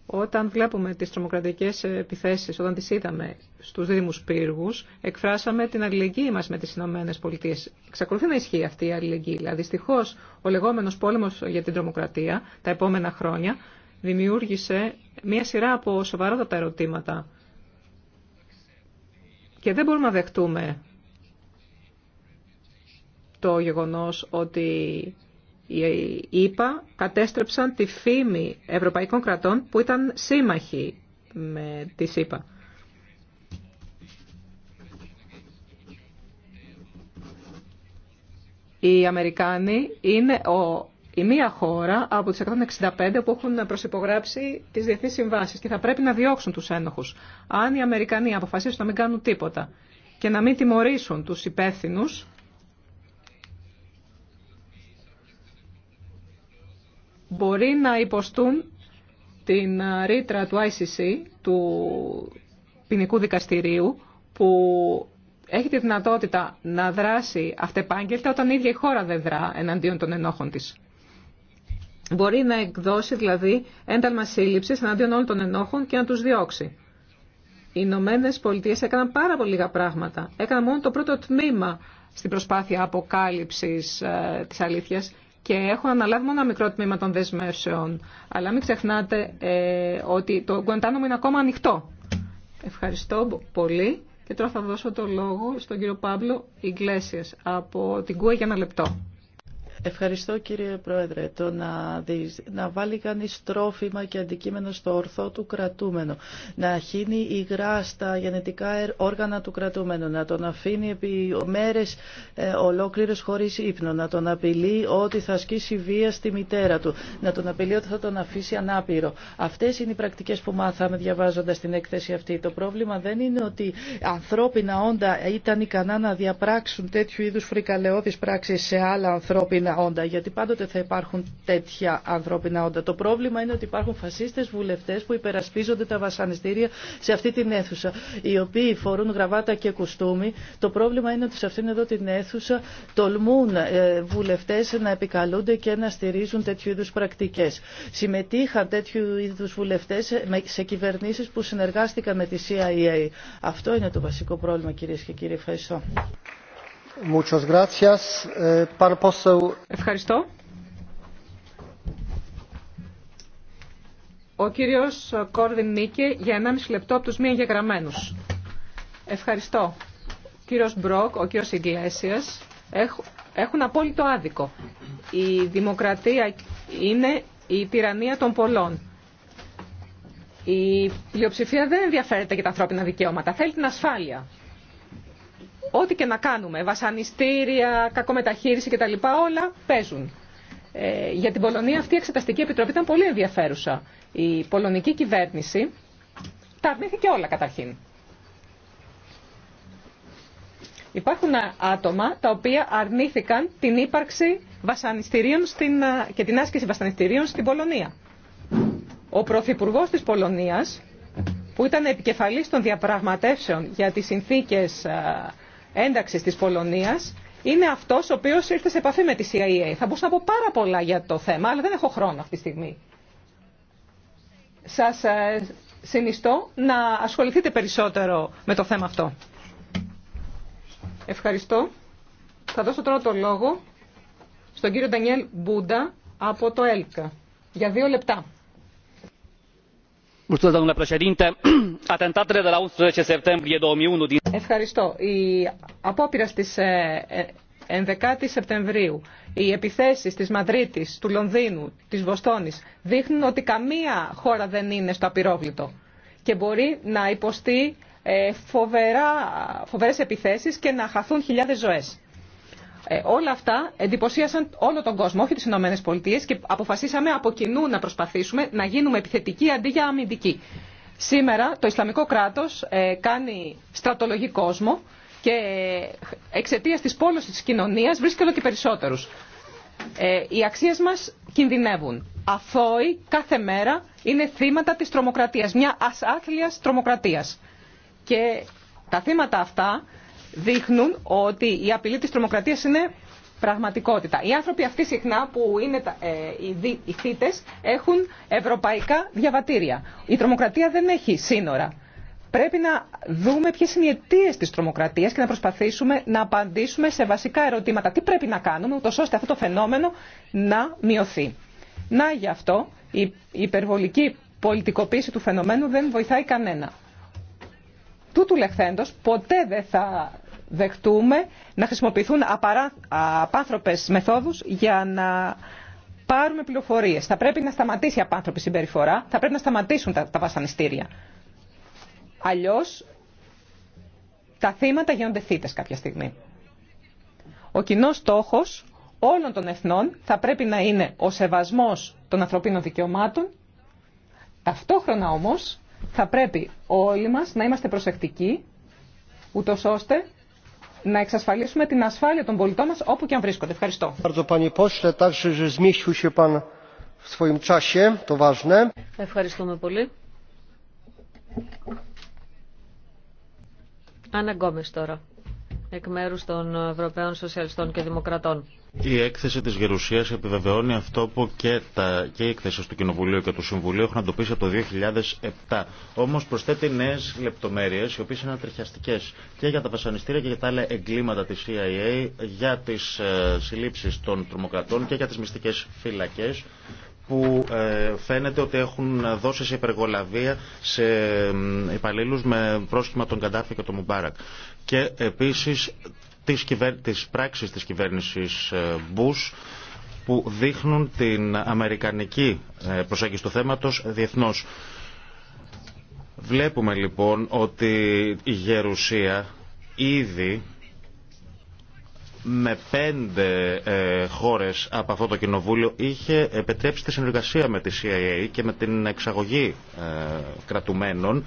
όταν βλέπουμε τις τρομοκρατικές επιθέσεις, όταν τις είδαμε στους Δήμους Πύργους, εκφράσαμε την αλληλεγγύη μας με τις Ηνωμένε Πολιτείες. Εξακολουθεί να ισχύει αυτή η αλληλεγγύη. Δηλαδή, Δυστυχώ, ο λεγόμενος πόλεμος για την τρομοκρατία τα επόμενα χρόνια δημιούργησε μία σειρά από σοβαρότατα ερωτήματα. Και δεν μπορούμε να δεχτούμε το γεγονός ότι οι ΕΠΑ κατέστρεψαν τη φήμη ευρωπαϊκών κρατών που ήταν σύμμαχοι με τη ΗΠΑ. Οι Αμερικάνοι είναι ο, η μία χώρα από τις 165 που έχουν προσυπογράψει τις διεθνείς συμβάσεις και θα πρέπει να διώξουν τους ένοχους. Αν οι Αμερικανοί αποφασίσουν να μην κάνουν τίποτα και να μην τιμωρήσουν τους υπεύθυνου. μπορεί να υποστούν την ρήτρα του ICC, του ποινικού δικαστηρίου, που έχει τη δυνατότητα να δράσει αυτεπάγγελτα όταν η ίδια η χώρα δεν δρά εναντίον των ενόχων της. Μπορεί να εκδώσει δηλαδή ένταλμα σύλληψης εναντίον όλων των ενόχων και να τους διώξει. Οι Ηνωμένε Πολιτείε έκαναν πάρα πολύ λίγα πράγματα. Έκαναν μόνο το πρώτο τμήμα στην προσπάθεια αποκάλυψης ε, της αλήθειας και έχω αναλάβει μόνο ένα μικρό τμήμα των δεσμεύσεων. Αλλά μην ξεχνάτε ε, ότι το μου είναι ακόμα ανοιχτό. Ευχαριστώ πολύ. Και τώρα θα δώσω το λόγο στον κύριο Παύλο Ιγκλέσιας από την ΚΟΕ για ένα λεπτό. Ευχαριστώ κύριε Πρόεδρε. Το να, να βάλει κανεί τρόφιμα και αντικείμενο στο ορθό του κρατούμενο, να χύνει υγρά στα γενετικά όργανα του κρατούμενου, να τον αφήνει επί μέρε ε, ολόκληρε χωρί ύπνο, να τον απειλεί ότι θα ασκήσει βία στη μητέρα του, να τον απειλεί ότι θα τον αφήσει ανάπηρο. Αυτέ είναι οι πρακτικέ που μάθαμε διαβάζοντα την έκθεση αυτή. Το πρόβλημα δεν είναι ότι ανθρώπινα όντα ήταν ικανά να διαπράξουν τέτοιου είδου φρικαλαιώδει πράξει σε άλλα ανθρώπινα όντα, γιατί πάντοτε θα υπάρχουν τέτοια ανθρώπινα όντα. Το πρόβλημα είναι ότι υπάρχουν φασίστε βουλευτέ που υπερασπίζονται τα βασανιστήρια σε αυτή την αίθουσα, οι οποίοι φορούν γραβάτα και κουστούμι. Το πρόβλημα είναι ότι σε αυτήν εδώ την αίθουσα τολμούν ε, βουλευτέ να επικαλούνται και να στηρίζουν τέτοιου είδου πρακτικέ. Συμμετείχαν τέτοιου είδου βουλευτέ σε κυβερνήσει που συνεργάστηκαν με τη CIA. Αυτό είναι το βασικό πρόβλημα κυρίε και κύριοι. Ευχαριστώ. Eh, Ευχαριστώ. Ο κύριος Κόρδιν Νίκε για 1,5 λεπτό από τους μη εγγεγραμμένους. Ευχαριστώ. Ο κύριος Μπροκ, ο κύριος Ιγκλέσιας έχουν απόλυτο άδικο. Η δημοκρατία είναι η τυραννία των πολλών. Η πλειοψηφία δεν ενδιαφέρεται για τα ανθρώπινα δικαιώματα. Θέλει την ασφάλεια ό,τι και να κάνουμε, βασανιστήρια, κακομεταχείριση κτλ. όλα παίζουν. Ε, για την Πολωνία αυτή η Εξεταστική Επιτροπή ήταν πολύ ενδιαφέρουσα. Η πολωνική κυβέρνηση τα αρνήθηκε όλα καταρχήν. Υπάρχουν άτομα τα οποία αρνήθηκαν την ύπαρξη βασανιστήριων στην, ε, και την άσκηση βασανιστήριων στην Πολωνία. Ο Πρωθυπουργό της Πολωνίας, που ήταν επικεφαλής των διαπραγματεύσεων για τις συνθήκες ε, Ένταξη τη Πολωνίας είναι αυτός ο οποίος ήρθε σε επαφή με τη CIA. Θα μπορούσα να πω πάρα πολλά για το θέμα, αλλά δεν έχω χρόνο αυτή τη στιγμή. Σας ε, συνιστώ να ασχοληθείτε περισσότερο με το θέμα αυτό. Ευχαριστώ. Θα δώσω τώρα το λόγο στον κύριο Ντανιέλ Μπούντα από το ΕΛΚΑ για δύο λεπτά ευχαριστώ. η απόπειρα στις 11 ε, ε, Σεπτεμβρίου, οι επιθέσεις της Μαδρίτης, του Λονδίνου, της Βοστόνης δείχνουν ότι καμία χώρα δεν είναι στο απειρόβλητο και μπορεί να υποστεί ε, φοβέρε φοβερές επιθέσεις και να χαθούν χιλιάδε ζωέ. Ε, όλα αυτά εντυπωσίασαν όλο τον κόσμο, όχι τις Ηνωμένες και αποφασίσαμε από κοινού να προσπαθήσουμε να γίνουμε επιθετικοί αντί για αμυντικοί. Σήμερα το Ισλαμικό κράτος ε, κάνει στρατολογή κόσμο και ε, εξαιτία τη πόλωσης της κοινωνίας βρίσκει όλο και περισσότερους. οι αξίες μας κινδυνεύουν. Αθώοι κάθε μέρα είναι θύματα της τρομοκρατίας, μια άθλιας τρομοκρατίας. Και τα θύματα αυτά δείχνουν ότι η απειλή της τρομοκρατίας είναι πραγματικότητα. Οι άνθρωποι αυτοί συχνά που είναι ε, οι θήτες έχουν ευρωπαϊκά διαβατήρια. Η τρομοκρατία δεν έχει σύνορα. Πρέπει να δούμε ποιες είναι οι αιτίε της τρομοκρατίας και να προσπαθήσουμε να απαντήσουμε σε βασικά ερωτήματα. Τι πρέπει να κάνουμε, ούτως ώστε αυτό το φαινόμενο να μειωθεί. Να γι' αυτό η υπερβολική πολιτικοποίηση του φαινομένου δεν βοηθάει κανένα. Τούτου λεχθέντος ποτέ δεν θα δεχτούμε να χρησιμοποιηθούν απάνθρωπες μεθόδους για να πάρουμε πληροφορίες. Θα πρέπει να σταματήσει η απάνθρωπη συμπεριφορά, θα πρέπει να σταματήσουν τα, βασανιστήρια. Αλλιώς τα θύματα γίνονται θύτες κάποια στιγμή. Ο κοινό στόχος όλων των εθνών θα πρέπει να είναι ο σεβασμός των ανθρωπίνων δικαιωμάτων. Ταυτόχρονα όμως θα πρέπει όλοι μας να είμαστε προσεκτικοί, ούτως ώστε να εξασφαλίσουμε την ασφάλεια των πολιτών μας όπου και αν βρίσκονται. Ευχαριστώ. Ευχαριστούμε πολύ. Άννα τώρα εκ μέρους των Ευρωπαίων Σοσιαλιστών και Δημοκρατών. Η έκθεση της Γερουσίας επιβεβαιώνει αυτό που και, τα, και οι εκθέσεις του Κοινοβουλίου και του Συμβουλίου έχουν αντοπίσει από το 2007. Όμως προσθέτει νέες λεπτομέρειες οι οποίες είναι ατριχιαστικές και για τα βασανιστήρια και για τα άλλα εγκλήματα της CIA, για τις ε, συλλήψεις των τρομοκρατών και για τις μυστικές φυλακές που ε, φαίνεται ότι έχουν δώσει σε υπεργολαβία σε υπαλλήλου με πρόσχημα τον Καντάφη και τον Μουμπάρακ και επίσης τις, κυβέρ... τις πράξεις της κυβέρνησης Μπούς ε, που δείχνουν την αμερικανική ε, προσέγγιση του θέματος διεθνώς. Βλέπουμε λοιπόν ότι η Γερουσία ήδη με πέντε ε, χώρες από αυτό το κοινοβούλιο είχε επιτρέψει τη συνεργασία με τη CIA και με την εξαγωγή ε, κρατουμένων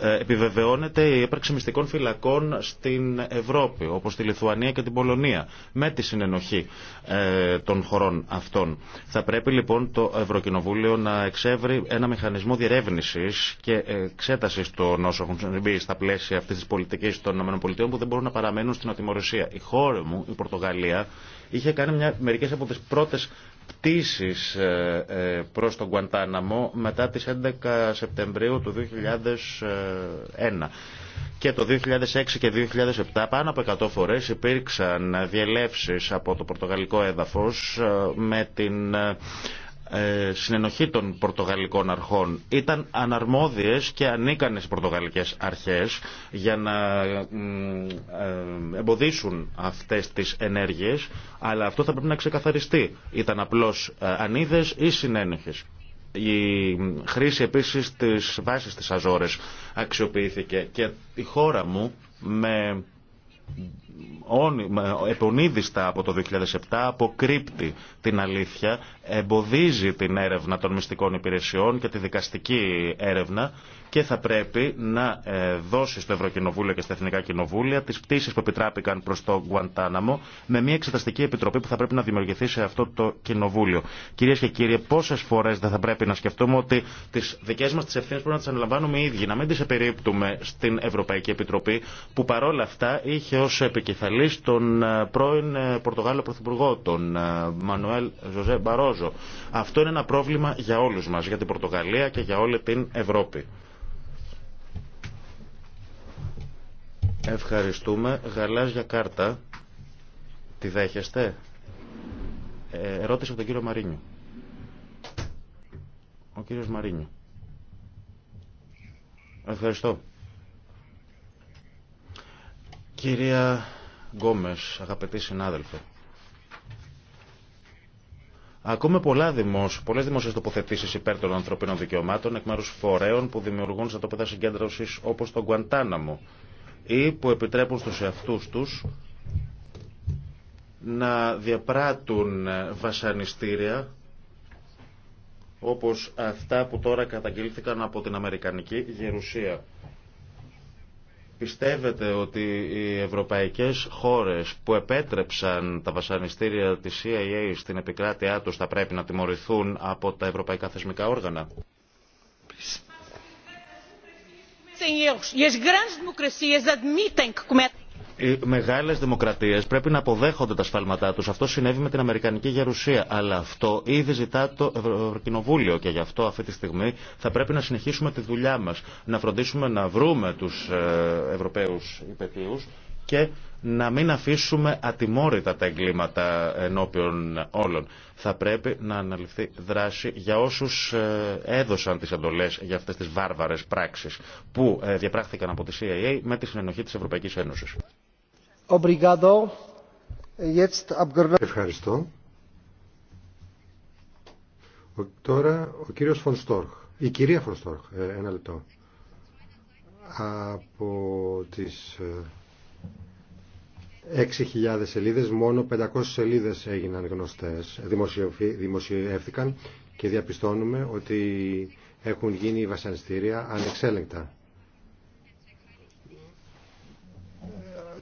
ε, επιβεβαιώνεται η έπραξη μυστικών φυλακών στην Ευρώπη όπως τη Λιθουανία και την Πολωνία με τη συνενοχή ε, των χωρών αυτών. Θα πρέπει λοιπόν το Ευρωκοινοβούλιο να εξεύρει ένα μηχανισμό διερεύνησης και εξέτασης των όσων έχουν συμβεί στα πλαίσια αυτής της πολιτικής των ΗΠΑ που δεν μπορούν να παραμένουν στην ατιμορρησία. Η χώρα η Πορτογαλία είχε κάνει μια, μερικές από τις πρώτες πτήσεις ε, ε προς τον Κουαντάναμο μετά τις 11 Σεπτεμβρίου του 2001. Και το 2006 και 2007 πάνω από 100 φορές υπήρξαν διελεύσεις από το πορτογαλικό έδαφος ε, με την ε, ε, συνενοχή των πορτογαλικών αρχών ήταν αναρμόδιες και ανίκανες πορτογαλικές αρχές για να ε, εμποδίσουν αυτές τις ενέργειες αλλά αυτό θα πρέπει να ξεκαθαριστεί. Ήταν απλώς ε, ανίδες ή συνένοχες. Η χρήση επίσης της βάσης της Αζόρες αξιοποιήθηκε και η χώρα μου με επονίδιστα από το 2007 αποκρύπτει την αλήθεια, εμποδίζει την έρευνα των μυστικών υπηρεσιών και τη δικαστική έρευνα και θα πρέπει να ε, δώσει στο Ευρωκοινοβούλιο και στα Εθνικά Κοινοβούλια τι πτήσει που επιτράπηκαν προ το Γκουαντάναμο με μια εξεταστική επιτροπή που θα πρέπει να δημιουργηθεί σε αυτό το Κοινοβούλιο. Κυρίε και κύριοι, πόσε φορέ δεν θα πρέπει να σκεφτούμε ότι τι δικέ μα τι ευθύνε πρέπει να τι αναλαμβάνουμε οι ίδιοι, να μην τι επιρρύπτουμε στην Ευρωπαϊκή Επιτροπή που παρόλα αυτά είχε ω επικεφαλή τον ε, πρώην ε, Πορτογάλο Πρωθυπουργό, τον Μανουέλ Ζωζέ Μπαρόζο. Αυτό είναι ένα πρόβλημα για όλου μα, για την Πορτογαλία και για όλη την Ευρώπη. Ευχαριστούμε. Γαλάζια κάρτα. Τη δέχεστε. Ε, ερώτηση από τον κύριο Μαρίνιο. Ο κύριος Μαρίνιο. Ευχαριστώ. Κυρία Γκόμες, αγαπητή συνάδελφοι. Ακούμε πολλά δημόσια, πολλές δημόσιες τοποθετήσεις υπέρ των ανθρωπίνων δικαιωμάτων εκ μέρους φορέων που δημιουργούν τοπέδα συγκέντρωσης όπως το Γκουαντάναμο ή που επιτρέπουν στους εαυτούς τους να διαπράττουν βασανιστήρια όπως αυτά που τώρα καταγγελθήκαν από την Αμερικανική Γερουσία. Πιστεύετε ότι οι ευρωπαϊκές χώρες που επέτρεψαν τα βασανιστήρια της CIA στην επικράτειά τους θα πρέπει να τιμωρηθούν από τα ευρωπαϊκά θεσμικά όργανα. οι μεγάλες δημοκρατίες πρέπει να αποδέχονται τα σφάλματά τους. Αυτό συνέβη με την Αμερικανική Γερουσία. Αλλά αυτό ήδη ζητά το Ευρωκοινοβούλιο και γι' αυτό αυτή τη στιγμή θα πρέπει να συνεχίσουμε τη δουλειά μας. Να φροντίσουμε να βρούμε τους ε, Ευρωπαίους υπετίους και να μην αφήσουμε ατιμόρυτα τα εγκλήματα ενώπιον όλων. Θα πρέπει να αναλυθεί δράση για όσους ε, έδωσαν τις εντολές για αυτές τις βάρβαρες πράξεις που ε, διαπράχθηκαν από τη CIA με τη συνενοχή της Ευρωπαϊκής Ένωσης. Ευχαριστώ. Τώρα ο κύριος Φωνστόρχ, η κυρία Φωνστόρχ, ε, ένα λεπτό, από τις 6.000 σελίδες, μόνο 500 σελίδες έγιναν γνωστές, δημοσιεύθηκαν και διαπιστώνουμε ότι έχουν γίνει βασανιστήρια ανεξέλεγκτα.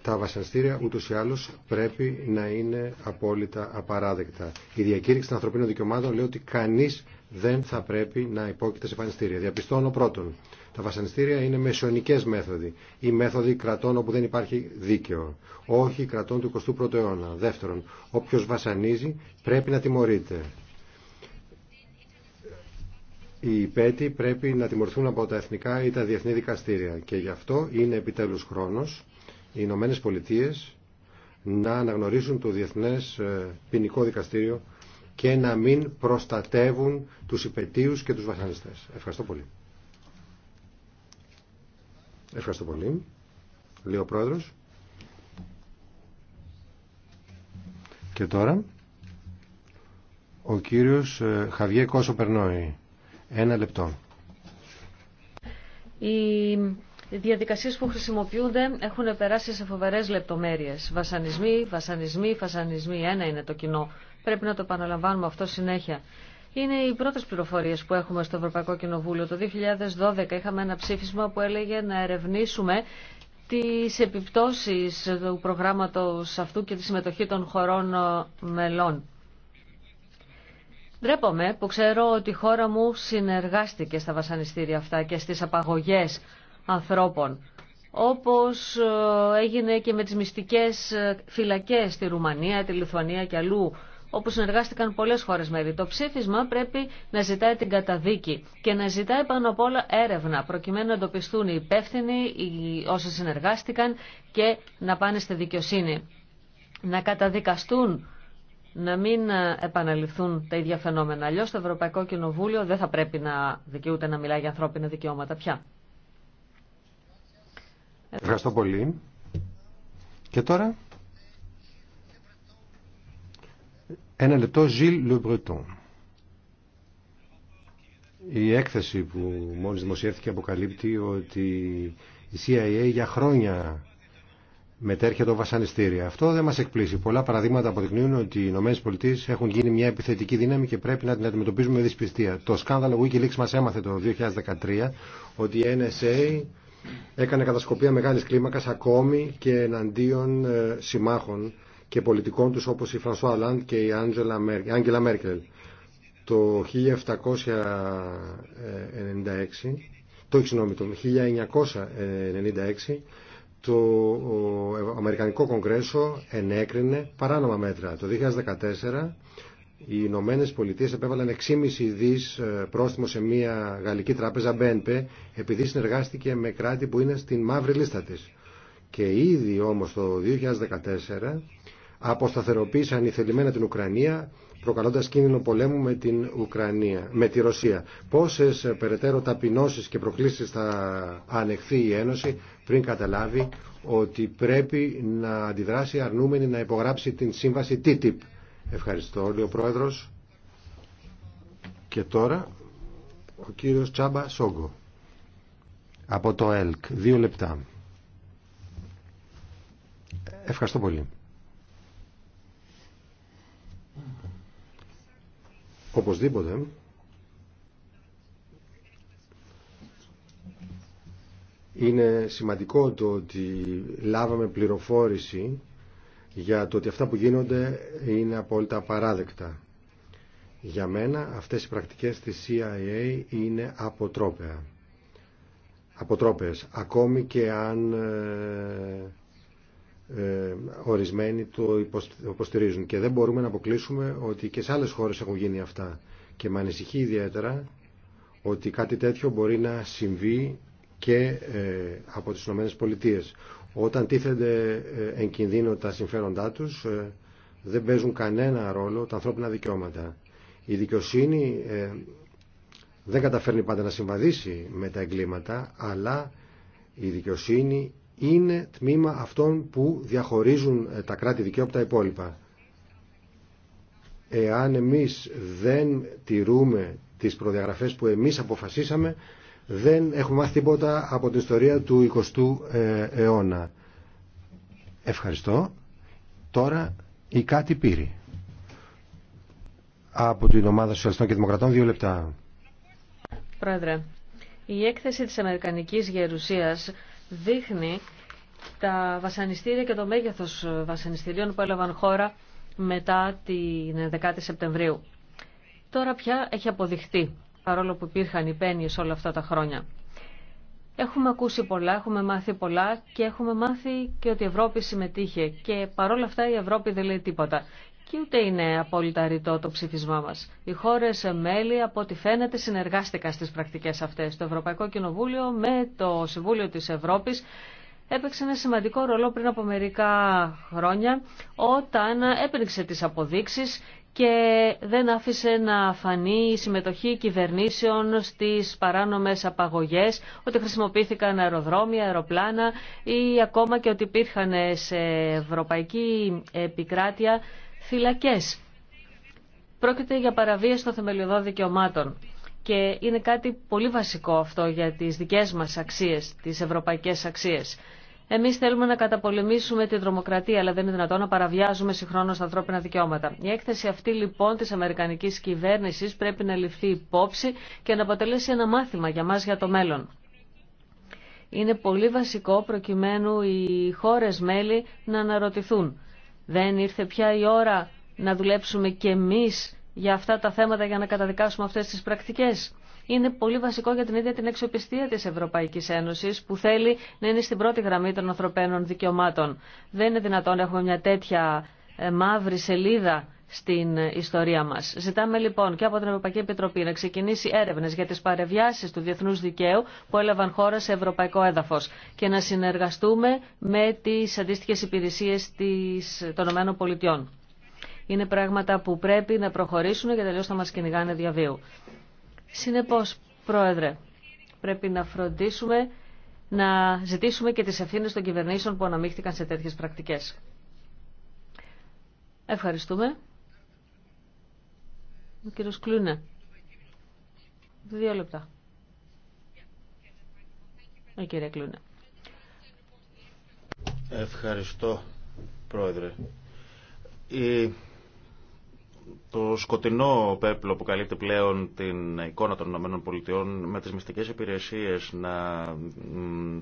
Τα βασανιστήρια ούτως ή άλλως πρέπει να είναι απόλυτα απαράδεκτα. Η διακήρυξη των ανθρωπίνων δικαιωμάτων λέει ότι κανείς δεν θα πρέπει να υπόκειται σε βασανιστήρια. Διαπιστώνω πρώτον τα βασανιστήρια είναι μεσαιωνικέ μέθοδοι ή μέθοδοι κρατών όπου δεν υπάρχει δίκαιο. Όχι κρατών του 21ου αιώνα. Δεύτερον, όποιος βασανίζει πρέπει να τιμωρείται. Οι υπέτη πρέπει να τιμωρηθούν από τα εθνικά ή τα διεθνή δικαστήρια και γι' αυτό είναι επιτέλους χρόνος οι Ηνωμένε Πολιτείε να αναγνωρίσουν το Διεθνές ε, Ποινικό Δικαστήριο και να μην προστατεύουν τους υπετίους και τους βασανιστές. Ευχαριστώ πολύ. Ευχαριστώ πολύ. Λέει ο Πρόεδρος. Και τώρα ο κύριος ε, Χαβιέ Κόσο Περνόη. Ένα λεπτό. Οι διαδικασίες που χρησιμοποιούνται έχουν περάσει σε φοβερές λεπτομέρειες. Βασανισμοί, βασανισμοί, βασανισμοί. Ένα είναι το κοινό. Πρέπει να το επαναλαμβάνουμε αυτό συνέχεια είναι οι πρώτες πληροφορίες που έχουμε στο Ευρωπαϊκό Κοινοβούλιο. Το 2012 είχαμε ένα ψήφισμα που έλεγε να ερευνήσουμε τις επιπτώσεις του προγράμματο αυτού και τη συμμετοχή των χωρών μελών. Ντρέπομαι που ξέρω ότι η χώρα μου συνεργάστηκε στα βασανιστήρια αυτά και στις απαγωγές ανθρώπων, όπως ε, έγινε και με τις μυστικές ε, φυλακές στη Ρουμανία, τη Λιθουανία και αλλού όπου συνεργάστηκαν πολλές χώρες μέρη. Το ψήφισμα πρέπει να ζητάει την καταδίκη και να ζητάει πάνω απ' όλα έρευνα, προκειμένου να εντοπιστούν οι υπεύθυνοι, οι όσοι συνεργάστηκαν και να πάνε στη δικαιοσύνη. Να καταδικαστούν να μην επαναληφθούν τα ίδια φαινόμενα. Αλλιώ το Ευρωπαϊκό Κοινοβούλιο δεν θα πρέπει να δικαιούται να μιλάει για ανθρώπινα δικαιώματα πια. Ευχαριστώ πολύ. Και τώρα Ένα λεπτό, Ζιλ Breton. Η έκθεση που μόλις δημοσιεύτηκε αποκαλύπτει ότι η CIA για χρόνια μετέρχεται βασανιστήρια. Αυτό δεν μας εκπλήσει. Πολλά παραδείγματα αποδεικνύουν ότι οι ΗΠΑ έχουν γίνει μια επιθετική δύναμη και πρέπει να την αντιμετωπίζουμε με δυσπιστία. Το σκάνδαλο Wikileaks μας έμαθε το 2013 ότι η NSA έκανε κατασκοπία μεγάλης κλίμακας ακόμη και εναντίον ε, συμμάχων και πολιτικών τους όπως η Φρανσουά Λάντ και η Άγγελα Μέρκελ. Το 1796 το, συγγνώμη, το 1996 το Αμερικανικό Κογκρέσο ενέκρινε παράνομα μέτρα. Το 2014 οι Ηνωμένε Πολιτείε επέβαλαν 6,5 δις ε, πρόστιμο σε μια γαλλική τράπεζα BNP επειδή συνεργάστηκε με κράτη που είναι στην μαύρη λίστα της. Και ήδη όμως το 2014 αποσταθεροποίησαν ηθελημένα την Ουκρανία, προκαλώντας κίνδυνο πολέμου με, την Ουκρανία, με τη Ρωσία. Πόσες ε, περαιτέρω ταπεινώσεις και προκλήσεις θα ανεχθεί η Ένωση πριν καταλάβει ότι πρέπει να αντιδράσει αρνούμενη να υπογράψει την σύμβαση TTIP. Ευχαριστώ, όλοι ο Πρόεδρος. Και τώρα ο κύριος Τσάμπα Σόγκο από το ΕΛΚ. Δύο λεπτά. Ευχαριστώ πολύ. Οπωσδήποτε. Είναι σημαντικό το ότι λάβαμε πληροφόρηση για το ότι αυτά που γίνονται είναι απόλυτα απαράδεκτα. Για μένα αυτές οι πρακτικές της CIA είναι αποτρόπαια. Αποτρόπες, ακόμη και αν ε, ε, ορισμένοι το υποστηρίζουν και δεν μπορούμε να αποκλείσουμε ότι και σε άλλες χώρες έχουν γίνει αυτά και με ανησυχεί ιδιαίτερα ότι κάτι τέτοιο μπορεί να συμβεί και ε, από τις ΗΠΑ. Όταν τίθενται ε, εν κινδύνο τα συμφέροντά τους δεν παίζουν κανένα ρόλο τα ανθρώπινα δικαιώματα. Η δικαιοσύνη δεν καταφέρνει πάντα να συμβαδίσει με τα εγκλήματα αλλά η δικαιοσύνη είναι τμήμα αυτών που διαχωρίζουν ε, τα κράτη δικαίου από τα υπόλοιπα. Εάν εμείς δεν τηρούμε τις προδιαγραφές που εμείς αποφασίσαμε, δεν έχουμε μάθει τίποτα από την ιστορία του 20ου ε, αιώνα. Ευχαριστώ. Τώρα η Κάτι Πύρη. Από την ομάδα Σοσιαλιστών και Δημοκρατών, δύο λεπτά. Πρόεδρε, η έκθεση της Αμερικανικής Γερουσίας δείχνει τα βασανιστήρια και το μέγεθος βασανιστήριων που έλαβαν χώρα μετά την 10η Σεπτεμβρίου. Τώρα πια έχει αποδειχτεί, παρόλο που υπήρχαν υπένιες όλα αυτά τα χρόνια. Έχουμε ακούσει πολλά, έχουμε μάθει πολλά και έχουμε μάθει και ότι η σεπτεμβριου τωρα πια εχει αποδειχτει παρολο που υπηρχαν οι συμμετείχε και παρόλα αυτά η Ευρώπη δεν λέει τίποτα και ούτε είναι απόλυτα ρητό το ψήφισμά μας. Οι χώρε μέλη από ό,τι φαίνεται συνεργάστηκαν στι πρακτικές αυτές. Το Ευρωπαϊκό Κοινοβούλιο με το Συμβούλιο της Ευρώπης έπαιξε ένα σημαντικό ρολό πριν από μερικά χρόνια όταν έπαιξε τις αποδείξει και δεν άφησε να φανεί η συμμετοχή κυβερνήσεων στις παράνομες απαγωγές, ότι χρησιμοποιήθηκαν αεροδρόμια, αεροπλάνα ή ακόμα και ότι υπήρχαν σε ευρωπαϊκή επικράτεια Φυλακέ. Πρόκειται για παραβίαση των θεμελιωδών δικαιωμάτων και είναι κάτι πολύ βασικό αυτό για τι δικέ μα αξίε, τι ευρωπαϊκέ αξίε. Εμεί θέλουμε να καταπολεμήσουμε τη δρομοκρατία, αλλά δεν είναι δυνατόν να παραβιάζουμε συγχρόνω τα ανθρώπινα δικαιώματα. Η έκθεση αυτή λοιπόν τη Αμερικανική κυβέρνηση πρέπει να ληφθεί υπόψη και να αποτελέσει ένα μάθημα για μα για το μέλλον. Είναι πολύ βασικό προκειμένου οι χώρε μέλη να αναρωτηθούν δεν ήρθε πια η ώρα να δουλέψουμε κι εμείς για αυτά τα θέματα για να καταδικάσουμε αυτές τις πρακτικές. Είναι πολύ βασικό για την ίδια την αξιοπιστία της Ευρωπαϊκής Ένωσης που θέλει να είναι στην πρώτη γραμμή των ανθρωπένων δικαιωμάτων. Δεν είναι δυνατόν να έχουμε μια τέτοια ε, μαύρη σελίδα στην ιστορία μας. Ζητάμε λοιπόν και από την Ευρωπαϊκή Επιτροπή να ξεκινήσει έρευνες για τις παρεβιάσεις του διεθνούς δικαίου που έλαβαν χώρα σε ευρωπαϊκό έδαφος και να συνεργαστούμε με τις αντίστοιχες υπηρεσίες των ΗΠΑ. Είναι πράγματα που πρέπει να προχωρήσουν γιατί τελείως θα μας κυνηγάνε διαβίου. Συνεπώς, Πρόεδρε, πρέπει να φροντίσουμε να ζητήσουμε και τις ευθύνε των κυβερνήσεων που αναμίχθηκαν σε τέτοιες πρακτικές. Ευχαριστούμε. Ο κύριος Κλούνε. Δύο λεπτά. Ο ε, κύριε Κλούνε. Ευχαριστώ, Πρόεδρε. Η... Το σκοτεινό πέπλο που καλύπτει πλέον την εικόνα των ΗΠΑ με τις μυστικές υπηρεσίες να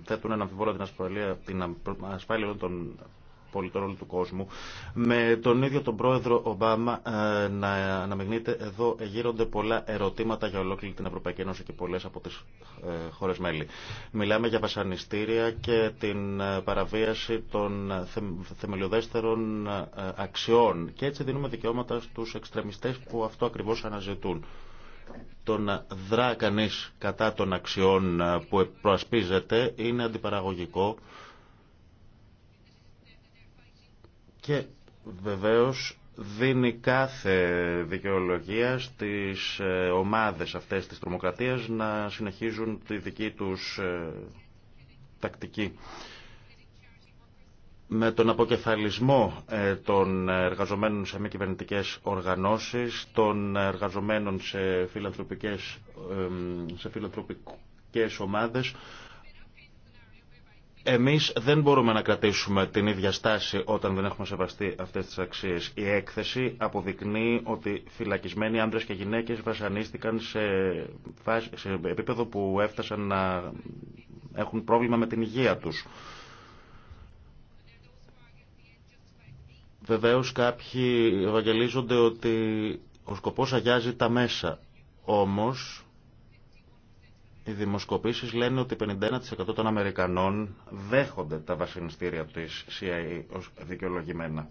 θέτουν ένα αμφιβόλο την ασφάλεια, την ασφάλεια των πολιτών όλου του κόσμου, με τον ίδιο τον πρόεδρο Ομπάμα ε, να αναμειγνύεται εδώ γύρονται πολλά ερωτήματα για ολόκληρη την Ευρωπαϊκή Ένωση και πολλές από τις ε, χώρες μέλη. Μιλάμε για βασανιστήρια και την ε, παραβίαση των θεμελιωδέστερων αξιών και έτσι δίνουμε δικαιώματα στους εξτρεμιστές που αυτό ακριβώς αναζητούν το να δρά κατά των αξιών που προασπίζεται είναι αντιπαραγωγικό Και βεβαίως δίνει κάθε δικαιολογία στις ε, ομάδες αυτές της τρομοκρατίας να συνεχίζουν τη δική τους ε, τακτική. Με τον αποκεφαλισμό ε, των εργαζομένων σε μη κυβερνητικέ οργανώσεις, των εργαζομένων σε φιλανθρωπικές, σε φιλανθρωπικές ομάδες, εμείς δεν μπορούμε να κρατήσουμε την ίδια στάση όταν δεν έχουμε σεβαστεί αυτές τις αξίες. Η έκθεση αποδεικνύει ότι φυλακισμένοι άντρες και γυναίκες βασανίστηκαν σε, επίπεδο που έφτασαν να έχουν πρόβλημα με την υγεία τους. Βεβαίως κάποιοι ευαγγελίζονται ότι ο σκοπός αγιάζει τα μέσα. Όμως οι δημοσκοπήσεις λένε ότι 51% των Αμερικανών δέχονται τα βασανιστήρια της CIA ως δικαιολογημένα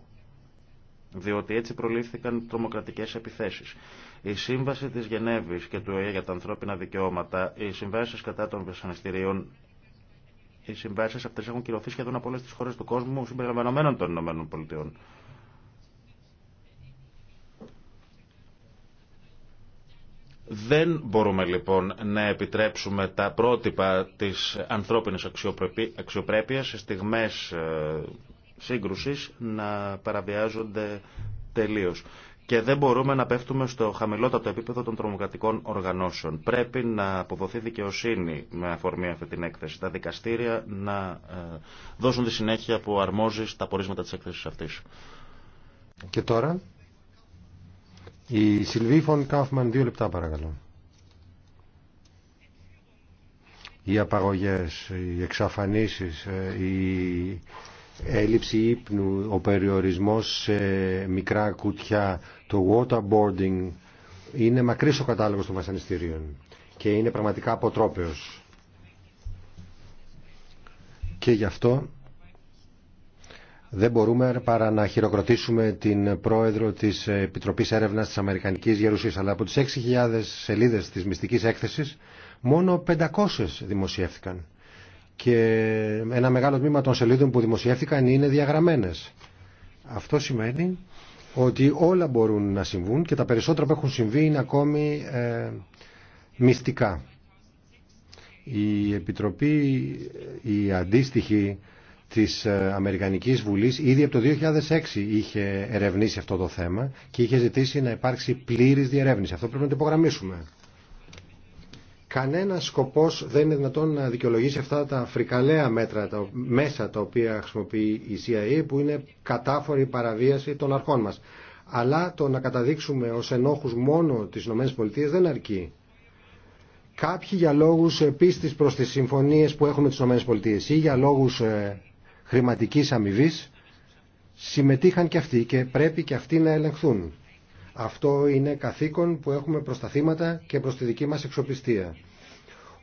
διότι έτσι προλήφθηκαν τρομοκρατικές επιθέσεις. Η Σύμβαση της Γενέβης και του ΟΕΕ για τα ανθρώπινα δικαιώματα, οι συμβάσεις κατά των βασανιστήριων, οι συμβάσεις αυτές έχουν κυρωθεί σχεδόν από όλες τις χώρες του κόσμου συμπεριλαμβανομένων των ΗΠΑ. Δεν μπορούμε λοιπόν να επιτρέψουμε τα πρότυπα της ανθρώπινης αξιοπρέπειας σε στιγμές ε, σύγκρουσης να παραβιάζονται τελείως. Και δεν μπορούμε να πέφτουμε στο χαμηλότατο επίπεδο των τρομοκρατικών οργανώσεων. Πρέπει να αποδοθεί δικαιοσύνη με αφορμή αυτή την έκθεση. Τα δικαστήρια να ε, δώσουν τη συνέχεια που αρμόζει στα πορίσματα της έκθεσης αυτής. Και τώρα η Σιλβή Φων δύο λεπτά παρακαλώ. Οι απαγωγές, οι εξαφανίσεις, ε, η έλλειψη ύπνου, ο περιορισμός σε μικρά κουτιά, το waterboarding, είναι μακρύς ο κατάλογος των βασανιστήριων και είναι πραγματικά αποτρόπαιος. Και γι' αυτό δεν μπορούμε παρά να χειροκροτήσουμε την πρόεδρο της Επιτροπής Έρευνας τη Αμερικανική Γερουσία. Αλλά από τις 6.000 σελίδες της μυστικής έκθεσης, μόνο 500 δημοσιεύθηκαν. Και ένα μεγάλο τμήμα των σελίδων που δημοσιεύθηκαν είναι διαγραμμένες. Αυτό σημαίνει ότι όλα μπορούν να συμβούν και τα περισσότερα που έχουν συμβεί είναι ακόμη ε, μυστικά. Η Επιτροπή, η αντίστοιχη της ε, Αμερικανικής Βουλής ήδη από το 2006 είχε ερευνήσει αυτό το θέμα και είχε ζητήσει να υπάρξει πλήρης διερεύνηση. Αυτό πρέπει να το υπογραμμίσουμε. Κανένα σκοπός δεν είναι δυνατόν να δικαιολογήσει αυτά τα φρικαλαία μέτρα, τα μέσα τα οποία χρησιμοποιεί η CIA που είναι κατάφορη παραβίαση των αρχών μας. Αλλά το να καταδείξουμε ως ενόχους μόνο τις ΗΠΑ δεν αρκεί. Κάποιοι για λόγους πίστης προς τις συμφωνίες που έχουμε τις ΗΠΑ ή για λόγους ε, χρηματικής αμοιβή συμμετείχαν και αυτοί και πρέπει και αυτοί να ελεγχθούν. Αυτό είναι καθήκον που έχουμε προς τα θύματα και προς τη δική μας εξοπιστία.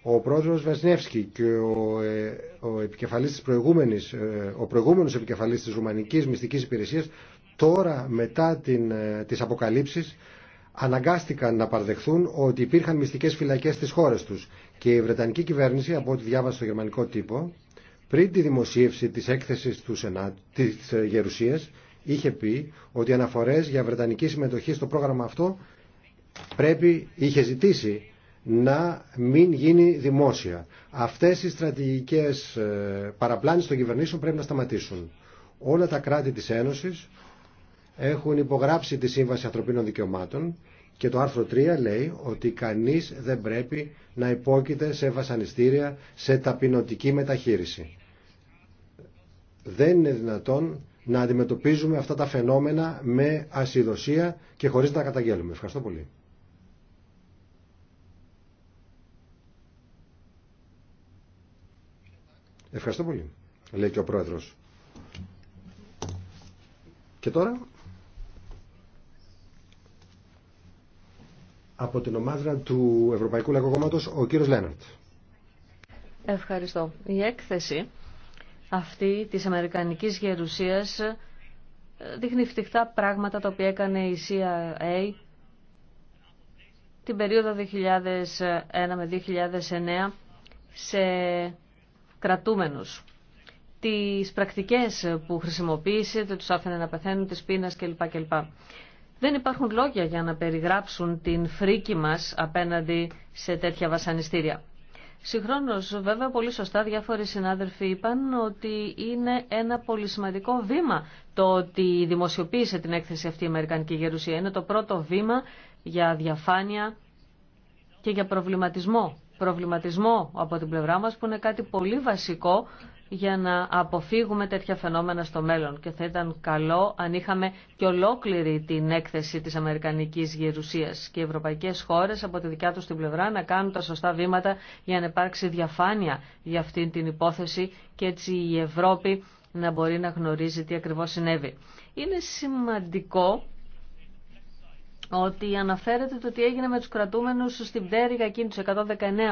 Ο πρόεδρος Βασνεύσκη και ο, ε, ο, επικεφαλής της προηγούμενης, ε, ο προηγούμενος επικεφαλής της Ρουμανικής Μυστικής Υπηρεσίας τώρα μετά την, ε, τις αποκαλύψεις αναγκάστηκαν να παρδεχθούν ότι υπήρχαν μυστικές φυλακές στις χώρες τους και η Βρετανική κυβέρνηση από ό,τι διάβασε στο γερμανικό τύπο πριν τη δημοσίευση της έκθεσης του Σενά, της ε, Γερουσίας είχε πει ότι αναφορές για βρετανική συμμετοχή στο πρόγραμμα αυτό πρέπει, είχε ζητήσει να μην γίνει δημόσια. Αυτές οι στρατηγικές ε, παραπλάνεις των κυβερνήσεων πρέπει να σταματήσουν. Όλα τα κράτη της Ένωσης έχουν υπογράψει τη Σύμβαση Ανθρωπίνων Δικαιωμάτων και το άρθρο 3 λέει ότι κανείς δεν πρέπει να υπόκειται σε βασανιστήρια, σε ταπεινωτική μεταχείριση δεν είναι δυνατόν να αντιμετωπίζουμε αυτά τα φαινόμενα με ασυδοσία και χωρίς να τα καταγγέλουμε. Ευχαριστώ πολύ. Ευχαριστώ πολύ, λέει και ο Πρόεδρος. Και τώρα, από την ομάδα του Ευρωπαϊκού Λαϊκού ο κύριος Λέναρτ. Ευχαριστώ. Η έκθεση αυτή της Αμερικανικής Γερουσίας ε, δείχνει φτυχτά πράγματα τα οποία έκανε η CIA την περίοδο 2001 με 2009 σε κρατούμενους. Τις πρακτικές που χρησιμοποίησε, δεν τους άφηνε να πεθαίνουν, τις πείνας κλπ. κλπ. Δεν υπάρχουν λόγια για να περιγράψουν την φρίκη μας απέναντι σε τέτοια βασανιστήρια. Συγχρόνω, βέβαια πολύ σωστά διάφοροι συνάδελφοι είπαν ότι είναι ένα πολύ σημαντικό βήμα το ότι δημοσιοποίησε την έκθεση αυτή η Αμερικανική Γερουσία. Είναι το πρώτο βήμα για διαφάνεια και για προβληματισμό. Προβληματισμό από την πλευρά μας που είναι κάτι πολύ βασικό για να αποφύγουμε τέτοια φαινόμενα στο μέλλον. Και θα ήταν καλό αν είχαμε και ολόκληρη την έκθεση της Αμερικανικής Γερουσίας και οι ευρωπαϊκές χώρες από τη δικιά τους την πλευρά να κάνουν τα σωστά βήματα για να υπάρξει διαφάνεια για αυτή την υπόθεση και έτσι η Ευρώπη να μπορεί να γνωρίζει τι ακριβώς συνέβη. Είναι σημαντικό ότι αναφέρεται το τι έγινε με τους κρατούμενους στην πτέρυγα εκείνη του 119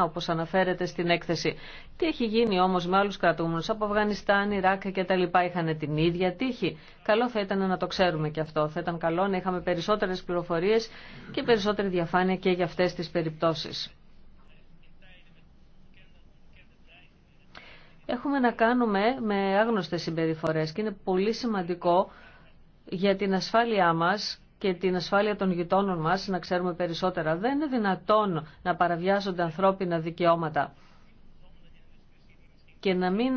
όπως αναφέρεται στην έκθεση. Τι έχει γίνει όμως με άλλους κρατούμενους από Αφγανιστάν, Ιράκ και τα λοιπά είχαν την ίδια τύχη. Καλό θα ήταν να το ξέρουμε και αυτό. Θα ήταν καλό να είχαμε περισσότερες πληροφορίες και περισσότερη διαφάνεια και για αυτές τις περιπτώσεις. Έχουμε να κάνουμε με άγνωστες συμπεριφορές και είναι πολύ σημαντικό για την ασφάλειά μας και την ασφάλεια των γειτόνων μας να ξέρουμε περισσότερα. Δεν είναι δυνατόν να παραβιάζονται ανθρώπινα δικαιώματα και να μην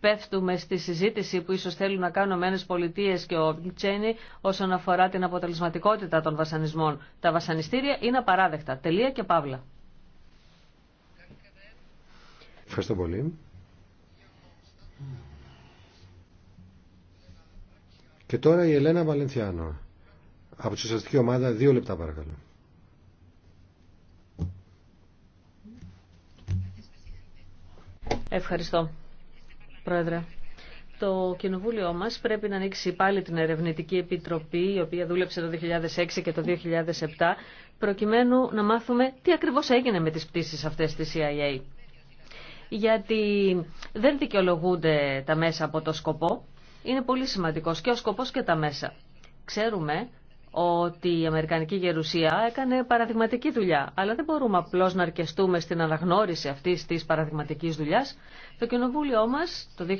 πέφτουμε στη συζήτηση που ίσως θέλουν να κάνουν μένες πολιτείες και ο Τσένι όσον αφορά την αποτελεσματικότητα των βασανισμών. Τα βασανιστήρια είναι απαράδεκτα. Τελεία και παύλα. Ευχαριστώ πολύ. Και τώρα η Ελένα Βαλενθιάνο. Από τη σωσταστική ομάδα, δύο λεπτά παρακαλώ. Ευχαριστώ, Πρόεδρε. Το κοινοβούλιο μας πρέπει να ανοίξει πάλι την Ερευνητική Επιτροπή, η οποία δούλεψε το 2006 και το 2007, προκειμένου να μάθουμε τι ακριβώς έγινε με τις πτήσεις αυτές τη CIA. Γιατί δεν δικαιολογούνται τα μέσα από το σκοπό. Είναι πολύ σημαντικό και ο σκοπό και τα μέσα. Ξέρουμε ότι η Αμερικανική Γερουσία έκανε παραδειγματική δουλειά. Αλλά δεν μπορούμε απλώς να αρκεστούμε στην αναγνώριση αυτής της παραδειγματικής δουλειάς. Το Κοινοβούλιο μας το 2006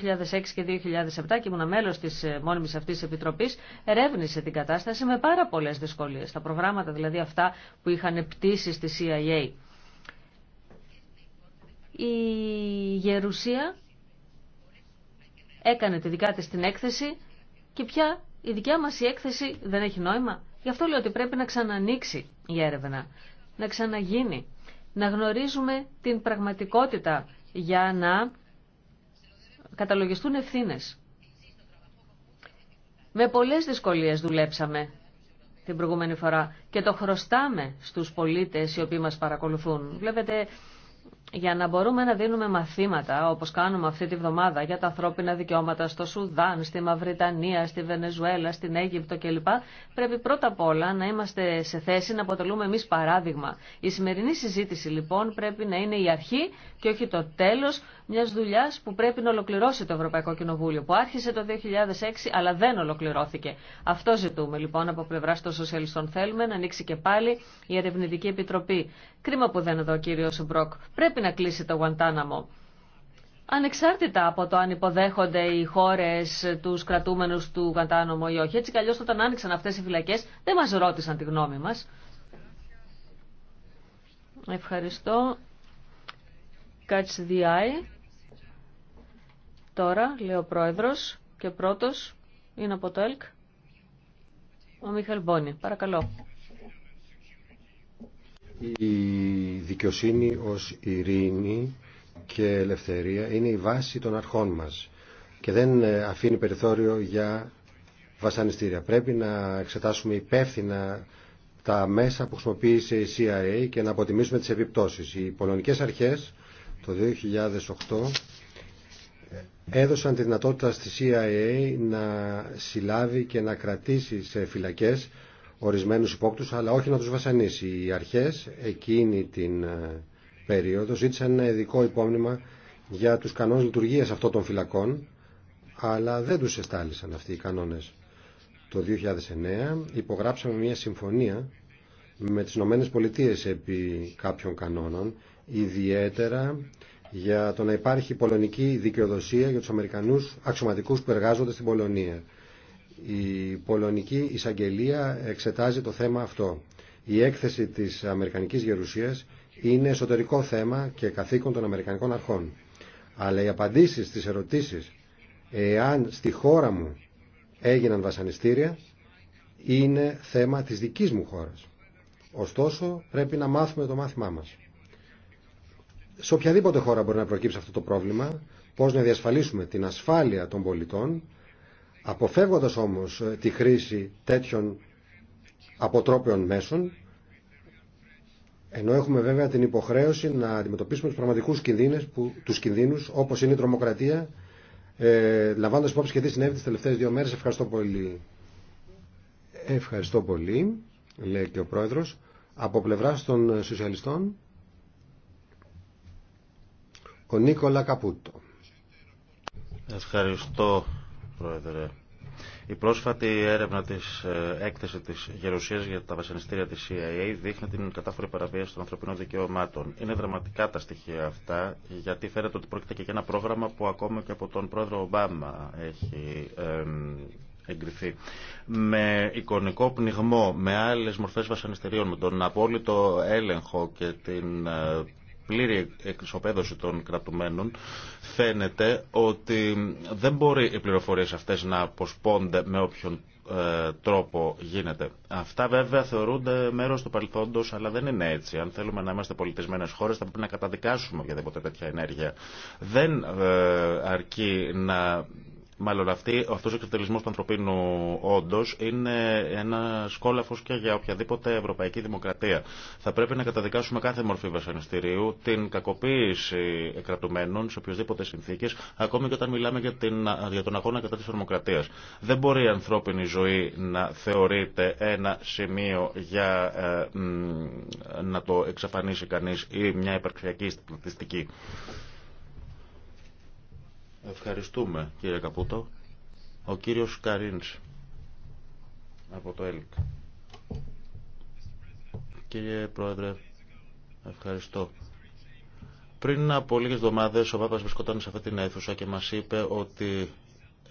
και 2007 και ήμουν μέλος της ε, μόνιμης αυτής επιτροπής ερεύνησε την κατάσταση με πάρα πολλές δυσκολίες. Τα προγράμματα δηλαδή αυτά που είχαν πτήσει στη CIA. Η Γερουσία έκανε τη δικά της την έκθεση και πια η δικιά μας η έκθεση δεν έχει νόημα. Γι' αυτό λέω ότι πρέπει να ξανανοίξει η έρευνα, να ξαναγίνει, να γνωρίζουμε την πραγματικότητα για να καταλογιστούν ευθύνες. Με πολλές δυσκολίες δουλέψαμε την προηγούμενη φορά και το χρωστάμε στους πολίτες οι οποίοι μας παρακολουθούν. Βλέπετε για να μπορούμε να δίνουμε μαθήματα, όπως κάνουμε αυτή τη βδομάδα, για τα ανθρώπινα δικαιώματα στο Σουδάν, στη Μαυριτανία, στη Βενεζουέλα, στην Αίγυπτο κλπ, πρέπει πρώτα απ' όλα να είμαστε σε θέση να αποτελούμε εμείς παράδειγμα. Η σημερινή συζήτηση λοιπόν πρέπει να είναι η αρχή και όχι το τέλος μιας δουλειά που πρέπει να ολοκληρώσει το Ευρωπαϊκό Κοινοβούλιο, που άρχισε το 2006 αλλά δεν ολοκληρώθηκε. Αυτό ζητούμε λοιπόν από πλευρά των σοσιαλιστών. Θέλουμε να ανοίξει και πάλι η Ερευνητική Επιτροπή. Κρίμα που δεν εδώ ο κύριος Μπροκ. Πρέπει να κλείσει το Γουαντάναμο. Ανεξάρτητα από το αν υποδέχονται οι χώρε του κρατούμενου του Γουαντάναμο ή όχι. Έτσι κι αλλιώ όταν άνοιξαν αυτέ οι φυλακέ δεν μα ρώτησαν τη γνώμη μα. Ευχαριστώ. Catch the Τώρα, λέει ο πρόεδρος και πρώτος είναι από το ΕΛΚ, ο Μίχαλ Μπόνι. Παρακαλώ. Η δικαιοσύνη ως ειρήνη και ελευθερία είναι η βάση των αρχών μας και δεν αφήνει περιθώριο για βασανιστήρια. Πρέπει να εξετάσουμε υπεύθυνα τα μέσα που χρησιμοποίησε η CIA και να αποτιμήσουμε τις επιπτώσεις. Οι πολωνικές αρχές το 2008 έδωσαν τη δυνατότητα στη CIA να συλλάβει και να κρατήσει σε φυλακές ορισμένους υπόκτους αλλά όχι να τους βασανίσει. Οι αρχές εκείνη την ε, περίοδο ζήτησαν ένα ειδικό υπόμνημα για τους κανόνες λειτουργίας αυτών των φυλακών αλλά δεν τους εστάλησαν αυτοί οι κανόνες. Το 2009 υπογράψαμε μια συμφωνία με τις Ηνωμένες Πολιτείες επί κάποιων κανόνων ιδιαίτερα για το να υπάρχει πολωνική δικαιοδοσία για τους Αμερικανούς αξιωματικούς που εργάζονται στην Πολωνία. Η πολωνική εισαγγελία εξετάζει το θέμα αυτό. Η έκθεση της Αμερικανικής Γερουσίας είναι εσωτερικό θέμα και καθήκον των Αμερικανικών αρχών. Αλλά οι απαντήσεις στις ερωτήσεις εάν στη χώρα μου έγιναν βασανιστήρια είναι θέμα της δικής μου χώρας. Ωστόσο πρέπει να μάθουμε το μάθημά μας. Σε οποιαδήποτε χώρα μπορεί να προκύψει αυτό το πρόβλημα, πώς να διασφαλίσουμε την ασφάλεια των πολιτών Αποφεύγοντας όμως ε, τη χρήση τέτοιων αποτρόπαιων μέσων, ενώ έχουμε βέβαια την υποχρέωση να αντιμετωπίσουμε τους πραγματικούς κινδύνους, που, τους κινδύνους όπως είναι η τρομοκρατία, ε, λαμβάνοντας υπόψη και τι συνέβη τις τελευταίες δύο μέρες. Ευχαριστώ πολύ. Ευχαριστώ πολύ, λέει και ο Πρόεδρος. Από πλευρά των Σοσιαλιστών, ο Νίκολα Καπούτο. Ευχαριστώ Πρόεδρε. Η πρόσφατη έρευνα τη ε, έκθεση τη Γερουσία για τα βασανιστήρια τη CIA δείχνει την κατάφορη παραβίαση των ανθρωπίνων δικαιωμάτων. Είναι δραματικά τα στοιχεία αυτά, γιατί φαίνεται ότι πρόκειται και για ένα πρόγραμμα που ακόμα και από τον πρόεδρο Ομπάμα έχει εγκριθεί. Με εικονικό πνιγμό, με άλλε μορφέ βασανιστήριων, με τον απόλυτο έλεγχο και την ε, πλήρη εξοπαίδωση των κρατουμένων φαίνεται ότι δεν μπορεί οι πληροφορίες αυτές να αποσπώνται με όποιον ε, τρόπο γίνεται. Αυτά βέβαια θεωρούνται μέρος του παρελθόντος, αλλά δεν είναι έτσι. Αν θέλουμε να είμαστε πολιτισμένες χώρες θα πρέπει να καταδικάσουμε οποιαδήποτε τέτοια ενέργεια. Δεν ε, αρκεί να Μάλλον αυτή, αυτός ο εξευτελισμός του ανθρωπίνου όντως είναι ένα σκόλαφος και για οποιαδήποτε ευρωπαϊκή δημοκρατία. Θα πρέπει να καταδικάσουμε κάθε μορφή βασανιστηρίου, την κακοποίηση εκρατουμένων σε οποιοδήποτε συνθήκες, ακόμη και όταν μιλάμε για, την, για τον αγώνα κατά της θερμοκρατίας. Δεν μπορεί η ανθρώπινη ζωή να θεωρείται ένα σημείο για ε, να το εξαφανίσει κανείς ή μια υπαρξιακή στατιστική. Ευχαριστούμε κύριε Καπούτο. Ο κύριος Καρίνς από το ΕΛΚ. Κύριε Πρόεδρε, ευχαριστώ. Πριν από λίγες εβδομάδες ο Πάπας βρισκόταν σε αυτή την αίθουσα και μας είπε ότι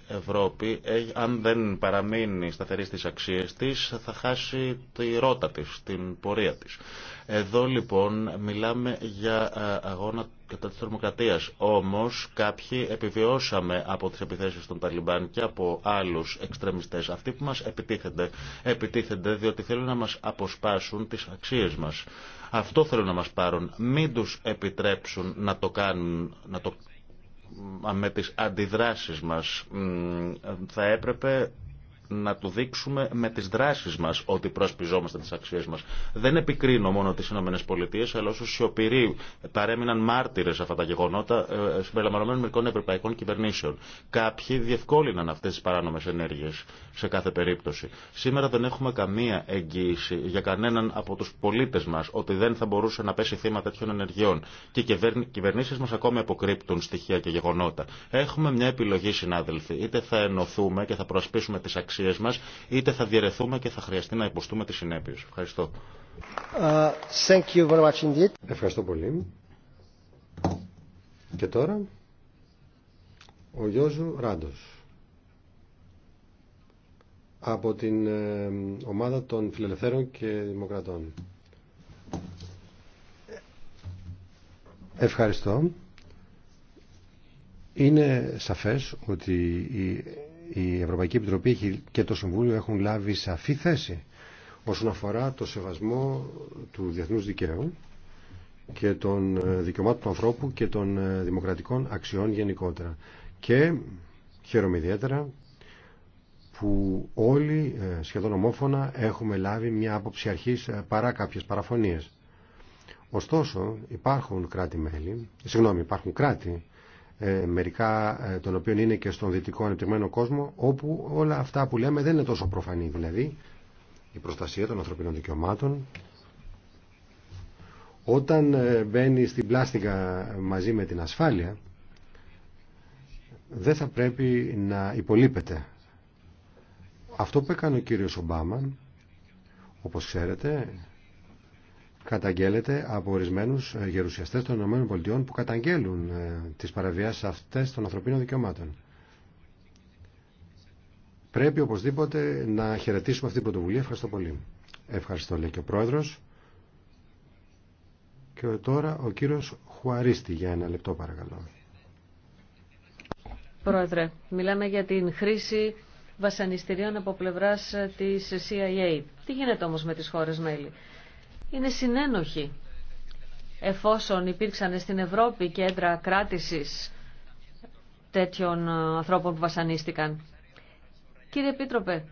Ευρώπη, αν δεν παραμείνει σταθερή στις αξίες της, θα χάσει τη ρότα της, την πορεία της. Εδώ λοιπόν μιλάμε για ε, αγώνα κατά της θερμοκρατίας. Όμως κάποιοι επιβιώσαμε από τις επιθέσεις των Ταλιμπάν και από άλλους εξτρεμιστές. Αυτοί που μας επιτίθενται, επιτίθενται διότι θέλουν να μας αποσπάσουν τις αξίες μας. Αυτό θέλουν να μας πάρουν. Μην τους επιτρέψουν να το κάνουν, να το με τις αντιδράσεις μας θα έπρεπε να του δείξουμε με τις δράσεις μας ότι προσπιζόμαστε τις αξίες μας. Δεν επικρίνω μόνο τις ΗΠΑ, αλλά όσους σιωπηροί παρέμειναν μάρτυρες αυτά τα γεγονότα, ε, ε, συμπεριλαμβανομένων μερικών ευρωπαϊκών κυβερνήσεων. Κάποιοι διευκόλυναν αυτές τις παράνομες ενέργειες σε κάθε περίπτωση. Σήμερα δεν έχουμε καμία εγγύηση για κανέναν από τους πολίτες μας ότι δεν θα μπορούσε να πέσει θύμα τέτοιων ενεργειών. Και οι κυβερνήσει μας ακόμη αποκρύπτουν στοιχεία και γεγονότα. Έχουμε μια επιλογή, συνάδελφοι. Είτε θα ενωθούμε και θα προσπίσουμε τις αξίες μας, είτε θα διαιρεθούμε και θα χρειαστεί να υποστούμε τις συνέπειες. Ευχαριστώ. Uh, thank you very much indeed. Ευχαριστώ πολύ. Και τώρα, ο Γιώζου Ράντος από την ε, ομάδα των φιλελευθέρων και δημοκρατών. Ευχαριστώ. Είναι σαφές ότι η η Ευρωπαϊκή Επιτροπή και το Συμβούλιο έχουν λάβει σαφή θέση όσον αφορά το σεβασμό του διεθνούς δικαίου και των ε, δικαιωμάτων του ανθρώπου και των ε, δημοκρατικών αξιών γενικότερα. Και χαίρομαι ιδιαίτερα που όλοι ε, σχεδόν ομόφωνα έχουμε λάβει μια άποψη αρχής παρά κάποιες παραφωνίες. Ωστόσο υπάρχουν κράτη-μέλη, συγγνώμη, υπάρχουν κράτη ε, μερικά ε, των οποίων είναι και στον δυτικό ανεπτυγμένο κόσμο, όπου όλα αυτά που λέμε δεν είναι τόσο προφανή. Δηλαδή, η προστασία των ανθρωπίνων δικαιωμάτων, όταν ε, μπαίνει στην πλάστικα μαζί με την ασφάλεια, δεν θα πρέπει να υπολείπεται. Αυτό που έκανε ο κύριος Ομπάμα, όπως ξέρετε, καταγγέλλεται από ορισμένου ε, γερουσιαστέ των ΗΠΑ που καταγγέλουν ε, τι παραβιάσει αυτέ των ανθρωπίνων δικαιωμάτων. Πρέπει οπωσδήποτε να χαιρετήσουμε αυτή την πρωτοβουλία. Ευχαριστώ πολύ. Ευχαριστώ, λέει και ο πρόεδρο. Και τώρα ο κύριο Χουαρίστη για ένα λεπτό, παρακαλώ. Πρόεδρε, μιλάμε για την χρήση βασανιστήριων από πλευρά τη CIA. Τι γίνεται όμω με τι χώρε μέλη είναι συνένοχοι. Εφόσον υπήρξαν στην Ευρώπη κέντρα κράτησης τέτοιων ε, ανθρώπων που βασανίστηκαν. Κύριε Επίτροπε,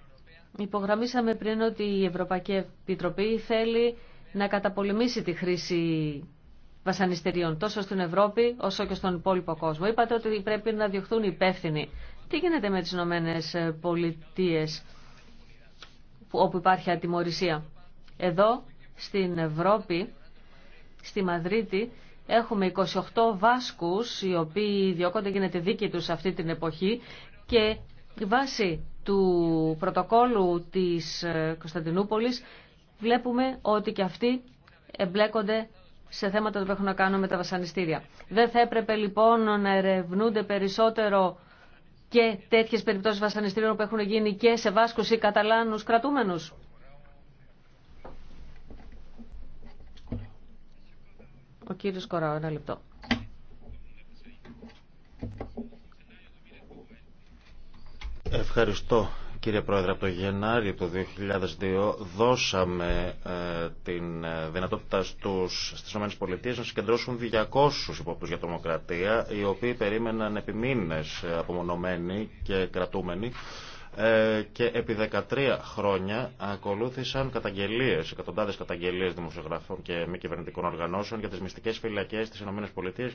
υπογραμμίσαμε πριν ότι η Ευρωπαϊκή Επιτροπή θέλει να καταπολεμήσει τη χρήση βασανιστερίων τόσο στην Ευρώπη όσο και στον υπόλοιπο κόσμο. Είπατε ότι πρέπει να διωχθούν οι υπεύθυνοι. Τι γίνεται με τις Ηνωμένε Πολιτείε όπου υπάρχει ατιμορρησία. Εδώ στην Ευρώπη, στη Μαδρίτη, έχουμε 28 Βάσκους οι οποίοι διώκονται, γίνεται δίκη τους αυτή την εποχή και βάσει βάση του πρωτοκόλου της ε, Κωνσταντινούπολης βλέπουμε ότι και αυτοί εμπλέκονται σε θέματα που έχουν να κάνουν με τα βασανιστήρια. Δεν θα έπρεπε λοιπόν να ερευνούνται περισσότερο και τέτοιες περιπτώσεις βασανιστήριων που έχουν γίνει και σε Βάσκους ή Καταλάνους κρατούμενους. λεπτό. Ευχαριστώ κύριε Πρόεδρε, από το Γενάρη του 2002 δώσαμε ε, την ε, δυνατότητα στους, στις ΗΠΑ να συγκεντρώσουν 200 υπόπτους για τρομοκρατία, οι οποίοι περίμεναν επιμήνες ε, απομονωμένοι και κρατούμενοι ε, και επί 13 χρόνια ακολούθησαν καταγγελίες, εκατοντάδες καταγγελίες δημοσιογράφων και μη κυβερνητικών οργανώσεων για τις μυστικές φυλακές της ΗΠΑ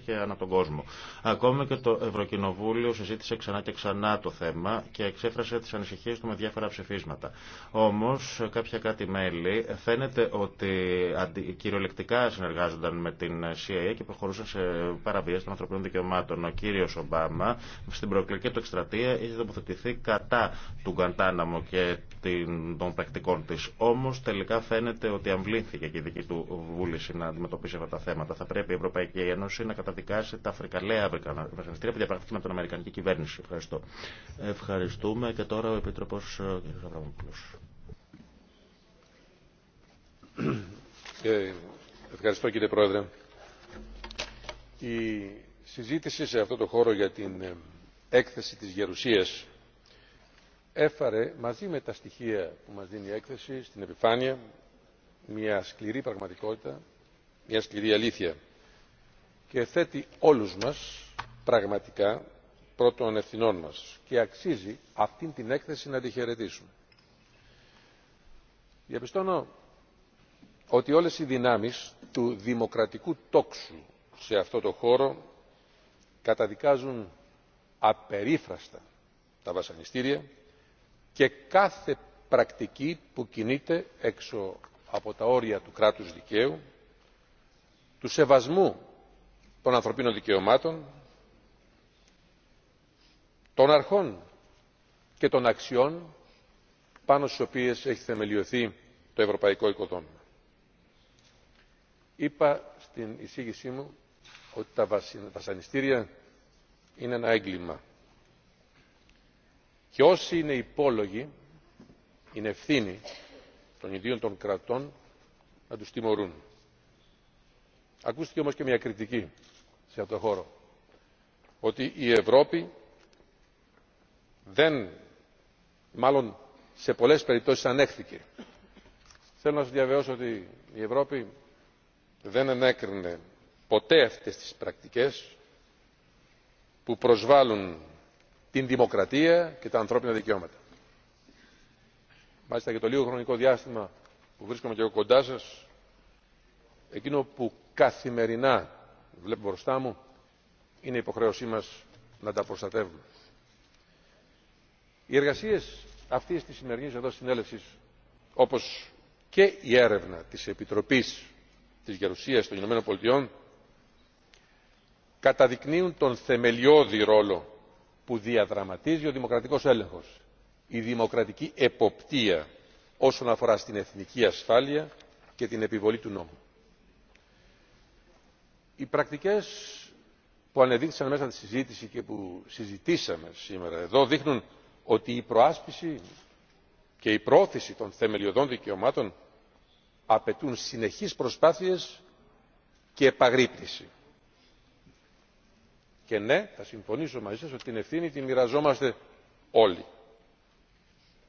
και ανά τον κόσμο. Ακόμη και το Ευρωκοινοβούλιο συζήτησε ξανά και ξανά το θέμα και εξέφρασε τις ανησυχίες του με διάφορα ψηφίσματα. Όμως κάποια κάτι μέλη φαίνεται ότι κυριολεκτικά συνεργάζονταν με την CIA και προχωρούσαν σε παραβίαση των ανθρωπίνων δικαιωμάτων. Ο κύριος Ομπάμα στην προεκλογική του εκστρατεία είχε τοποθετηθεί κατά του Γκαντάναμο και των πρακτικών τη. Όμως τελικά φαίνεται ότι αμβλήθηκε και η δική του βούληση να αντιμετωπίσει αυτά τα θέματα. Θα πρέπει η Ευρωπαϊκή Ένωση να καταδικάσει τα αφρικαλαία βασανιστήρια που διαπραχθήκαν με την Αμερικανική κυβέρνηση. Ευχαριστώ. Ευχαριστούμε και τώρα ο Επίτροπος ε, κ. Αβραμόπουλος. Ε, ευχαριστώ κύριε Πρόεδρε. Η συζήτηση σε αυτό το χώρο για την ε, έκθεση της Γερουσίας έφαρε μαζί με τα στοιχεία που μας δίνει η έκθεση στην επιφάνεια μια σκληρή πραγματικότητα μια σκληρή αλήθεια και θέτει όλους μας πραγματικά πρώτων ευθυνών μας και αξίζει αυτήν την έκθεση να τη χαιρετήσουμε. διαπιστώνω ότι όλες οι δυνάμεις του δημοκρατικού τόξου σε αυτό το χώρο καταδικάζουν απερίφραστα τα βασανιστήρια και κάθε πρακτική που κινείται έξω από τα όρια του κράτους δικαίου του σεβασμού των ανθρωπίνων δικαιωμάτων των αρχών και των αξιών πάνω στις οποίες έχει θεμελιωθεί το ευρωπαϊκό οικοδόμημα. είπα στην εισήγησή μου ότι τα βασανιστήρια είναι ένα έγκλημα και όσοι είναι υπόλογοι είναι ευθύνη των ιδίων των κρατών να τους τιμωρούν. ακούστηκε όμως και μια κριτική σε αυτό το χώρο ότι η ευρώπη δεν μάλλον σε πολλές περιπτώσεις ανέχθηκε. θέλω να σας διαβεβαιώσω ότι η ευρώπη δεν ενέκρινε ποτέ αυτές τις πρακτικές που προσβάλλουν την δημοκρατία και τα ανθρώπινα δικαιώματα. μάλιστα για το λίγο χρονικό διάστημα που βρίσκομαι και εγώ κοντά σα εκείνο που καθημερινά βλέπω μπροστά μου είναι η υποχρέωσή μα να τα προστατεύουμε. οι εργασίε αυτή τη σημερινή εδώ συνέλευση όπω και η έρευνα τη επιτροπή τη γερουσία των ηνωμένων πολιτειών καταδεικνύουν τον θεμελιώδη ρόλο που διαδραματίζει ο δημοκρατικός έλεγχος η δημοκρατική εποπτεία όσον αφορά στην εθνική ασφάλεια και την επιβολή του νόμου. οι πρακτικές που ανεδείχθησαν μέσα στη συζήτηση και που συζητήσαμε σήμερα εδώ δείχνουν ότι η προάσπιση και η πρόθεση των θεμελιωδών δικαιωμάτων απαιτούν συνεχείς προσπάθειες και επαγρύπνηση και ναι θα συμφωνήσω μαζί σας ότι την ευθύνη τη μοιραζόμαστε όλοι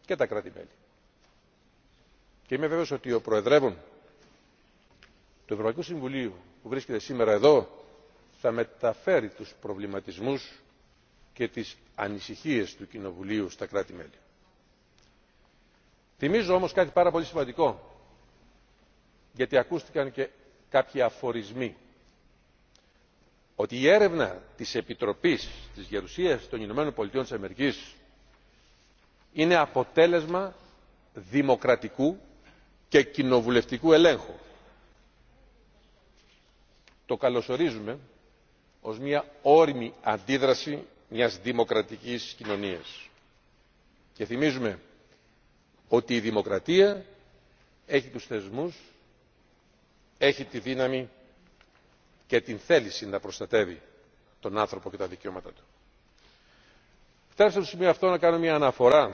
και τα κράτη μέλη. Και είμαι βέβαιος ότι ο Προεδρεύων του Ευρωπαϊκού Συμβουλίου που βρίσκεται σήμερα εδώ θα μεταφέρει τους προβληματισμούς και τις ανησυχίες του Κοινοβουλίου στα κράτη-μέλη. Θυμίζω όμως κάτι πάρα πολύ σημαντικό, γιατί ακούστηκαν και κάποιοι αφορισμοί ότι η έρευνα της επιτροπής της γερουσίας των ηνωμένων πολιτειών της αμερικής είναι αποτέλεσμα δημοκρατικού και κοινοβουλευτικού ελέγχου. το καλωσορίζουμε ως μια όριμη αντίδραση μιας δημοκρατικής κοινωνίας και θυμίζουμε ότι η δημοκρατία έχει τους θεσμούς έχει τη δύναμη και την θέληση να προστατεύει τον άνθρωπο και τα δικαιώματά του. Φτάσαμε στο σημείο αυτό να κάνω μια αναφορά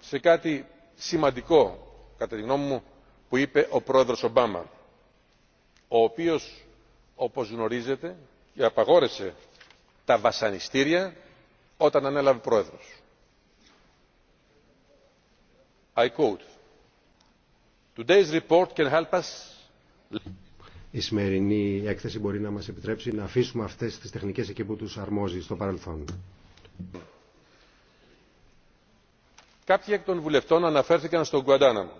σε κάτι σημαντικό κατά τη γνώμη μου που είπε ο πρόεδρος ομπάμα ο οποίος όπως γνωρίζετε απαγόρεσε τα βασανιστήρια όταν ανέλαβε πρόεδρος. I quote, Today's report can help us η σημερινή έκθεση μπορεί να μας επιτρέψει να αφήσουμε αυτές τις τεχνικές εκεί που τους αρμόζει στο παρελθόν. Κάποιοι εκ των βουλευτών αναφέρθηκαν στον Κουαντάναμο.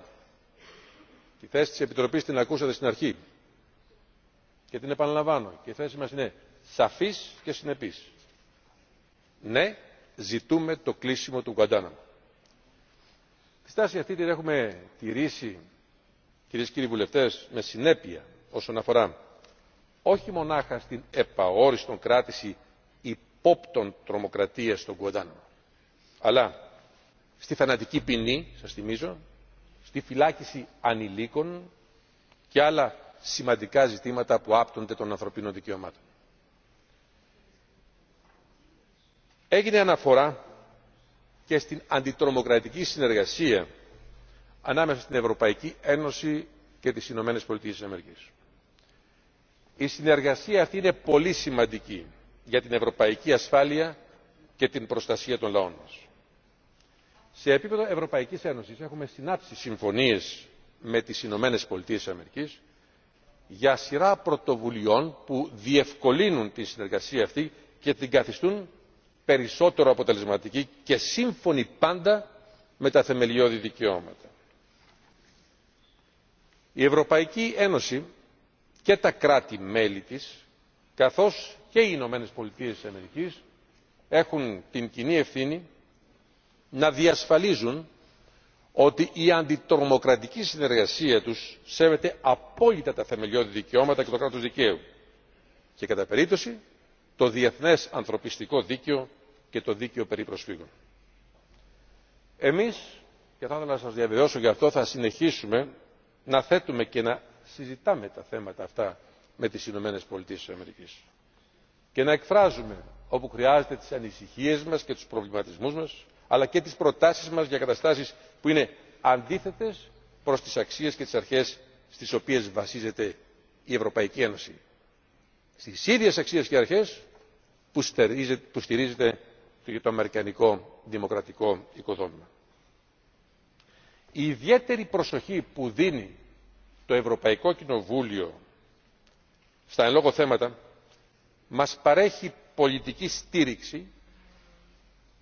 Τη θέση της Επιτροπής την ακούσατε στην αρχή και την επαναλαμβάνω. Και η θέση μας είναι σαφής και συνεπής. Ναι, ζητούμε το κλείσιμο του Κουαντάναμο. Τη στάση αυτή την έχουμε τηρήσει, κυρίες και κύριοι βουλευτές, με συνέπεια όσον αφορά όχι μονάχα στην επαόριστον κράτηση υπόπτων τρομοκρατίας στον γκουαντάναμο αλλά στη θανατική ποινή σας θυμίζω στη φυλάκιση ανηλίκων και άλλα σημαντικά ζητήματα που άπτονται των ανθρωπίνων δικαιωμάτων. έγινε αναφορά και στην αντιτρομοκρατική συνεργασία ανάμεσα στην ευρωπαϊκή ένωση και τις ηνωμένες πολιτείες της η συνεργασία αυτή είναι πολύ σημαντική για την ευρωπαϊκή ασφάλεια και την προστασία των λαών μας. σε επίπεδο ευρωπαϊκής ένωσης έχουμε συνάψει συμφωνίες με τις ηνωμένες πολιτείες αμερικής για σειρά πρωτοβουλειών που διευκολύνουν τη συνεργασία αυτή και την καθιστούν περισσότερο αποτελεσματική και σύμφωνη πάντα με τα θεμελιώδη δικαιώματα. η ευρωπαϊκή ένωση και τα κράτη μέλη της καθώς και οι ηνωμένες πολιτείες της αμερικής έχουν την κοινή ευθύνη να διασφαλίζουν ότι η αντιτρομοκρατική συνεργασία τους σέβεται απόλυτα τα θεμελιώδη δικαιώματα και το κράτος δικαίου και κατά περίπτωση το διεθνές ανθρωπιστικό δίκαιο και το δίκαιο περί προσφύγων. εμείς και θα ήθελα να σας διαβεβαιώσω γι' αυτό θα συνεχίσουμε να θέτουμε και να συζητάμε τα θέματα αυτά με τις ηνωμένες πολιτείες αμερικής και να εκφράζουμε όπου χρειάζεται τις ανησυχίες μας και τους προβληματισμούς μας αλλά και τις προτάσεις μας για καταστάσεις που είναι αντίθετες προς τις αξίες και τις αρχές στις οποίες βασίζεται η ευρωπαϊκή ένωση στις ίδιες αξίες και αρχές που στηρίζεται το αμερικανικό δημοκρατικό οικοδόμημα. η ιδιαίτερη προσοχή που δίνει το ευρωπαϊκό κοινοβούλιο στα εν λόγω θέματα μας παρέχει πολιτική στήριξη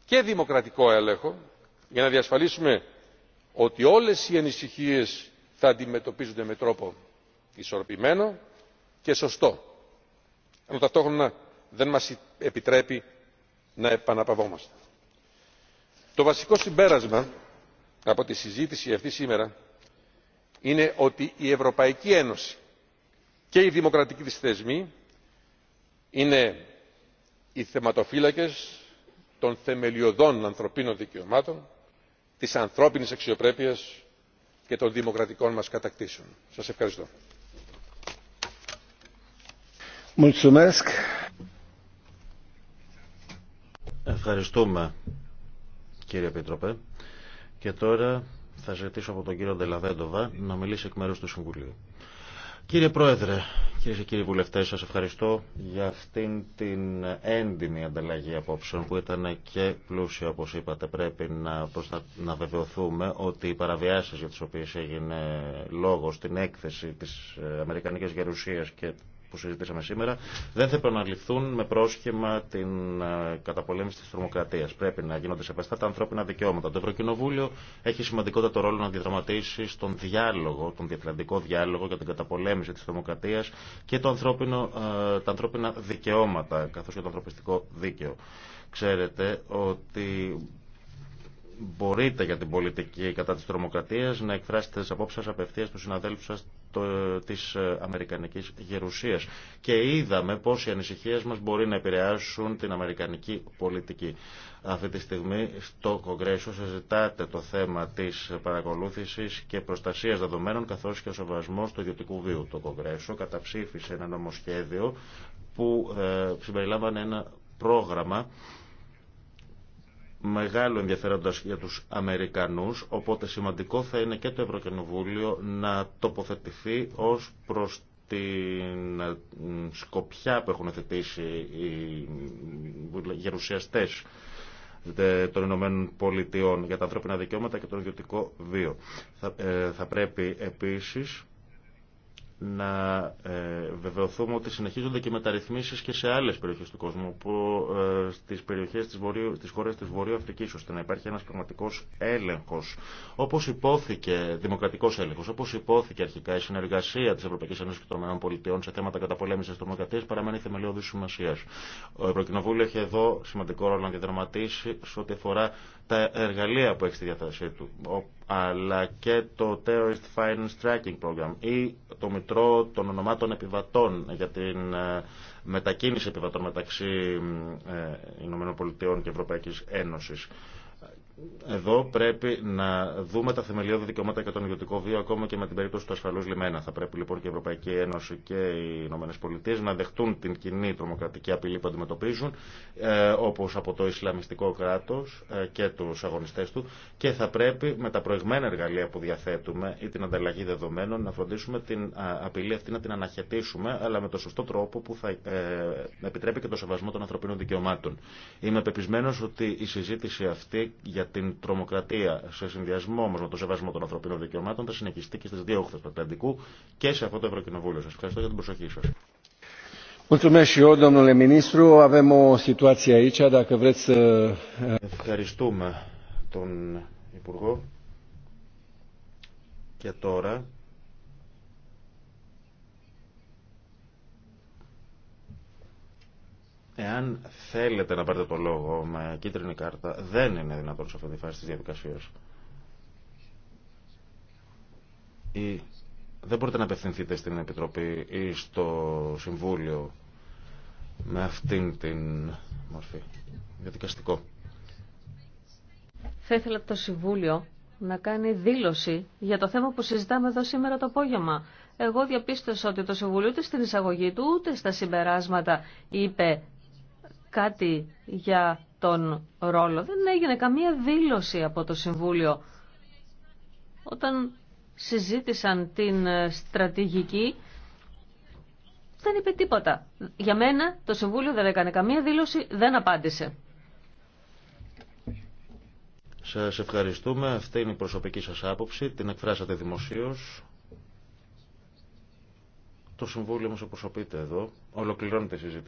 και δημοκρατικό έλεγχο για να διασφαλίσουμε ότι όλες οι ανησυχίες θα αντιμετωπίζονται με τρόπο ισορροπημένο και σωστό ενώ ταυτόχρονα δεν μας επιτρέπει να επαναπαυόμαστε. το βασικό συμπέρασμα από τη συζήτηση αυτή σήμερα είναι ότι η ευρωπαϊκή ένωση και οι δημοκρατικοί της θεσμοί είναι οι θεματοφύλακες των θεμελιωδών ανθρωπίνων δικαιωμάτων της ανθρώπινης αξιοπρέπειας και των δημοκρατικών μας κατακτήσεων. Σας ευχαριστώ. Ευχαριστούμε κύριε Επίτροπε. Και τώρα θα ζητήσω από τον κύριο Ντελαβέντοβα να μιλήσει εκ μέρους του Συμβουλίου. Κύριε Πρόεδρε, κύριε και κύριοι βουλευτές, σας ευχαριστώ για αυτήν την έντιμη ανταλλαγή απόψεων που ήταν και πλούσια, όπως είπατε. Πρέπει να, να βεβαιωθούμε ότι οι παραβιάσεις για τις οποίες έγινε λόγο στην έκθεση της Αμερικανικής Γερουσίας και που συζητήσαμε σήμερα δεν θα επαναληφθούν με πρόσχημα την ε, καταπολέμηση τη τρομοκρατία. Πρέπει να γίνονται σεβαστά τα ανθρώπινα δικαιώματα. Το Ευρωκοινοβούλιο έχει σημαντικότατο ρόλο να διαδραματίσει στον διάλογο, τον διατλαντικό διάλογο για την καταπολέμηση τη τρομοκρατία και το ανθρώπινο, ε, τα ανθρώπινα δικαιώματα καθώ και το ανθρωπιστικό δίκαιο. Ξέρετε ότι μπορείτε για την πολιτική κατά της τρομοκρατίας να εκφράσετε τις απόψεις σας απευθείας του συναδέλφου σας το, της ε, Αμερικανικής Γερουσίας. Και είδαμε πώς οι ανησυχίες μας μπορεί να επηρεάσουν την Αμερικανική πολιτική. Αυτή τη στιγμή στο Κογκρέσο συζητάτε το θέμα της παρακολούθησης και προστασίας δεδομένων καθώς και ο σεβασμός του ιδιωτικού βίου. Το Κογκρέσο καταψήφισε ένα νομοσχέδιο που ε, συμπεριλάμβανε ένα πρόγραμμα μεγάλο ενδιαφέροντας για τους Αμερικανούς, οπότε σημαντικό θα είναι και το Ευρωκοινοβούλιο να τοποθετηθεί ως προς την σκοπιά που έχουν θετήσει οι γερουσιαστές των Ηνωμένων Πολιτειών για τα ανθρώπινα δικαιώματα και το ιδιωτικό βίο. Θα, ε, θα πρέπει επίσης να ε, βεβαιωθούμε ότι συνεχίζονται και μεταρρυθμίσεις και σε άλλες περιοχές του κόσμου, που ε, στις περιοχές της, Βορείου, της χώρας της Βορείου Αφρικής, ώστε να υπάρχει ένας πραγματικός έλεγχος, όπως υπόθηκε, δημοκρατικός έλεγχος, όπως υπόθηκε αρχικά η συνεργασία της Ευρωπαϊκής Ένωσης και των ΗΠΑ σε θέματα καταπολέμησης Μοκατίας παραμένει θεμελιώδης σημασίας. Ο Ευρωκοινοβούλιο έχει εδώ σημαντικό ρόλο να διαδραματίσει σε ό,τι αφορά τα εργαλεία που έχει στη διάθεσή του, αλλά και το Terrorist Finance Tracking Program ή το Μητρό των Ονομάτων Επιβατών για την ε, μετακίνηση επιβατών μεταξύ ε, ΗΠΑ και Ευρωπαϊκής Ένωσης. Εδώ πρέπει να δούμε τα θεμελιώδη δικαιώματα και τον ιδιωτικό βίο ακόμα και με την περίπτωση του ασφαλού λιμένα. Θα πρέπει λοιπόν και η Ευρωπαϊκή Ένωση και οι Πολιτείε να δεχτούν την κοινή τρομοκρατική απειλή που αντιμετωπίζουν, ε, όπω από το Ισλαμιστικό κράτο ε, και του αγωνιστέ του, και θα πρέπει με τα προηγμένα εργαλεία που διαθέτουμε ή την ανταλλαγή δεδομένων να φροντίσουμε την απειλή αυτή να την αναχαιτήσουμε, αλλά με το σωστό τρόπο που θα ε, επιτρέπει και το σεβασμό των ανθρωπίνων δικαιωμάτων. Είμαι πεπισμένο ότι η συζήτηση αυτή για την τρομοκρατία σε συνδυασμό όμω με το σεβασμό των ανθρωπίνων δικαιωμάτων θα συνεχιστεί και στι δύο όχθε του Ατλαντικού και σε αυτό το Ευρωκοινοβούλιο. Σα ευχαριστώ για την προσοχή σα. Eh, Ευχαριστούμε τον Υπουργό. Και τώρα Εάν θέλετε να πάρετε το λόγο με κίτρινη κάρτα, δεν είναι δυνατόν σε αυτή τη φάση τη διαδικασία. Ή δεν μπορείτε να απευθυνθείτε στην Επιτροπή ή στο Συμβούλιο με αυτήν την μορφή. Διαδικαστικό. Θα ήθελα το Συμβούλιο να κάνει δήλωση για το θέμα που συζητάμε εδώ σήμερα το απόγευμα. Εγώ διαπίστωσα ότι το Συμβουλίο ούτε στην εισαγωγή του ούτε στα συμπεράσματα είπε κάτι για τον ρόλο. Δεν έγινε καμία δήλωση από το Συμβούλιο όταν συζήτησαν την ε, στρατηγική. Δεν είπε τίποτα. Για μένα το Συμβούλιο δεν έκανε καμία δήλωση, δεν απάντησε. Σας ευχαριστούμε. Αυτή είναι η προσωπική σας άποψη. Την εκφράσατε δημοσίως. Το Συμβούλιο μας αποσωπείται εδώ. Ολοκληρώνεται η συζήτηση.